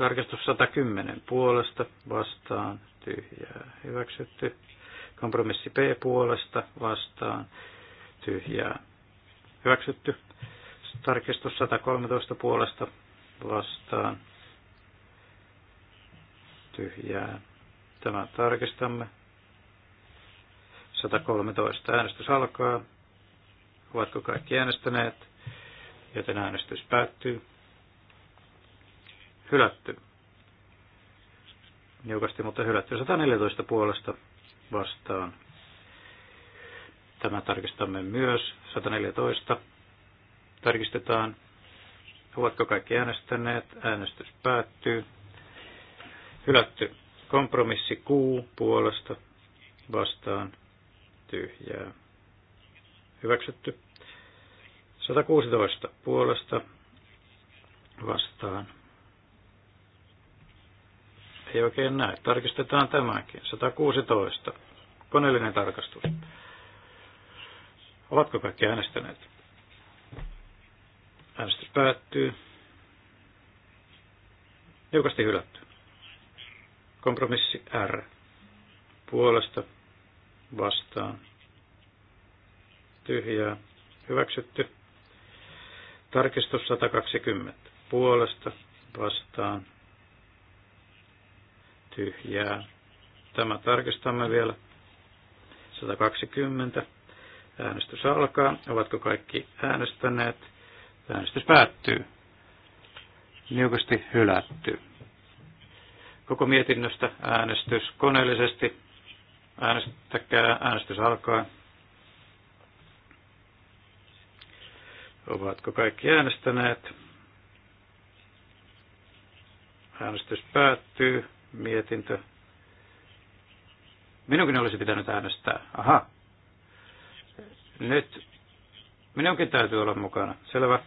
Tarkistus 110 puolesta vastaan tyhjää hyväksytty. Kompromissi P puolesta vastaan tyhjää hyväksytty. Tarkistus 113 puolesta vastaan tyhjää. Tämä tarkistamme. 113 äänestys alkaa. Ovatko kaikki äänestäneet? Joten äänestys päättyy hylätty. Niukasti, mutta hylätty. 114 puolesta vastaan. Tämä tarkistamme myös. 114 tarkistetaan. Ovatko kaikki äänestäneet? Äänestys päättyy. Hylätty. Kompromissi Q puolesta vastaan tyhjää. Hyväksytty. 116 puolesta vastaan ei oikein näe. Tarkistetaan tämäkin. 116. Koneellinen tarkastus. Ovatko kaikki äänestäneet? Äänestys päättyy. Niukasti hylätty. Kompromissi R. Puolesta vastaan. Tyhjää. Hyväksytty. Tarkistus 120. Puolesta vastaan tyhjää. Tämä tarkistamme vielä. 120. Äänestys alkaa. Ovatko kaikki äänestäneet? Äänestys päättyy. Niukasti hylätty. Koko mietinnöstä äänestys koneellisesti. Äänestäkää. Äänestys alkaa. Ovatko kaikki äänestäneet? Äänestys päättyy mietintö. Minunkin olisi pitänyt äänestää. Aha. Nyt minunkin täytyy olla mukana. Selvä.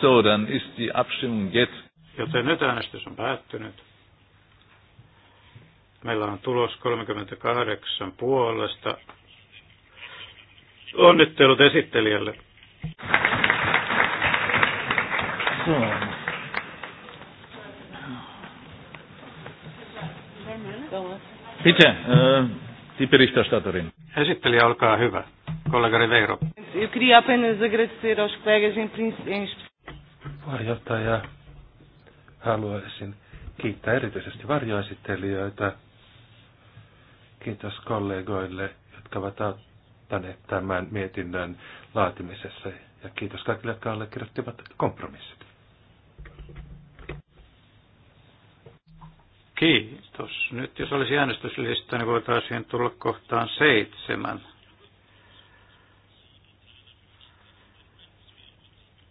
So, dann ist die Abstimmung jetzt. Joten nyt äänestys on päättynyt. Meillä on tulos 38 puolesta. Onnittelut esittelijälle. So. Bitte, äh, die Berichterstatterin. Esittelijä, olkaa hyvä. Kollega Ribeiro. Eu queria apenas agradecer aos colegas em Puheenjohtaja, haluaisin kiittää erityisesti varjoesittelijöitä Kiitos kollegoille, jotka ovat auttaneet tämän mietinnön laatimisessa ja kiitos kaikille, jotka allekirjoittivat kompromissit. Kiitos. Nyt jos olisi äänestyslista, niin voitaisiin tulla kohtaan seitsemän.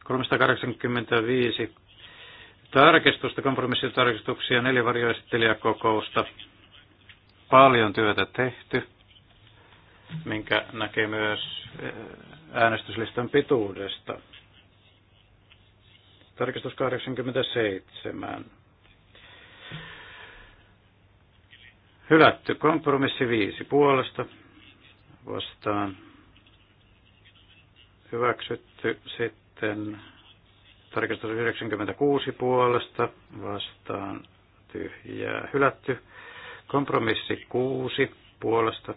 385 tarkistusta, kompromissitarkistuksia, neljä varjoesittelijäkokousta. kokousta paljon työtä tehty, minkä näkee myös eh, äänestyslistan pituudesta. Tarkistus 87. Hylätty kompromissi 5 puolesta vastaan. Hyväksytty sitten tarkistus 96 puolesta vastaan tyhjää hylätty. Kompromissi kuusi puolesta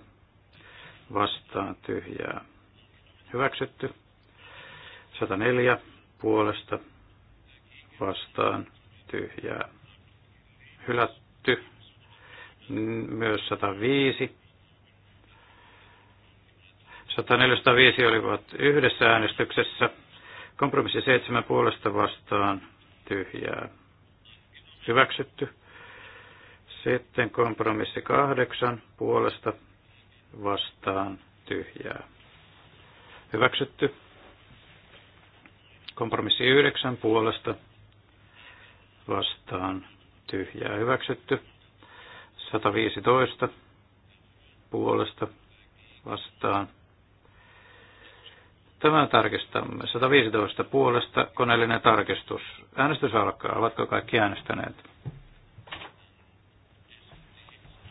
vastaan tyhjää hyväksytty. 104 puolesta vastaan tyhjää hylätty. Myös 105. 104 olivat yhdessä äänestyksessä. Kompromissi 7 puolesta vastaan tyhjää hyväksytty. Sitten kompromissi kahdeksan puolesta vastaan tyhjää. Hyväksytty. Kompromissi yhdeksän puolesta vastaan tyhjää. Hyväksytty. 115 puolesta vastaan. Tämän tarkistamme. 115 puolesta koneellinen tarkistus. Äänestys alkaa. Ovatko kaikki äänestäneet?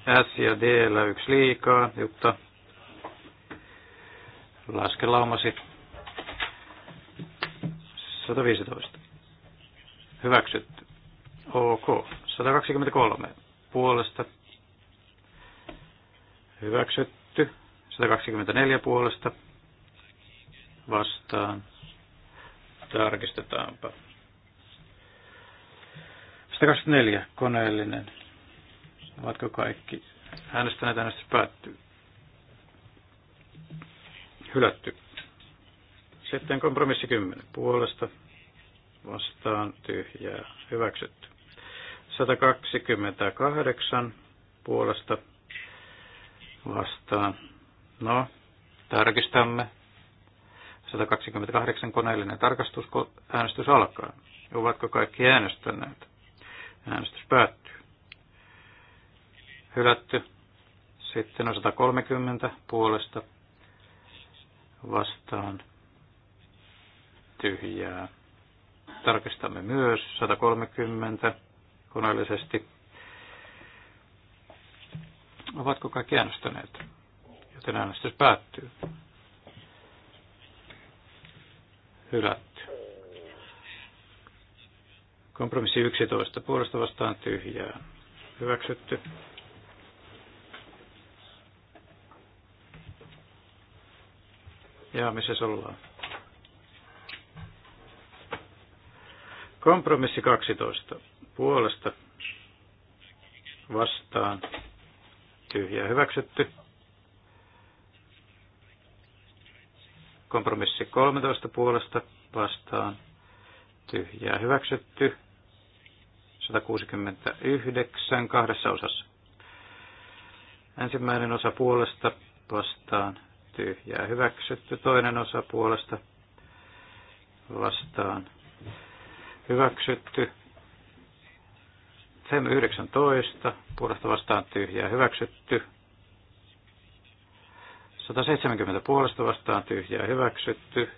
S ja D yksi liikaa, jotta laskelaumasi 115. Hyväksytty. OK. 123 puolesta. Hyväksytty. 124 puolesta. Vastaan. Tarkistetaanpa. 124 koneellinen Ovatko kaikki äänestäneet? Äänestys päättyy. Hylätty. Sitten kompromissi 10. Puolesta vastaan tyhjää. Hyväksytty. 128 puolesta vastaan. No, tarkistamme. 128 koneellinen tarkastus, äänestys alkaa. Ovatko kaikki äänestäneet? Äänestys päättyy hylätty. Sitten on 130 puolesta vastaan tyhjää. Tarkistamme myös 130 koneellisesti. Ovatko kaikki äänestäneet? Joten äänestys päättyy. Hylätty. Kompromissi 11 puolesta vastaan tyhjää. Hyväksytty. se ollaan. Kompromissi 12. Puolesta vastaan tyhjä hyväksytty. Kompromissi 13 puolesta vastaan tyhjää hyväksytty. 169 kahdessa osassa. Ensimmäinen osa puolesta vastaan tyhjää hyväksytty. Toinen osa puolesta vastaan hyväksytty. Fem 19 puolesta vastaan tyhjää hyväksytty. 170 puolesta vastaan tyhjää hyväksytty.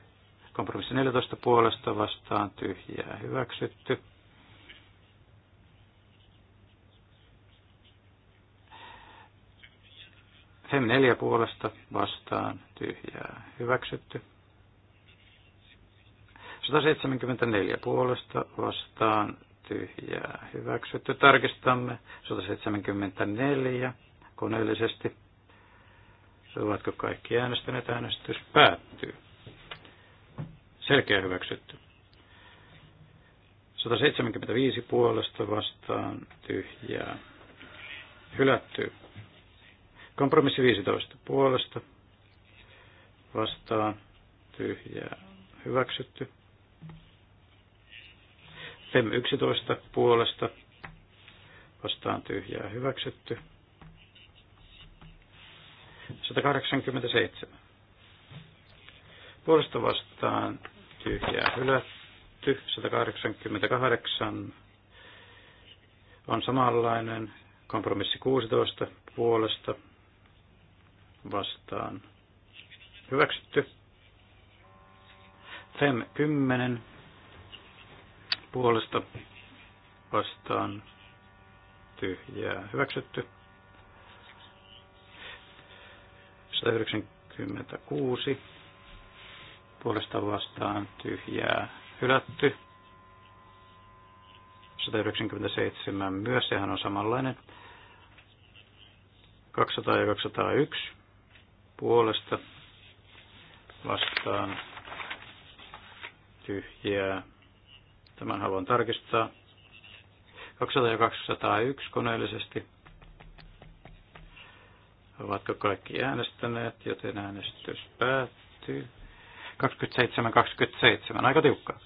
Kompromissi 14 puolesta vastaan tyhjää hyväksytty. hem neljä puolesta vastaan tyhjää hyväksytty. 174 puolesta vastaan tyhjää hyväksytty. Tarkistamme 174 koneellisesti. Ovatko kaikki äänestäneet? Äänestys päättyy. Selkeä hyväksytty. 175 puolesta vastaan tyhjää hylätty. Kompromissi 15 puolesta vastaan tyhjää hyväksytty. FEM 11 puolesta vastaan tyhjää hyväksytty. 187. Puolesta vastaan tyhjää hylätty. 188 on samanlainen. Kompromissi 16 puolesta vastaan hyväksytty. FEM 10 puolesta vastaan tyhjää hyväksytty. 196 puolesta vastaan tyhjää hylätty. 197 myös, sehän on samanlainen. 200 ja 201 puolesta vastaan tyhjää. Tämän haluan tarkistaa. 200 ja 201 koneellisesti. Ovatko kaikki äänestäneet, joten äänestys päättyy. 27-27, aika tiukkaa.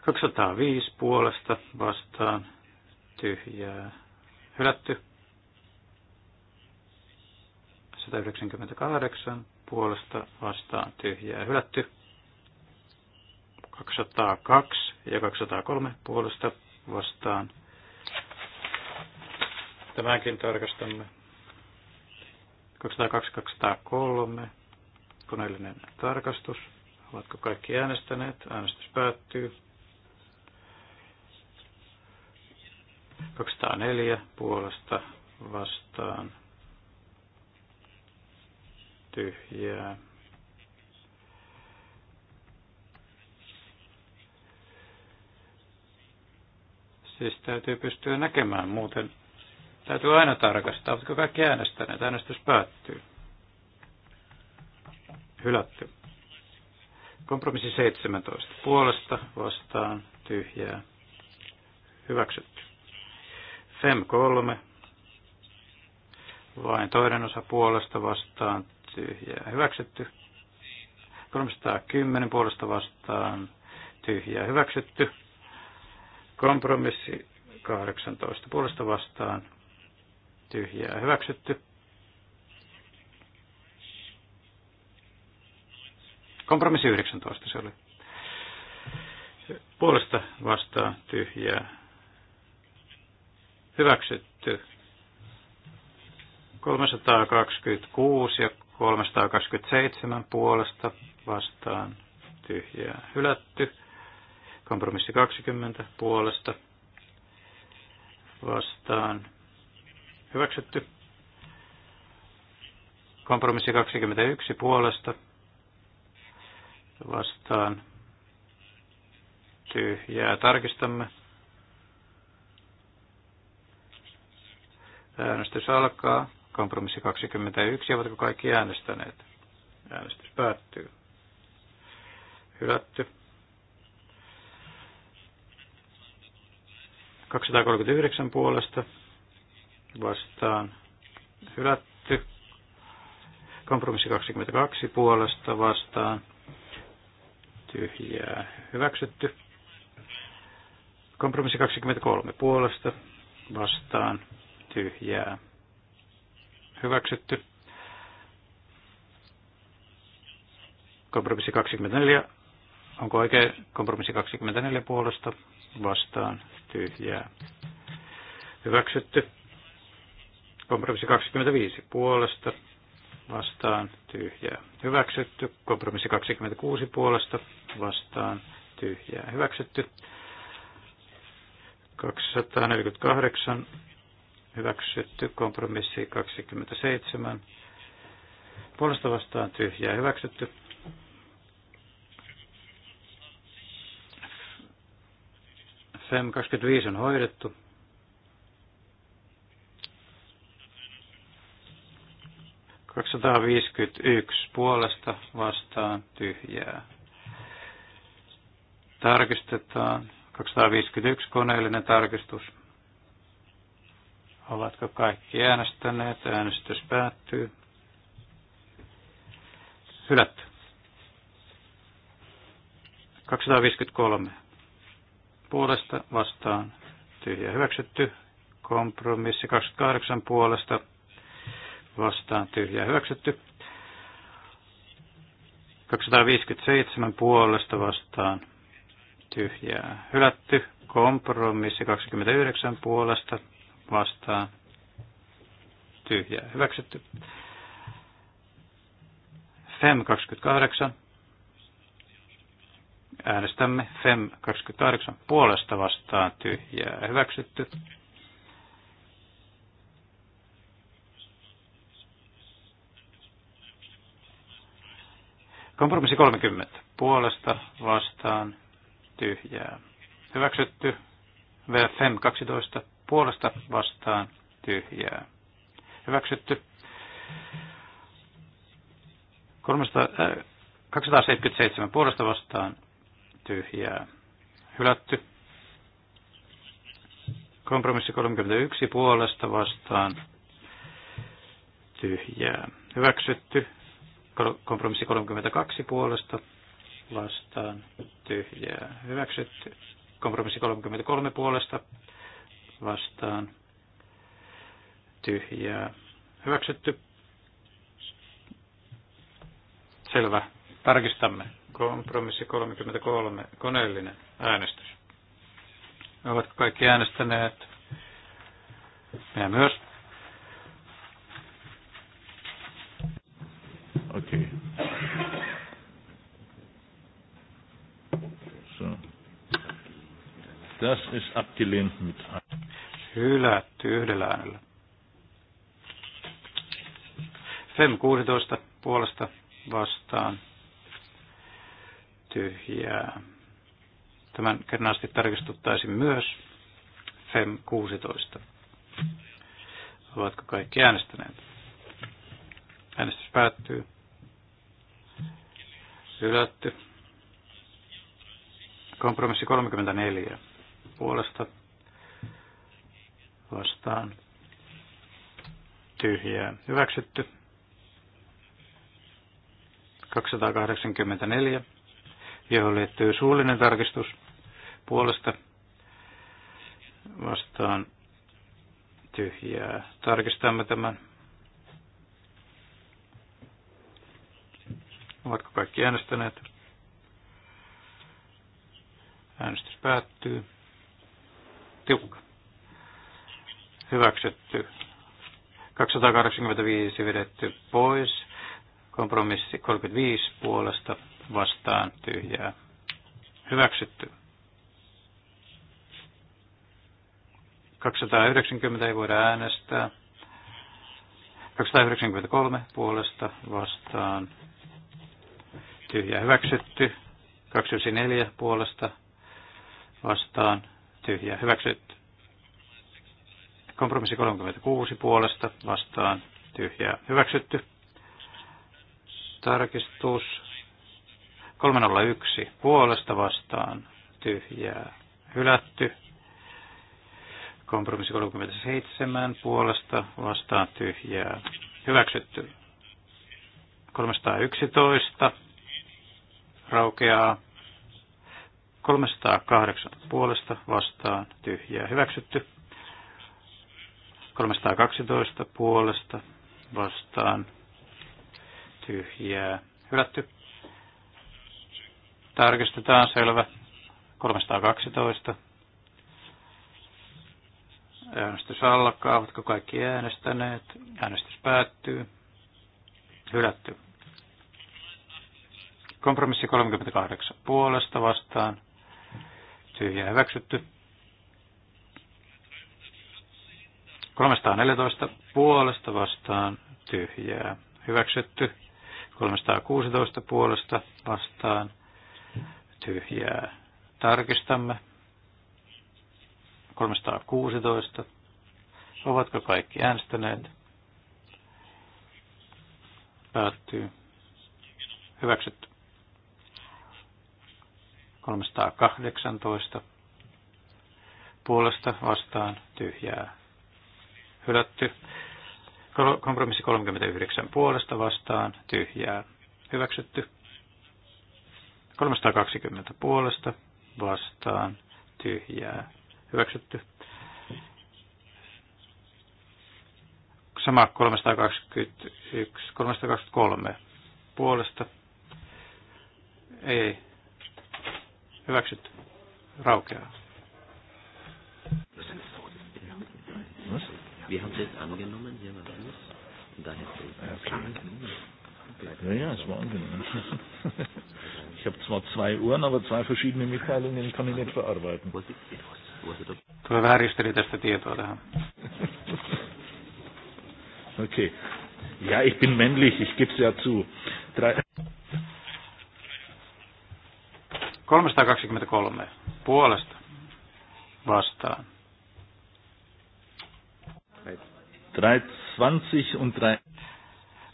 205 puolesta vastaan tyhjää hylätty. 298 puolesta vastaan tyhjää hylätty. 202 ja 203 puolesta vastaan. Tämänkin tarkastamme. 202-203, koneellinen tarkastus. Ovatko kaikki äänestäneet? Äänestys päättyy. 204 puolesta vastaan tyhjää. Siis täytyy pystyä näkemään muuten. Täytyy aina tarkastaa, oletko kaikki äänestäneet. Äänestys päättyy. Hylätty. Kompromissi 17. Puolesta vastaan tyhjää. Hyväksytty. FEM 3. Vain toinen osa puolesta vastaan tyhjää hyväksytty. 310 puolesta vastaan tyhjää hyväksytty. Kompromissi 18 puolesta vastaan tyhjää hyväksytty. Kompromissi 19 se oli. Puolesta vastaan tyhjää hyväksytty. 326 ja 327 puolesta vastaan tyhjää hylätty. Kompromissi 20 puolesta vastaan hyväksytty. Kompromissi 21 puolesta vastaan tyhjää tarkistamme. Äänestys alkaa. Kompromissi 21. Ovatko kaikki äänestäneet? Äänestys päättyy. Hylätty. 239 puolesta vastaan hylätty. Kompromissi 22 puolesta vastaan tyhjää hyväksytty. Kompromissi 23 puolesta vastaan tyhjää hyväksytty. Kompromissi 24. Onko oikein kompromissi 24 puolesta vastaan tyhjää? Hyväksytty. Kompromissi 25 puolesta vastaan tyhjää. Hyväksytty. Kompromissi 26 puolesta vastaan tyhjää. Hyväksytty. 248 hyväksytty. Kompromissi 27 puolesta vastaan tyhjää hyväksytty. FEM 25 on hoidettu. yksi puolesta vastaan tyhjää. Tarkistetaan. 251 koneellinen tarkistus. Ovatko kaikki äänestäneet? Äänestys päättyy. Hylätty. 253. Puolesta vastaan tyhjä hyväksytty. Kompromissi 28 puolesta vastaan tyhjä hyväksytty. 257 puolesta vastaan tyhjää hylätty. Kompromissi 29 puolesta vastaan tyhjää hyväksytty. FEM 28. Äänestämme FEM 28 puolesta vastaan tyhjää hyväksytty. Kompromissi 30. Puolesta vastaan tyhjää. Hyväksytty. VFM e 12 puolesta vastaan tyhjää. Hyväksytty. 300, äh, 277 puolesta vastaan tyhjää. Hylätty. Kompromissi 31 puolesta vastaan tyhjää. Hyväksytty. Kompromissi 32 puolesta vastaan tyhjää. Hyväksytty. Kompromissi 33 puolesta vastaan tyhjää. Hyväksytty. Selvä. Tarkistamme. Kompromissi 33. Koneellinen äänestys. Ovatko kaikki äänestäneet? Minä myös. Okei. Okay. So. Das ist abgelehnt mit Hylätty yhdellä äänellä. FEM 16 puolesta vastaan tyhjää. Tämän kerran asti tarkistuttaisin myös FEM 16. Ovatko kaikki äänestäneet? Äänestys päättyy. Hylätty. Kompromissi 34 puolesta vastaan tyhjää hyväksytty. 284, johon liittyy suullinen tarkistus puolesta vastaan tyhjää. Tarkistamme tämän. Ovatko kaikki äänestäneet? Äänestys päättyy. Tiukka hyväksytty. 285 vedetty pois. Kompromissi 35 puolesta vastaan tyhjää. Hyväksytty. 290 ei voida äänestää. 293 puolesta vastaan tyhjää hyväksytty. 294 puolesta vastaan tyhjää hyväksytty. Kompromissi 36 puolesta vastaan tyhjää hyväksytty. Tarkistus 301 puolesta vastaan tyhjää hylätty. Kompromissi 37 puolesta vastaan tyhjää hyväksytty. 311 raukeaa. 308 puolesta vastaan tyhjää hyväksytty. 312 puolesta vastaan tyhjää hylätty. Tarkistetaan selvä. 312. Äänestys alkaa. Ovatko kaikki äänestäneet? Äänestys päättyy. Hylätty. Kompromissi 38 puolesta vastaan. Tyhjää hyväksytty. 314 puolesta vastaan tyhjää. Hyväksytty. 316 puolesta vastaan tyhjää. Tarkistamme. 316. Ovatko kaikki äänestäneet? Päättyy. Hyväksytty. 318. Puolesta vastaan tyhjää hylätty. Kompromissi 39 puolesta vastaan, tyhjää, hyväksytty. 320 puolesta vastaan, tyhjää, hyväksytty. Sama 321, 323 puolesta, ei, hyväksytty, raukeaa. Wir haben es jetzt angenommen, hier war Schluss. Und daher ja, ja, es war angenommen. Ich habe zwar zwei Uhren, aber zwei verschiedene Mitteilungen kann ich nicht verarbeiten. Tulee vähän ristiriitaista tietoa tähän. Okay. Ja, ich bin männlich, ich gebe es ja zu. Drei. 323 puolesta vastaan 320 und 3...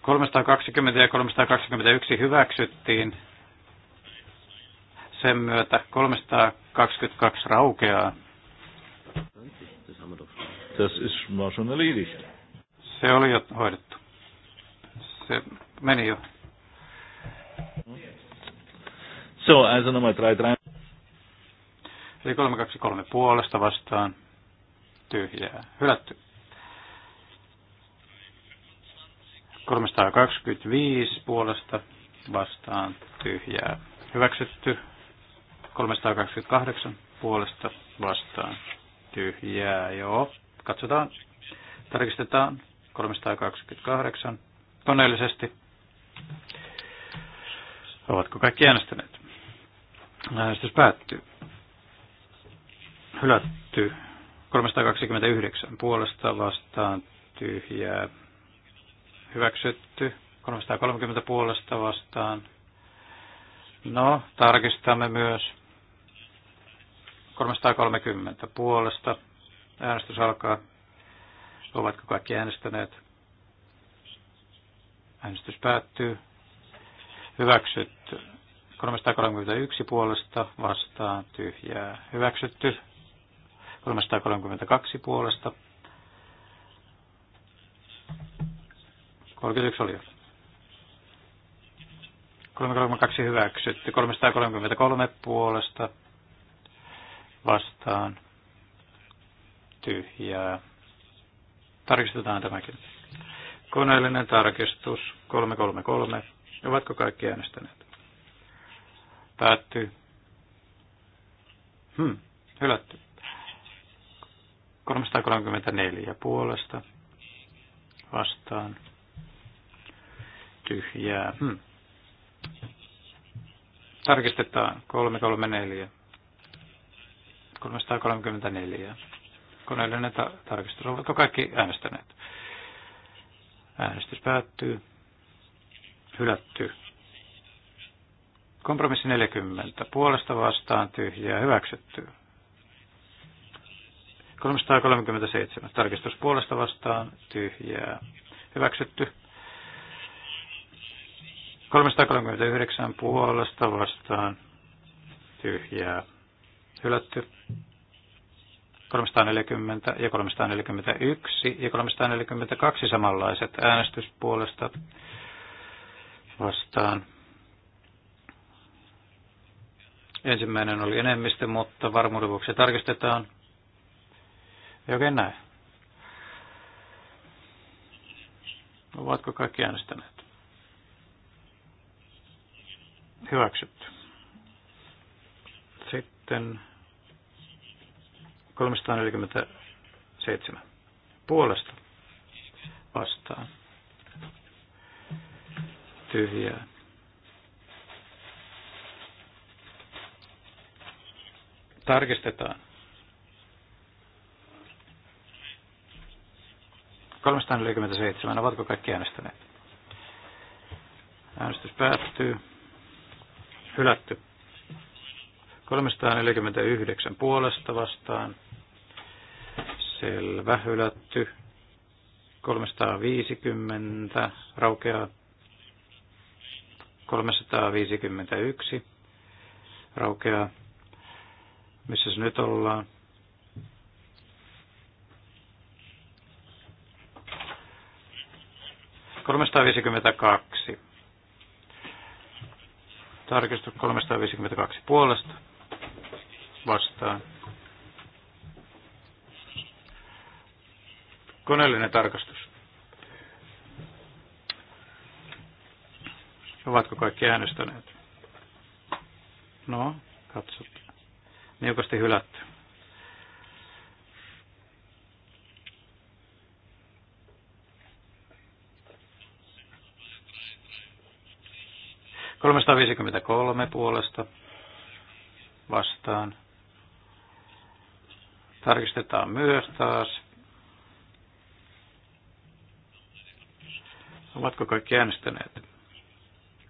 320 ja 321 hyväksyttiin. Sen myötä 322 raukeaa. Das ist war schon erledigt. Se oli jo hoidettu. Se meni jo. So, also nochmal 3-3. Eli 323 puolesta vastaan. Tyhjää. Hylätty. 325 puolesta vastaan tyhjää. Hyväksytty 328 puolesta vastaan tyhjää. Joo, katsotaan. Tarkistetaan 328 koneellisesti. Ovatko kaikki äänestäneet? Äänestys päättyy. Hylätty 329 puolesta vastaan tyhjää hyväksytty 330 puolesta vastaan. No, tarkistamme myös 330 puolesta. Äänestys alkaa. Ovatko kaikki äänestäneet? Äänestys päättyy. Hyväksytty 331 puolesta vastaan tyhjää. Hyväksytty 332 puolesta 31 oli jo. 332 hyväksytty. 333 puolesta vastaan tyhjää. Tarkistetaan tämäkin. Koneellinen tarkistus 333. Ovatko kaikki äänestäneet? Päättyy. Hmm, hylätty. 334 puolesta vastaan tyhjää. Hmm. Tarkistetaan 334. 334. Koneellinen ta- tarkistus. Ovatko kaikki äänestäneet? Äänestys päättyy. Hylätty. Kompromissi 40. Puolesta vastaan tyhjää. Hyväksytty. 337. Tarkistus puolesta vastaan tyhjää. Hyväksytty. 339 puolesta vastaan tyhjää hylätty. 340 ja 341 ja 342 samanlaiset äänestyspuolesta vastaan. Ensimmäinen oli enemmistö, mutta varmuuden vuoksi tarkistetaan. Ei oikein näin. Ovatko kaikki äänestäneet? Hyväksytty. Sitten 347 puolesta vastaan. Tyhjää. Tarkistetaan. 347. Ovatko kaikki äänestäneet? Äänestys päättyy hylätty. 349 puolesta vastaan. Selvä, hylätty. 350 raukeaa. 351 raukeaa. Missä se nyt ollaan? Kolmesataaviisikymmentäkaksi Tarkistus 352 puolesta vastaan. Koneellinen tarkastus. Ovatko kaikki äänestäneet? No, katsot. Niukasti hylätty. 353 puolesta vastaan. Tarkistetaan myös taas. Ovatko kaikki äänestäneet?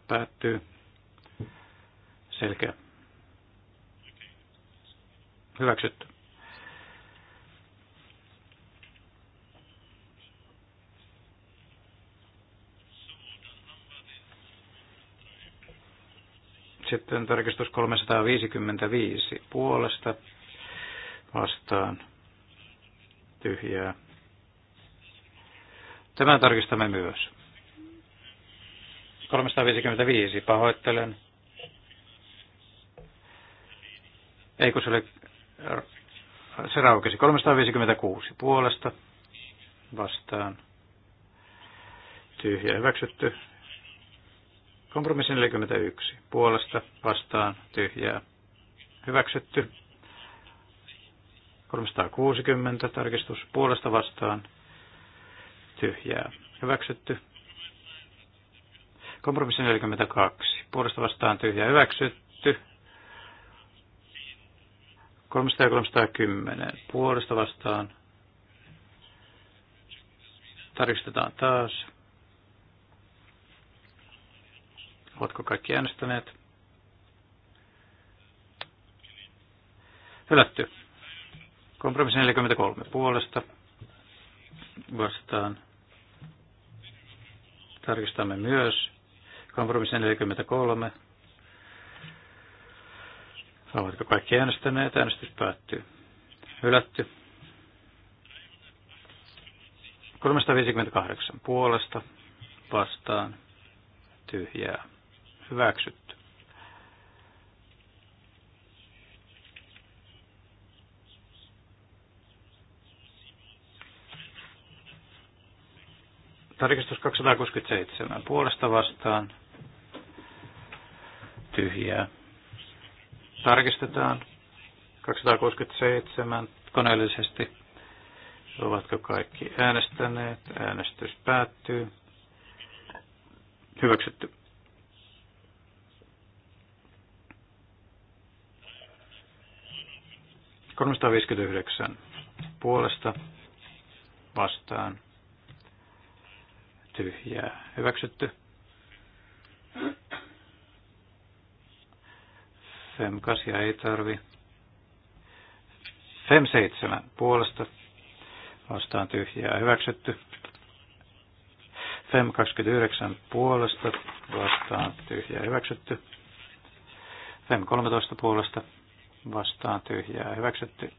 Päättyy. Selkeä. Hyväksytty. Sitten tarkistus 355 puolesta vastaan tyhjää. Tämän tarkistamme myös. 355, pahoittelen. Ei kun se oli, se raukesi. 356 puolesta vastaan. Tyhjä hyväksytty. Kompromissi 41. Puolesta vastaan tyhjää. Hyväksytty. 360 tarkistus puolesta vastaan tyhjää. Hyväksytty. Kompromissi 42. Puolesta vastaan tyhjää. Hyväksytty. 300 ja 310. Puolesta vastaan. Tarkistetaan taas. Ovatko kaikki äänestäneet? Hylätty. Kompromissi 43 puolesta. Vastaan. Tarkistamme myös. Kompromissi 43. Ovatko kaikki äänestäneet? Äänestys päättyy. Hylätty. 358 puolesta vastaan tyhjää hyväksytty. Tarkistus 267. Puolesta vastaan. Tyhjää. Tarkistetaan. 267 koneellisesti. Ovatko kaikki äänestäneet? Äänestys päättyy. Hyväksytty. 359 puolesta vastaan tyhjää hyväksytty. Fem 8 ei tarvi. Fem 7 puolesta vastaan tyhjää hyväksytty. Fem 29 puolesta vastaan tyhjää hyväksytty. Fem 13 puolesta vastaan tyhjää. Hyväksytty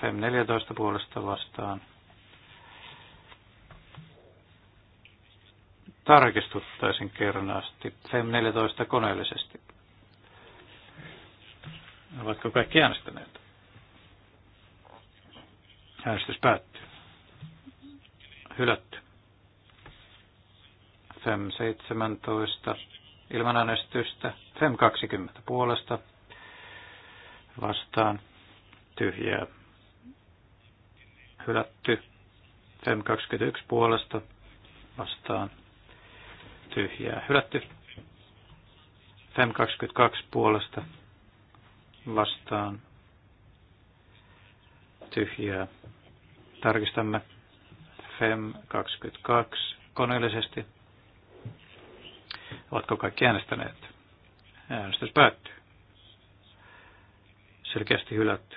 FEM 14 puolesta vastaan. Tarkistuttaisin kerran asti FEM 14 koneellisesti. Ovatko kaikki äänestäneet? Äänestys päättyy. Hylätty. FEM 17 ilman äänestystä. FEM 20 puolesta vastaan tyhjää hylätty. Fem 21 puolesta vastaan tyhjää hylätty. Fem 22 puolesta vastaan tyhjää. Tarkistamme Fem 22 koneellisesti. Ovatko kaikki äänestäneet? Äänestys päättyy selkeästi hylätty.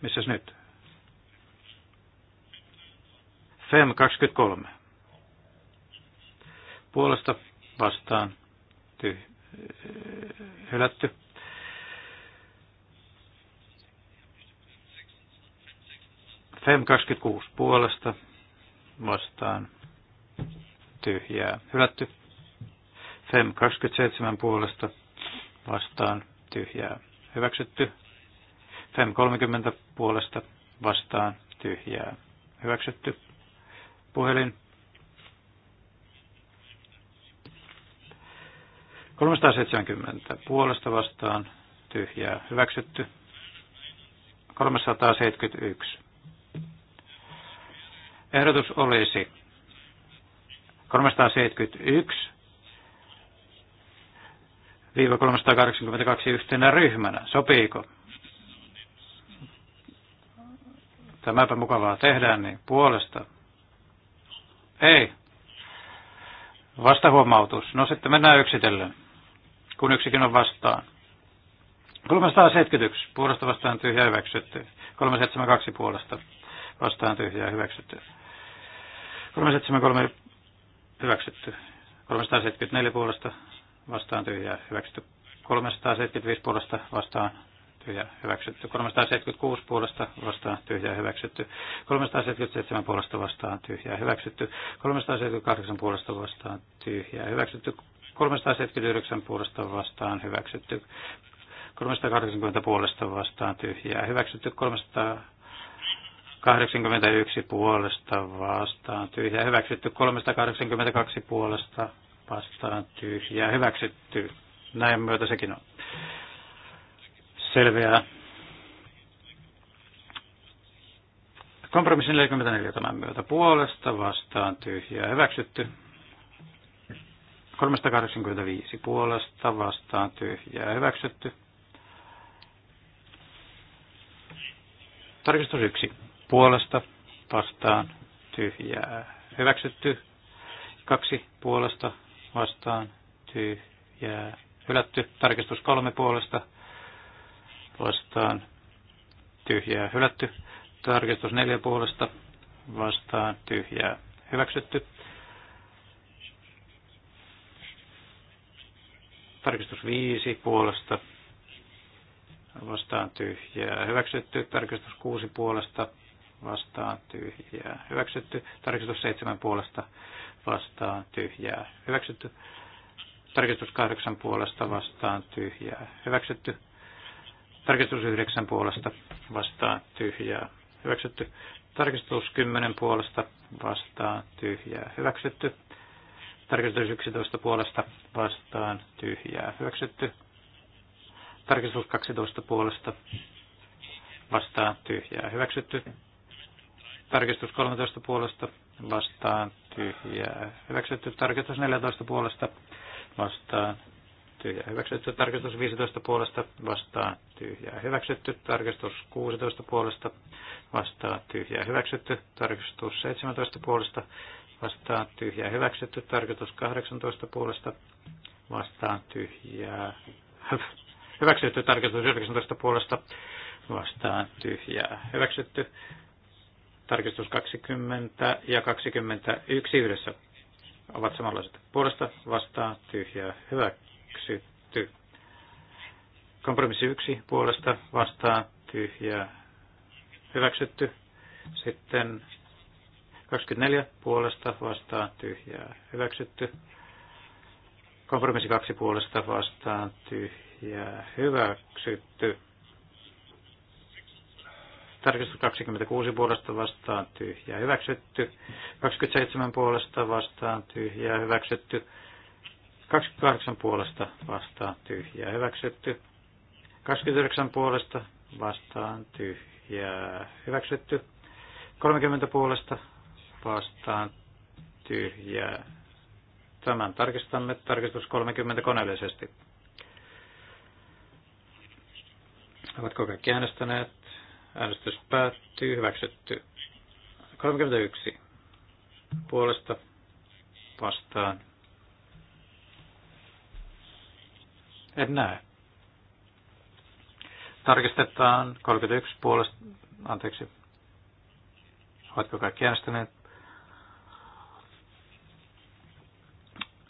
Missäs nyt? FEM 23. Puolesta vastaan tyh- hylätty. FEM 26 puolesta vastaan tyhjää hylätty. FEM 27 puolesta vastaan tyhjää hyväksytty. FEM 30 puolesta vastaan tyhjää hyväksytty. Puhelin 370 puolesta vastaan tyhjää hyväksytty. 371. Ehdotus olisi 371 382 yhtenä ryhmänä. Sopiiko? Tämäpä mukavaa tehdään, niin puolesta. Ei. Vastahuomautus. No sitten mennään yksitellen, kun yksikin on vastaan. 371. Puolesta vastaan tyhjä hyväksytty. 372 puolesta vastaan tyhjä hyväksytty. 373 hyväksytty. 374 puolesta vastaan tyhjä hyväksytty 375 puolesta vastaan tyhjä hyväksytty 376 puolesta vastaan tyhjä hyväksytty 377 puolesta vastaan tyhjä hyväksytty 378 puolesta vastaan tyhjä hyväksytty 379 puolesta vastaan hyväksytty 380 puolesta vastaan tyhjää hyväksytty 300 81 puolesta vastaan, tyhjä hyväksytty 382 puolesta vastaan tyhjää hyväksytty. Näin myötä sekin on selviää. Kompromissi 44 tämän myötä puolesta vastaan tyhjää hyväksytty. 385 puolesta vastaan tyhjää hyväksytty. Tarkistus 1 puolesta vastaan tyhjää hyväksytty. 2 puolesta vastaan tyhjää hylätty. Tarkistus kolme puolesta vastaan tyhjää hylätty. Tarkistus neljä puolesta vastaan tyhjää hyväksytty. Tarkistus viisi puolesta vastaan tyhjää hyväksytty. Tarkistus kuusi puolesta vastaan tyhjää hyväksytty. Tarkistus seitsemän puolesta vastaan, vastaan tyhjää hyväksytty. Tarkistus kahdeksan puolesta vastaan tyhjää hyväksytty. Tarkistus yhdeksän puolesta vastaan tyhjää hyväksytty. Tarkistus kymmenen puolesta vastaan tyhjää hyväksytty. Tarkistus yksitoista puolesta vastaan tyhjää hyväksytty. Tarkistus kaksitoista puolesta vastaan tyhjää hyväksytty. Tarkistus 13 puolesta vastaan tyhjää. Hyväksytty tarkistus 14 puolesta vastaan tyhjää. Hyväksytty tarkistus 15 puolesta vastaan tyhjää. Hyväksytty tarkistus 16 puolesta vastaan tyhjää. Hyväksytty tarkistus 17 puolesta vastaan tyhjää. Hyväksytty tarkistus 18 puolesta vastaan tyhjää. Hyväksytty tarkistus 19 puolesta vastaan tyhjää. Hyväksytty Tarkistus 20 ja 21 yhdessä ovat samanlaiset. Puolesta vastaan tyhjää hyväksytty. Kompromissi 1 puolesta vastaan tyhjää hyväksytty. Sitten 24 puolesta vastaan tyhjää hyväksytty. Kompromissi 2 puolesta vastaan tyhjää hyväksytty. Tarkistus 26 puolesta vastaan tyhjää hyväksytty. 27 puolesta vastaan tyhjää hyväksytty. 28 puolesta vastaan tyhjää hyväksytty. 29 puolesta vastaan tyhjää hyväksytty. 30 puolesta vastaan tyhjää. Tämän tarkistamme tarkistus 30 koneellisesti. Ovatko kaikki äänestäneet? Äänestys päättyy. Hyväksytty. 31. Puolesta vastaan. En näe. Tarkistetaan 31 puolesta. Anteeksi. Oletko kaikki äänestäneet?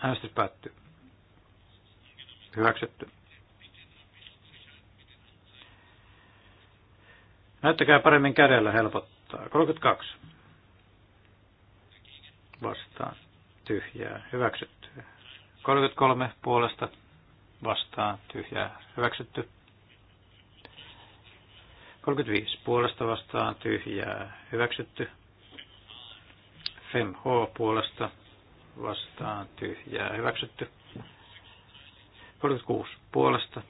Äänestys päättyy. Hyväksytty. Näyttäkää paremmin kädellä helpottaa. 32. Vastaan. Tyhjää. Hyväksytty. 33 puolesta vastaan. Tyhjää. Hyväksytty. 35 puolesta vastaan. Tyhjää. Hyväksytty. FemH puolesta vastaan. Tyhjää. Hyväksytty. 36 puolesta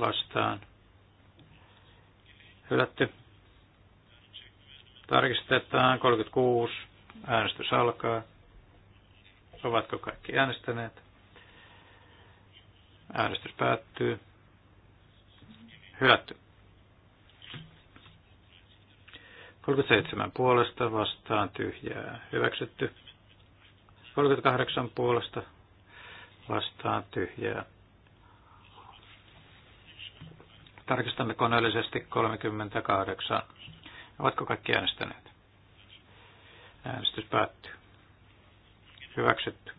vastaan Hylätty. Tarkistetaan 36. Äänestys alkaa. Ovatko kaikki äänestäneet? Äänestys päättyy. Hylätty. 37 puolesta vastaan tyhjää hyväksytty. 38 puolesta vastaan tyhjää Tarkistamme koneellisesti 38. Ovatko kaikki äänestäneet? Äänestys päättyy. Hyväksytty.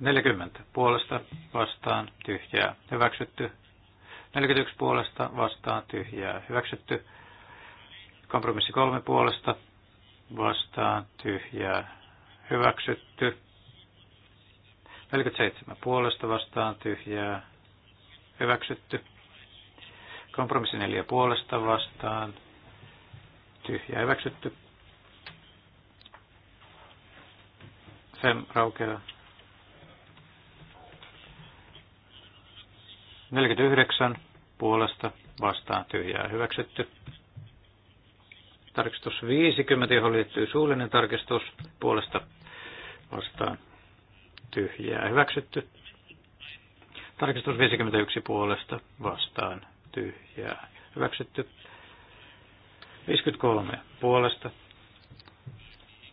40 puolesta vastaan tyhjää. Hyväksytty. 41 puolesta vastaan tyhjää. Hyväksytty. Kompromissi 3 puolesta vastaan tyhjää. Hyväksytty. 47 puolesta vastaan tyhjää hyväksytty. Kompromissi neljä puolesta vastaan, tyhjää hyväksytty. Fem raukeaa. 49 puolesta vastaan tyhjää hyväksytty. Tarkistus 50, johon liittyy suullinen tarkistus puolesta vastaan tyhjää hyväksytty. Tarkistus 51 puolesta vastaan tyhjää. Hyväksytty. 53 puolesta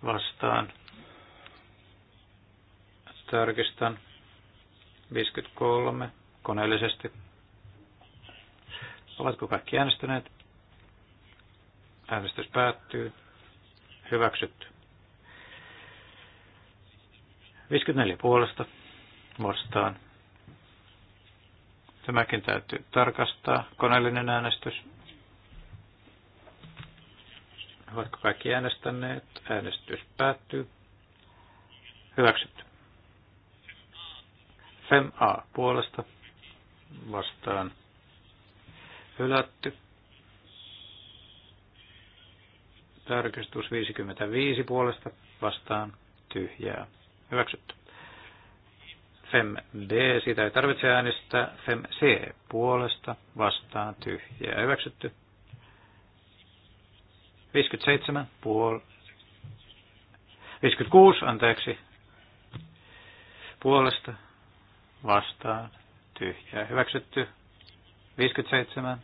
vastaan. Tarkistan 53 koneellisesti. Ovatko kaikki äänestäneet? Äänestys päättyy. Hyväksytty. 54 puolesta vastaan Tämäkin täytyy tarkastaa. Koneellinen äänestys. Ovatko kaikki äänestäneet? Äänestys päättyy. Hyväksytty. Fem A puolesta vastaan hylätty. Tarkistus 55 puolesta vastaan tyhjää. Hyväksytty. FEM-D, siitä ei tarvitse äänestää. FEM-C, puolesta, vastaan, tyhjää, hyväksytty. 57, puol... 56, anteeksi, puolesta, vastaan, tyhjää, hyväksytty. 57,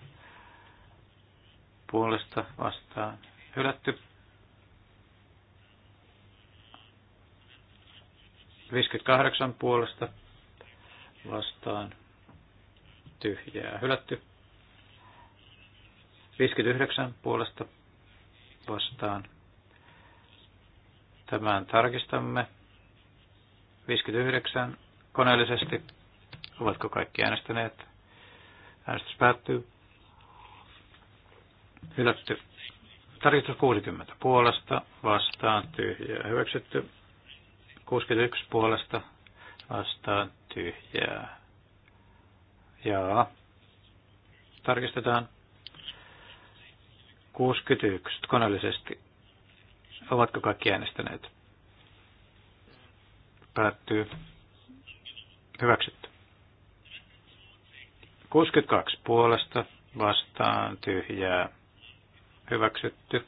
puolesta, vastaan, hylätty. 58 puolesta vastaan tyhjää hylätty. 59 puolesta vastaan. Tämän tarkistamme. 59 koneellisesti. Ovatko kaikki äänestäneet? Äänestys päättyy. Hylätty. Tarkistus 60 puolesta vastaan tyhjää hyväksytty. 61 puolesta vastaan tyhjää. Jaa. Tarkistetaan. 61 koneellisesti. Ovatko kaikki äänestäneet? Päättyy. Hyväksytty. 62 puolesta vastaan tyhjää. Hyväksytty.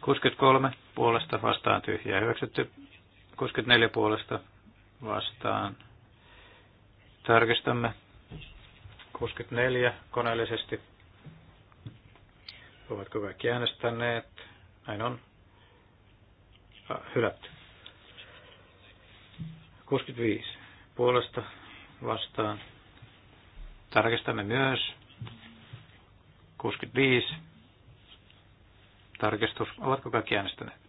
63 puolesta vastaan tyhjää hyväksytty. 64 puolesta vastaan. Tarkistamme. 64 koneellisesti. Ovatko kaikki äänestäneet? Näin on. Hylätty. 65 puolesta vastaan. Tarkistamme myös. 65. Tarkistus. Ovatko kaikki äänestäneet?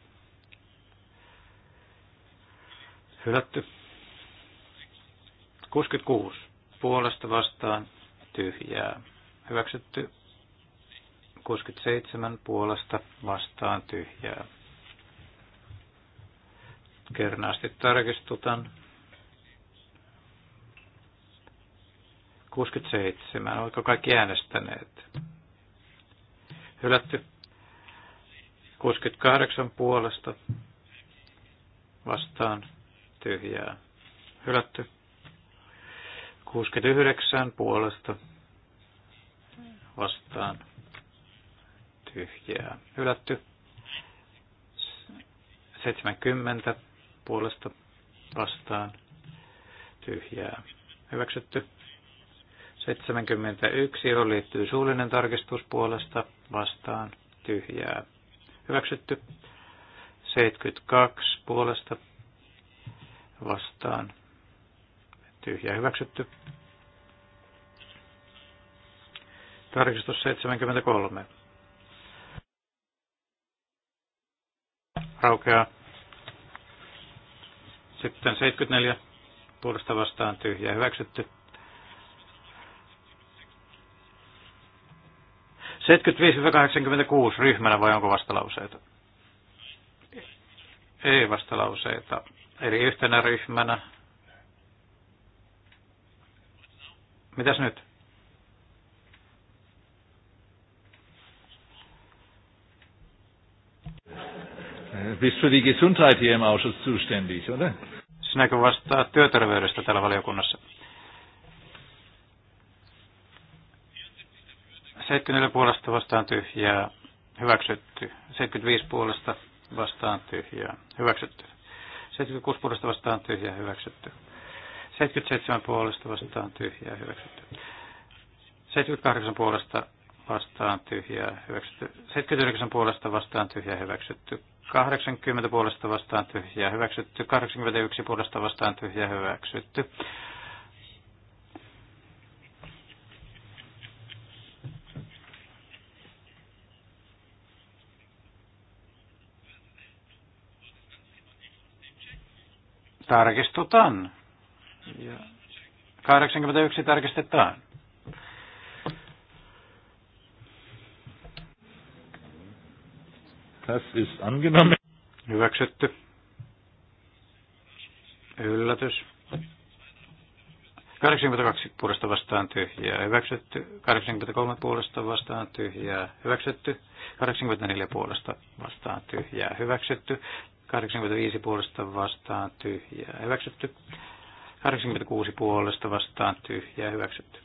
Hylätty. 66. Puolesta vastaan tyhjää. Hyväksytty. 67. Puolesta vastaan tyhjää. Kernaasti tarkistutan. 67. Oliko kaikki äänestäneet? Hylätty. 68 puolesta vastaan tyhjää hylätty. 69 puolesta vastaan tyhjää hylätty. 70 puolesta vastaan tyhjää hyväksytty. 71 johon liittyy suullinen tarkistus puolesta vastaan tyhjää hyväksytty. 72 puolesta vastaan tyhjä hyväksytty. Tarkistus 73. Raukeaa. Sitten 74 puolesta vastaan tyhjä hyväksytty. 75-86 ryhmänä vai onko vastalauseita? Ei vastalauseita. Eli yhtenä ryhmänä. Mitäs nyt? Bist du die Gesundheit hier im Ausschuss zuständig, oder? Sinäkö vastaa työterveydestä täällä valiokunnassa? 74 puolesta vastaan tyhjää, hyväksytty. 75 puolesta vastaan tyhjää, hyväksytty. 76 puolesta vastaan tyhjää hyväksytty. 77 puolesta vastaan tyhjää hyväksytty. 78 puolesta vastaan tyhjää hyväksytty. 79 puolesta vastaan tyhjää hyväksytty. 80 puolesta vastaan tyhjää hyväksytty. 81 puolesta vastaan tyhjää hyväksytty. Tarkistutaan. Ja 81 tarkistetaan. Das ist angenommen. Hyväksytty. Yllätys. 82 puolesta vastaan tyhjää, hyväksytty. 83 puolesta vastaan tyhjää, hyväksytty. 84 puolesta vastaan tyhjää, hyväksytty. 85 puolesta vastaan tyhjää hyväksytty. 86 puolesta vastaan tyhjää hyväksytty.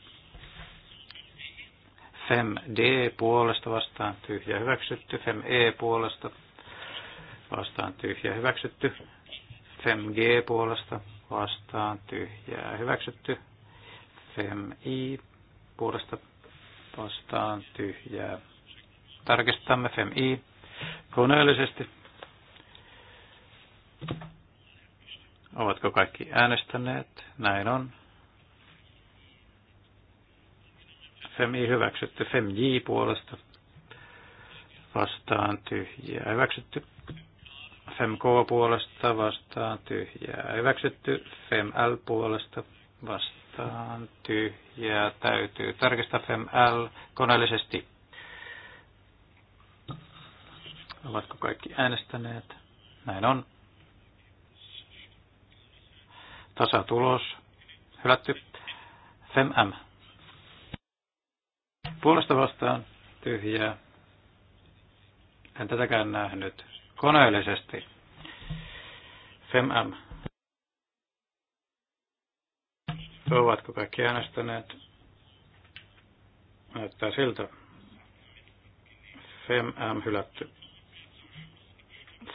Fem D puolesta vastaan tyhjä hyväksytty. Fem E puolesta vastaan tyhjä hyväksytty. Fem G puolesta vastaan tyhjää hyväksytty. Fem I puolesta vastaan tyhjää. Tarkistamme Fem I koneellisesti. Ovatko kaikki äänestäneet? Näin on. FEMI hyväksytty. FEMJ puolesta vastaan tyhjää hyväksytty. FEMK puolesta vastaan tyhjää hyväksytty. FEML puolesta vastaan tyhjää täytyy tarkistaa FEML koneellisesti. Ovatko kaikki äänestäneet? Näin on. Tasatulos. Hylätty. FemM. Puolesta vastaan tyhjää. En tätäkään nähnyt. Koneellisesti. FemM. Ovatko kaikki äänestäneet? Näyttää siltä. FemM hylätty.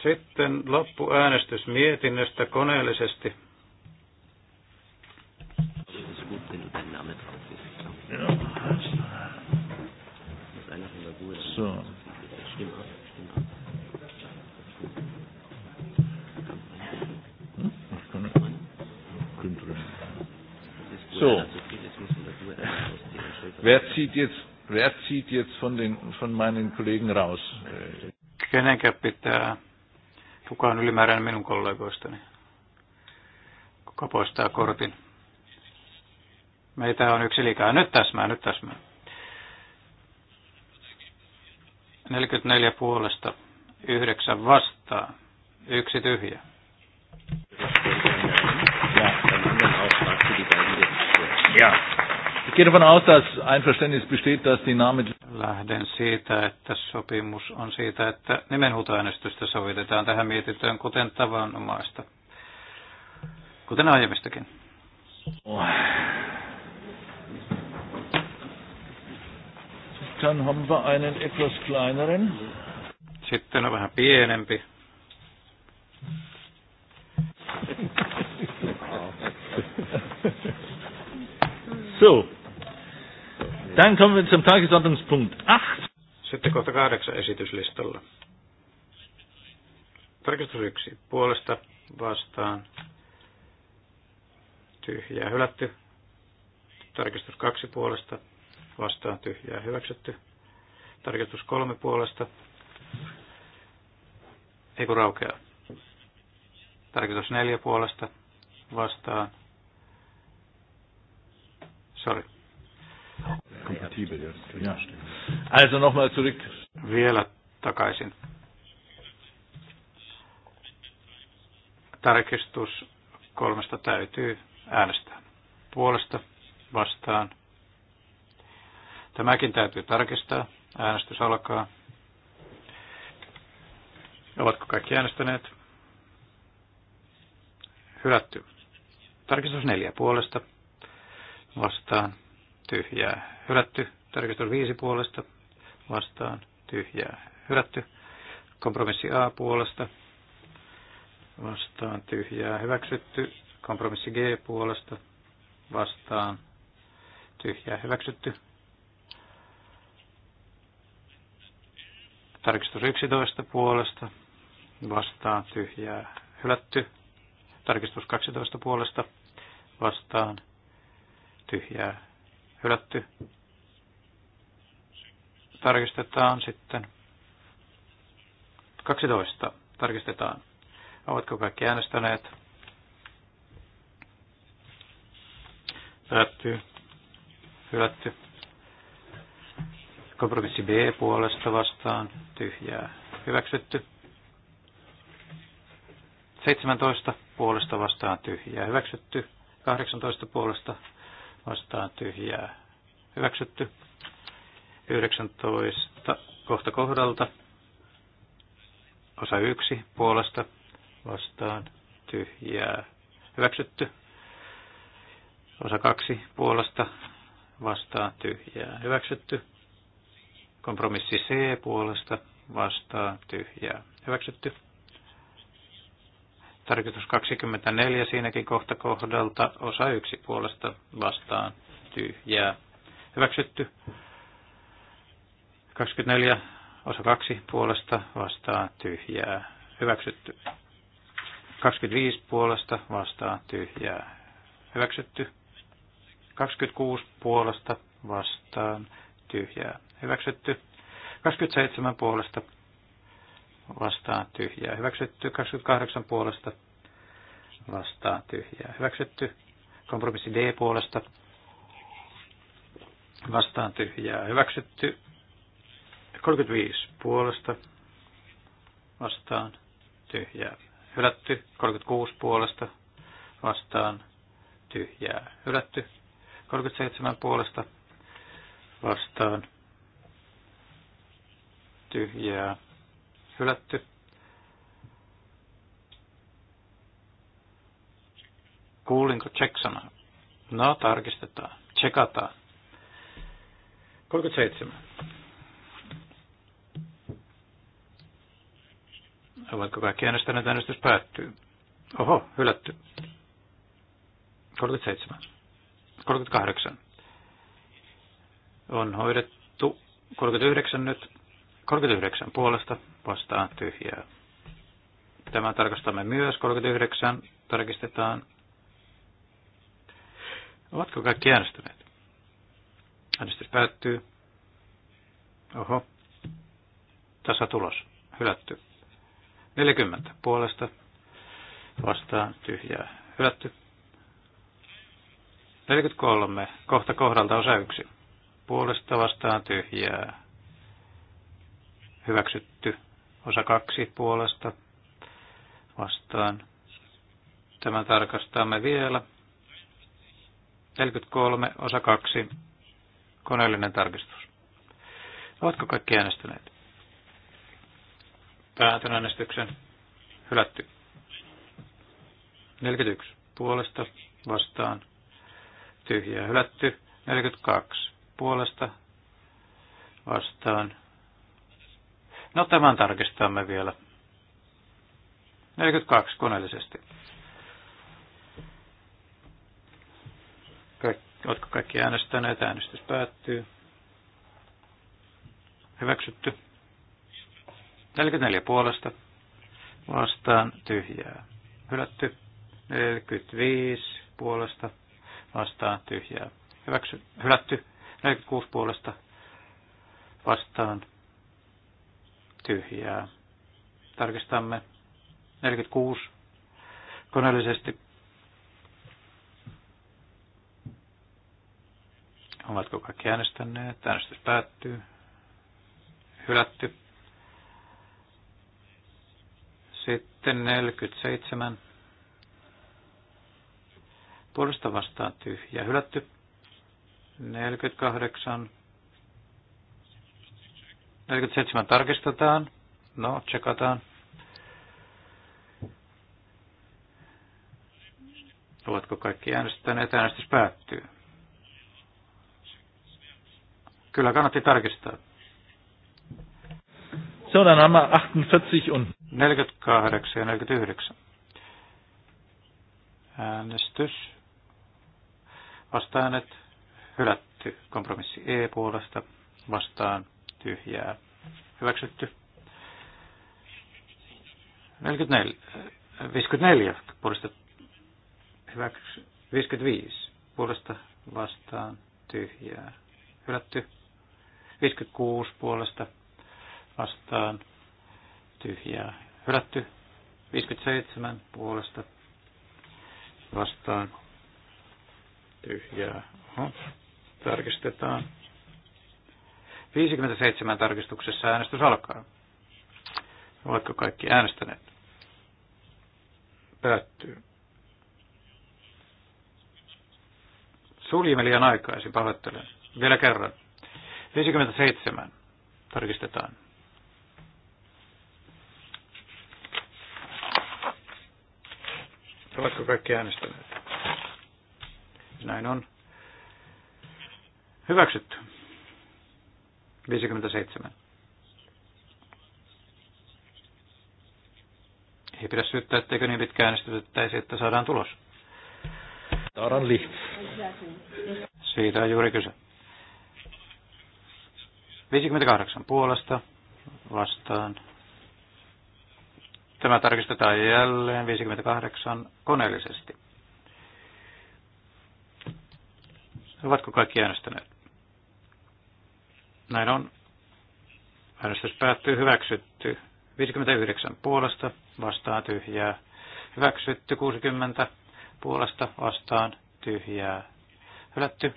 Sitten loppuäänestys mietinnöstä koneellisesti. So. So. Wer zieht jetzt, wer zieht jetzt von, den, von meinen Kollegen raus? Kenenkä pitää? Kuka on ylimääräinen minun kollegoistani? Kuka poistaa kortin? Meitä on yksi liikaa. Nyt täsmää, nyt täsmää. 44 puolesta, 9 vastaan, yksi tyhjä. Ja. Ich gehe davon aus, dass Einverständnis besteht, dass die Lähden siitä, että sopimus on siitä, että nimenhuutoäänestystä sovitetaan tähän mietintöön, kuten tavanomaista. Kuten aiemmistakin. Oh. Dann haben wir einen etwas kleineren. Sitten on vähän pienempi. So. Dann kommen wir zum Tagesordnungspunkt 8. Sitten kohta kahdeksan esityslistalla. Tarkistus yksi. Puolesta vastaan. Tyhjää hylätty. Tarkistus kaksi puolesta vastaan tyhjää hyväksytty. Tarkistus kolme puolesta. Ei kun raukeaa. Tarkistus neljä puolesta vastaan. Sorry. Also nochmal zurück. Vielä takaisin. Tarkistus kolmesta täytyy äänestää. Puolesta vastaan Tämäkin täytyy tarkistaa. Äänestys alkaa. Ovatko kaikki äänestäneet? Hylätty. Tarkistus neljä puolesta. Vastaan. Tyhjää. Hylätty. Tarkistus viisi puolesta. Vastaan. Tyhjää. Hylätty. Kompromissi A puolesta. Vastaan. Tyhjää. Hyväksytty. Kompromissi G puolesta. Vastaan. Tyhjää. Hyväksytty. Tarkistus 11 puolesta vastaan tyhjää hylätty. Tarkistus 12 puolesta vastaan tyhjää hylätty. Tarkistetaan sitten 12. Tarkistetaan. Ovatko kaikki äänestäneet? Päättyy. Hylätty. Kompromissi B puolesta vastaan tyhjää hyväksytty. 17 puolesta vastaan tyhjää hyväksytty. 18 puolesta vastaan tyhjää hyväksytty. 19 kohta kohdalta osa 1 puolesta vastaan tyhjää hyväksytty. Osa 2 puolesta vastaan tyhjää hyväksytty. Kompromissi C puolesta vastaa tyhjää. Hyväksytty. Tarkoitus 24 siinäkin kohta kohdalta osa 1 puolesta vastaan tyhjää. Hyväksytty. 24 osa 2 puolesta vastaa tyhjää. Hyväksytty. 25 puolesta vastaa tyhjää. Hyväksytty. 26 puolesta vastaan tyhjää hyväksytty. 27 puolesta vastaan tyhjää hyväksytty. 28 puolesta vastaan tyhjää hyväksytty. Kompromissi D puolesta vastaan tyhjää hyväksytty. 35 puolesta vastaan tyhjää hylätty. 36 puolesta vastaan tyhjää hylätty. 37 puolesta vastaan tyhjää hylätty. Kuulinko check No, tarkistetaan. Tsekataan. 37. Ovatko kaikki äänestäneet? Äänestys päättyy. Oho, hylätty. 37. 38. On hoidettu. 39 nyt. 39 puolesta vastaan tyhjää. Tämä tarkastamme myös. 39 tarkistetaan. Ovatko kaikki äänestyneet? Äänestys päättyy. Oho. tulos. Hylätty. 40 puolesta vastaan tyhjää. Hylätty. 43. Kohta kohdalta osa 1. Puolesta vastaan tyhjää hyväksytty osa kaksi puolesta vastaan. Tämän tarkastamme vielä. 43 osa 2 koneellinen tarkistus. Ovatko kaikki äänestäneet? Päätön äänestyksen. Hylätty. 41 puolesta vastaan. Tyhjää hylätty. 42 puolesta vastaan No tämän tarkistamme vielä. 42 koneellisesti. oletko kaikki äänestäneet? Äänestys päättyy. Hyväksytty. 44 puolesta. Vastaan tyhjää. Hylätty. 45 puolesta. Vastaan tyhjää. Hyväksy, hylätty. 46 puolesta. Vastaan tyhjää. Tarkistamme 46 koneellisesti. Ovatko kaikki äänestäneet? Äänestys päättyy. Hylätty. Sitten 47. Puolesta vastaan tyhjä hylätty. 48 47 tarkistetaan. No, tsekataan. Ovatko kaikki äänestäneet? Äänestys päättyy. Kyllä kannatti tarkistaa. Se on nämä 48 on. 48 ja 49. Äänestys. Vastaanet hylätty. Kompromissi E puolesta. Vastaan tyhjää hyväksytty. 44, 54 puolesta 55 puolesta vastaan tyhjää hylätty. 56 puolesta vastaan tyhjää hylätty. 57 puolesta vastaan tyhjää. Oho. Tarkistetaan. 57 tarkistuksessa äänestys alkaa. Oletko kaikki äänestäneet? Päättyy. Suljimme liian aikaisin, pahoittelen. Vielä kerran. 57. Tarkistetaan. Oletko kaikki äänestäneet? Näin on. Hyväksytty. 57. ei pidä etteikö niin pitkään äänestytettäisi, että saadaan tulos. Taran Licht. Siitä on juuri kyse. 58 puolesta vastaan. Tämä tarkistetaan jälleen 58 koneellisesti. Ovatko kaikki äänestäneet? Näin on. Äänestys päättyy hyväksytty. 59 puolesta vastaan tyhjää. Hyväksytty 60 puolesta vastaan tyhjää. Hylätty.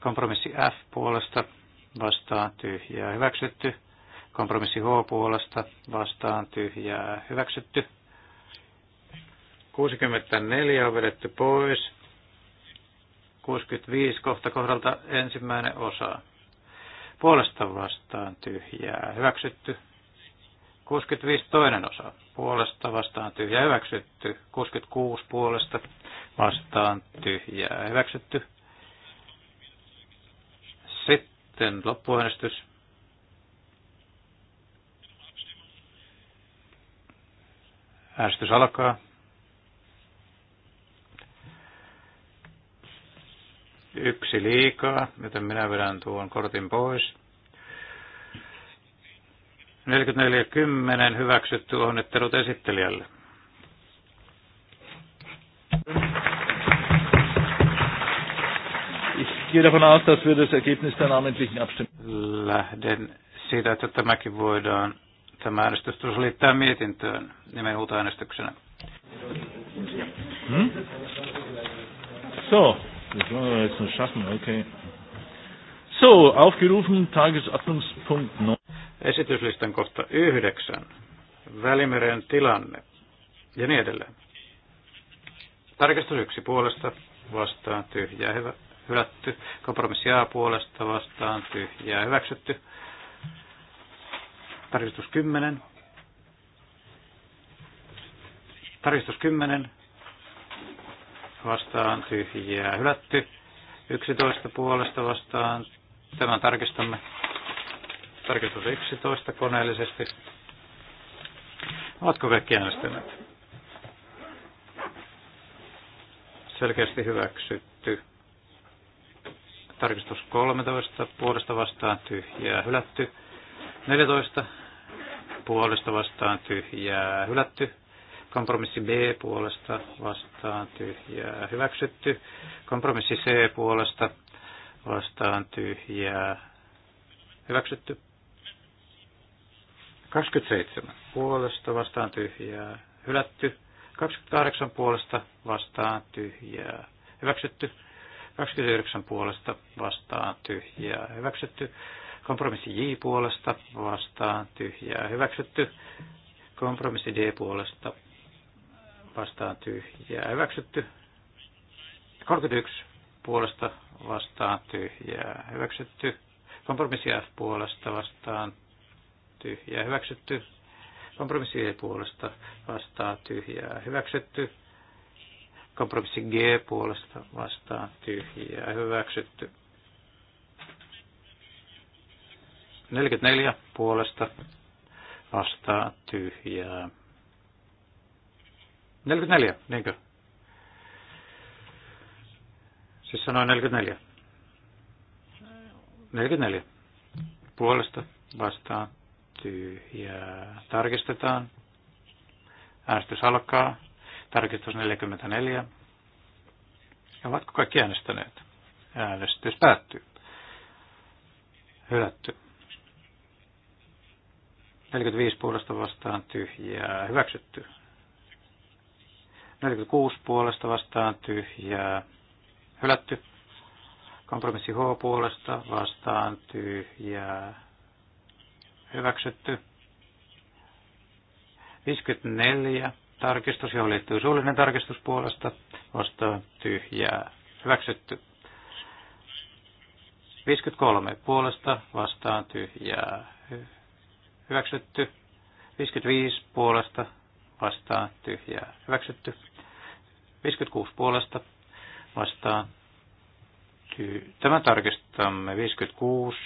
Kompromissi F puolesta vastaan tyhjää. Hyväksytty. Kompromissi H puolesta vastaan tyhjää. Hyväksytty. 64 on vedetty pois. 65 kohta kohdalta ensimmäinen osa puolesta vastaan tyhjää hyväksytty. 65 toinen osa puolesta vastaan tyhjää hyväksytty. 66 puolesta vastaan tyhjää hyväksytty. Sitten loppuäänestys. Äänestys alkaa. yksi liikaa, joten minä vedän tuon kortin pois. 44.10 hyväksytty onnittelut esittelijälle. Lähden siitä, että tämäkin voidaan, tämä äänestys tuossa liittää mietintöön äänestyksenä. Hmm? So. Das wollen wir jetzt noch schaffen, okay. So, aufgerufen Tagesordnungspunkt 9. Esityslistan kohta 9. Välimeren tilanne. Ja niin edelleen. Tarkastus yksi puolesta vastaan tyhjää hyvä, hylätty. Kompromissi A puolesta vastaan tyhjää hyväksytty. Tarkistus 10. Tarkistus 10 vastaan tyhjää hylätty. 11 puolesta vastaan. Tämän tarkistamme. Tarkistus 11 koneellisesti. Oletko kaikki äänestäneet? Selkeästi hyväksytty. Tarkistus 13 puolesta vastaan tyhjää hylätty. 14 puolesta vastaan tyhjää hylätty. Kompromissi B puolesta vastaan tyhjää hyväksytty. Kompromissi C puolesta vastaan tyhjää hyväksytty. 27 puolesta vastaan tyhjää hylätty. 28 puolesta vastaan tyhjää hyväksytty. 29 puolesta vastaan tyhjää hyväksytty. Kompromissi J puolesta vastaan tyhjää hyväksytty. Kompromissi D puolesta vastaan tyhjää hyväksytty. 31 puolesta vastaan tyhjää hyväksytty. Kompromissi F puolesta vastaan tyhjää hyväksytty. Kompromissi E puolesta vastaan tyhjää hyväksytty. Kompromissi G puolesta vastaan tyhjää hyväksytty. 44 puolesta vastaan tyhjää 44, niinkö? Siis sanoin 44. 44. Puolesta vastaan tyhjää. Tarkistetaan. Äänestys alkaa. Tarkistus 44. Ja Ovatko kaikki äänestäneet? Äänestys päättyy. Hylätty. 45 puolesta vastaan tyhjää. Hyväksytty. 46 puolesta vastaan tyhjää hylätty. Kompromissi H puolesta vastaan tyhjää hyväksytty. 54 tarkistus, johon liittyy suullinen tarkistus puolesta vastaan tyhjää hyväksytty. 53 puolesta vastaan tyhjää hyväksytty. 55 puolesta vastaan tyhjää hyväksytty. 56 puolesta vastaan ty- Tämä tarkistamme 56.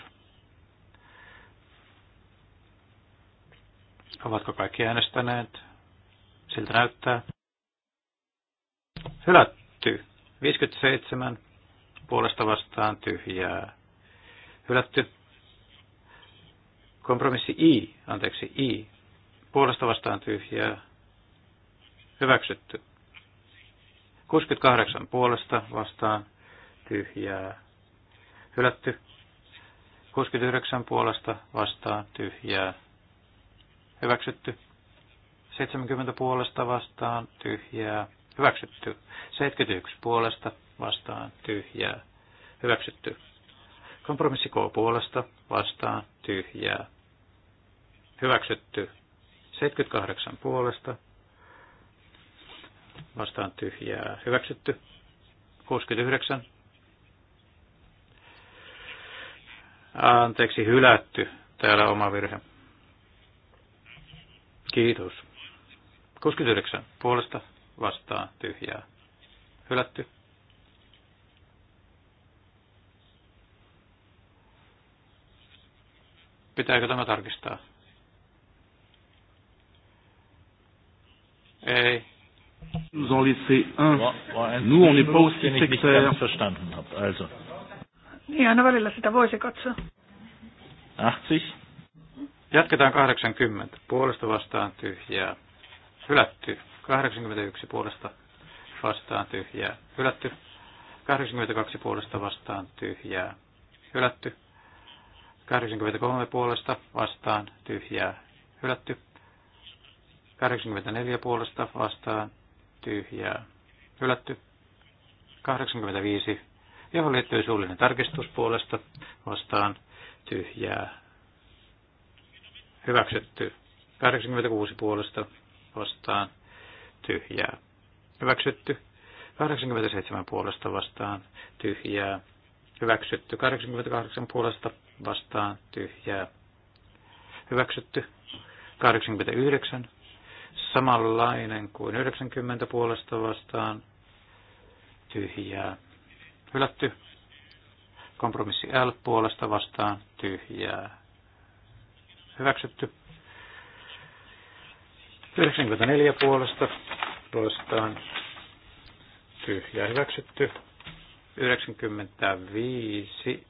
Ovatko kaikki äänestäneet? Siltä näyttää. Hylätty. 57 puolesta vastaan tyhjää. Hylätty. Kompromissi I, anteeksi I, puolesta vastaan tyhjää Hyväksytty. 68 puolesta vastaan tyhjää. Hylätty. 69 puolesta vastaan tyhjää. Hyväksytty. 70 puolesta vastaan tyhjää. Hyväksytty. 71 puolesta vastaan tyhjää. Hyväksytty. Kompromissi K puolesta vastaan tyhjää. Hyväksytty. 78 puolesta vastaan tyhjää hyväksytty. 69 anteeksi, hylätty. Täällä oma virhe. Kiitos. 69. Puolesta vastaan tyhjää. Hylätty. Pitääkö tämä tarkistaa? Ei. Nous en laisser un. Nous, on n'est pas aussi sectaire. Also. Niin, aina välillä sitä voisi katsoa. 80. Jatketaan 80. Puolesta vastaan tyhjää. Hylätty. 81 puolesta vastaan tyhjää. Hylätty. 82 puolesta vastaan tyhjää. Hylätty. 83 puolesta vastaan tyhjää. Hylätty. 84 puolesta vastaan tyhjää hylätty. 85, johon liittyy suullinen tarkistus puolesta vastaan tyhjää hyväksytty. 86 puolesta vastaan tyhjää hyväksytty. 87 puolesta vastaan tyhjää hyväksytty. 88 puolesta vastaan tyhjää hyväksytty. 89 samanlainen kuin 90 puolesta vastaan tyhjää. Hylätty. Kompromissi L puolesta vastaan tyhjää. Hyväksytty. 94 puolesta vastaan tyhjää. Hyväksytty. 95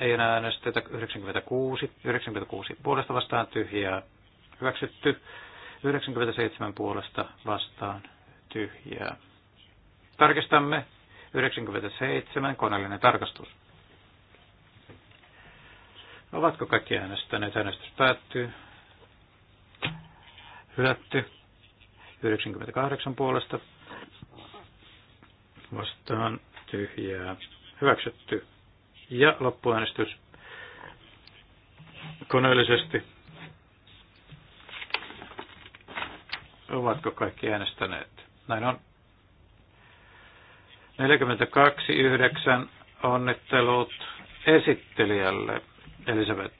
ei enää äänestetä 96, 96 puolesta vastaan tyhjää hyväksytty, 97 puolesta vastaan tyhjää. Tarkistamme 97 koneellinen tarkastus. Ovatko kaikki äänestäneet? Äänestys päättyy. Hylätty. 98 puolesta vastaan tyhjää. Hyväksytty. Ja loppuäänestys koneellisesti Ovatko kaikki äänestäneet? Näin on. 42.9. Onnittelut esittelijälle, Elisabeth.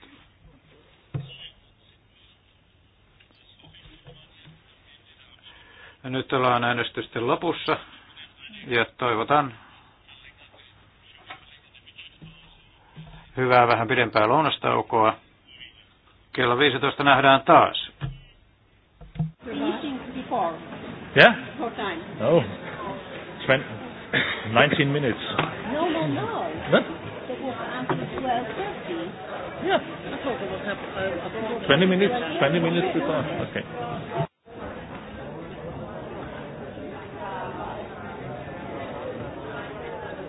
Nyt ollaan äänestysten lopussa ja toivotan hyvää vähän pidempää lounastaukoa. Kello 15 nähdään taas four. Yeah? Four times. Oh. 20, 19 minutes. No, no, no. What? 12.30. Yeah. 20 minutes, 20 minutes before. Okay.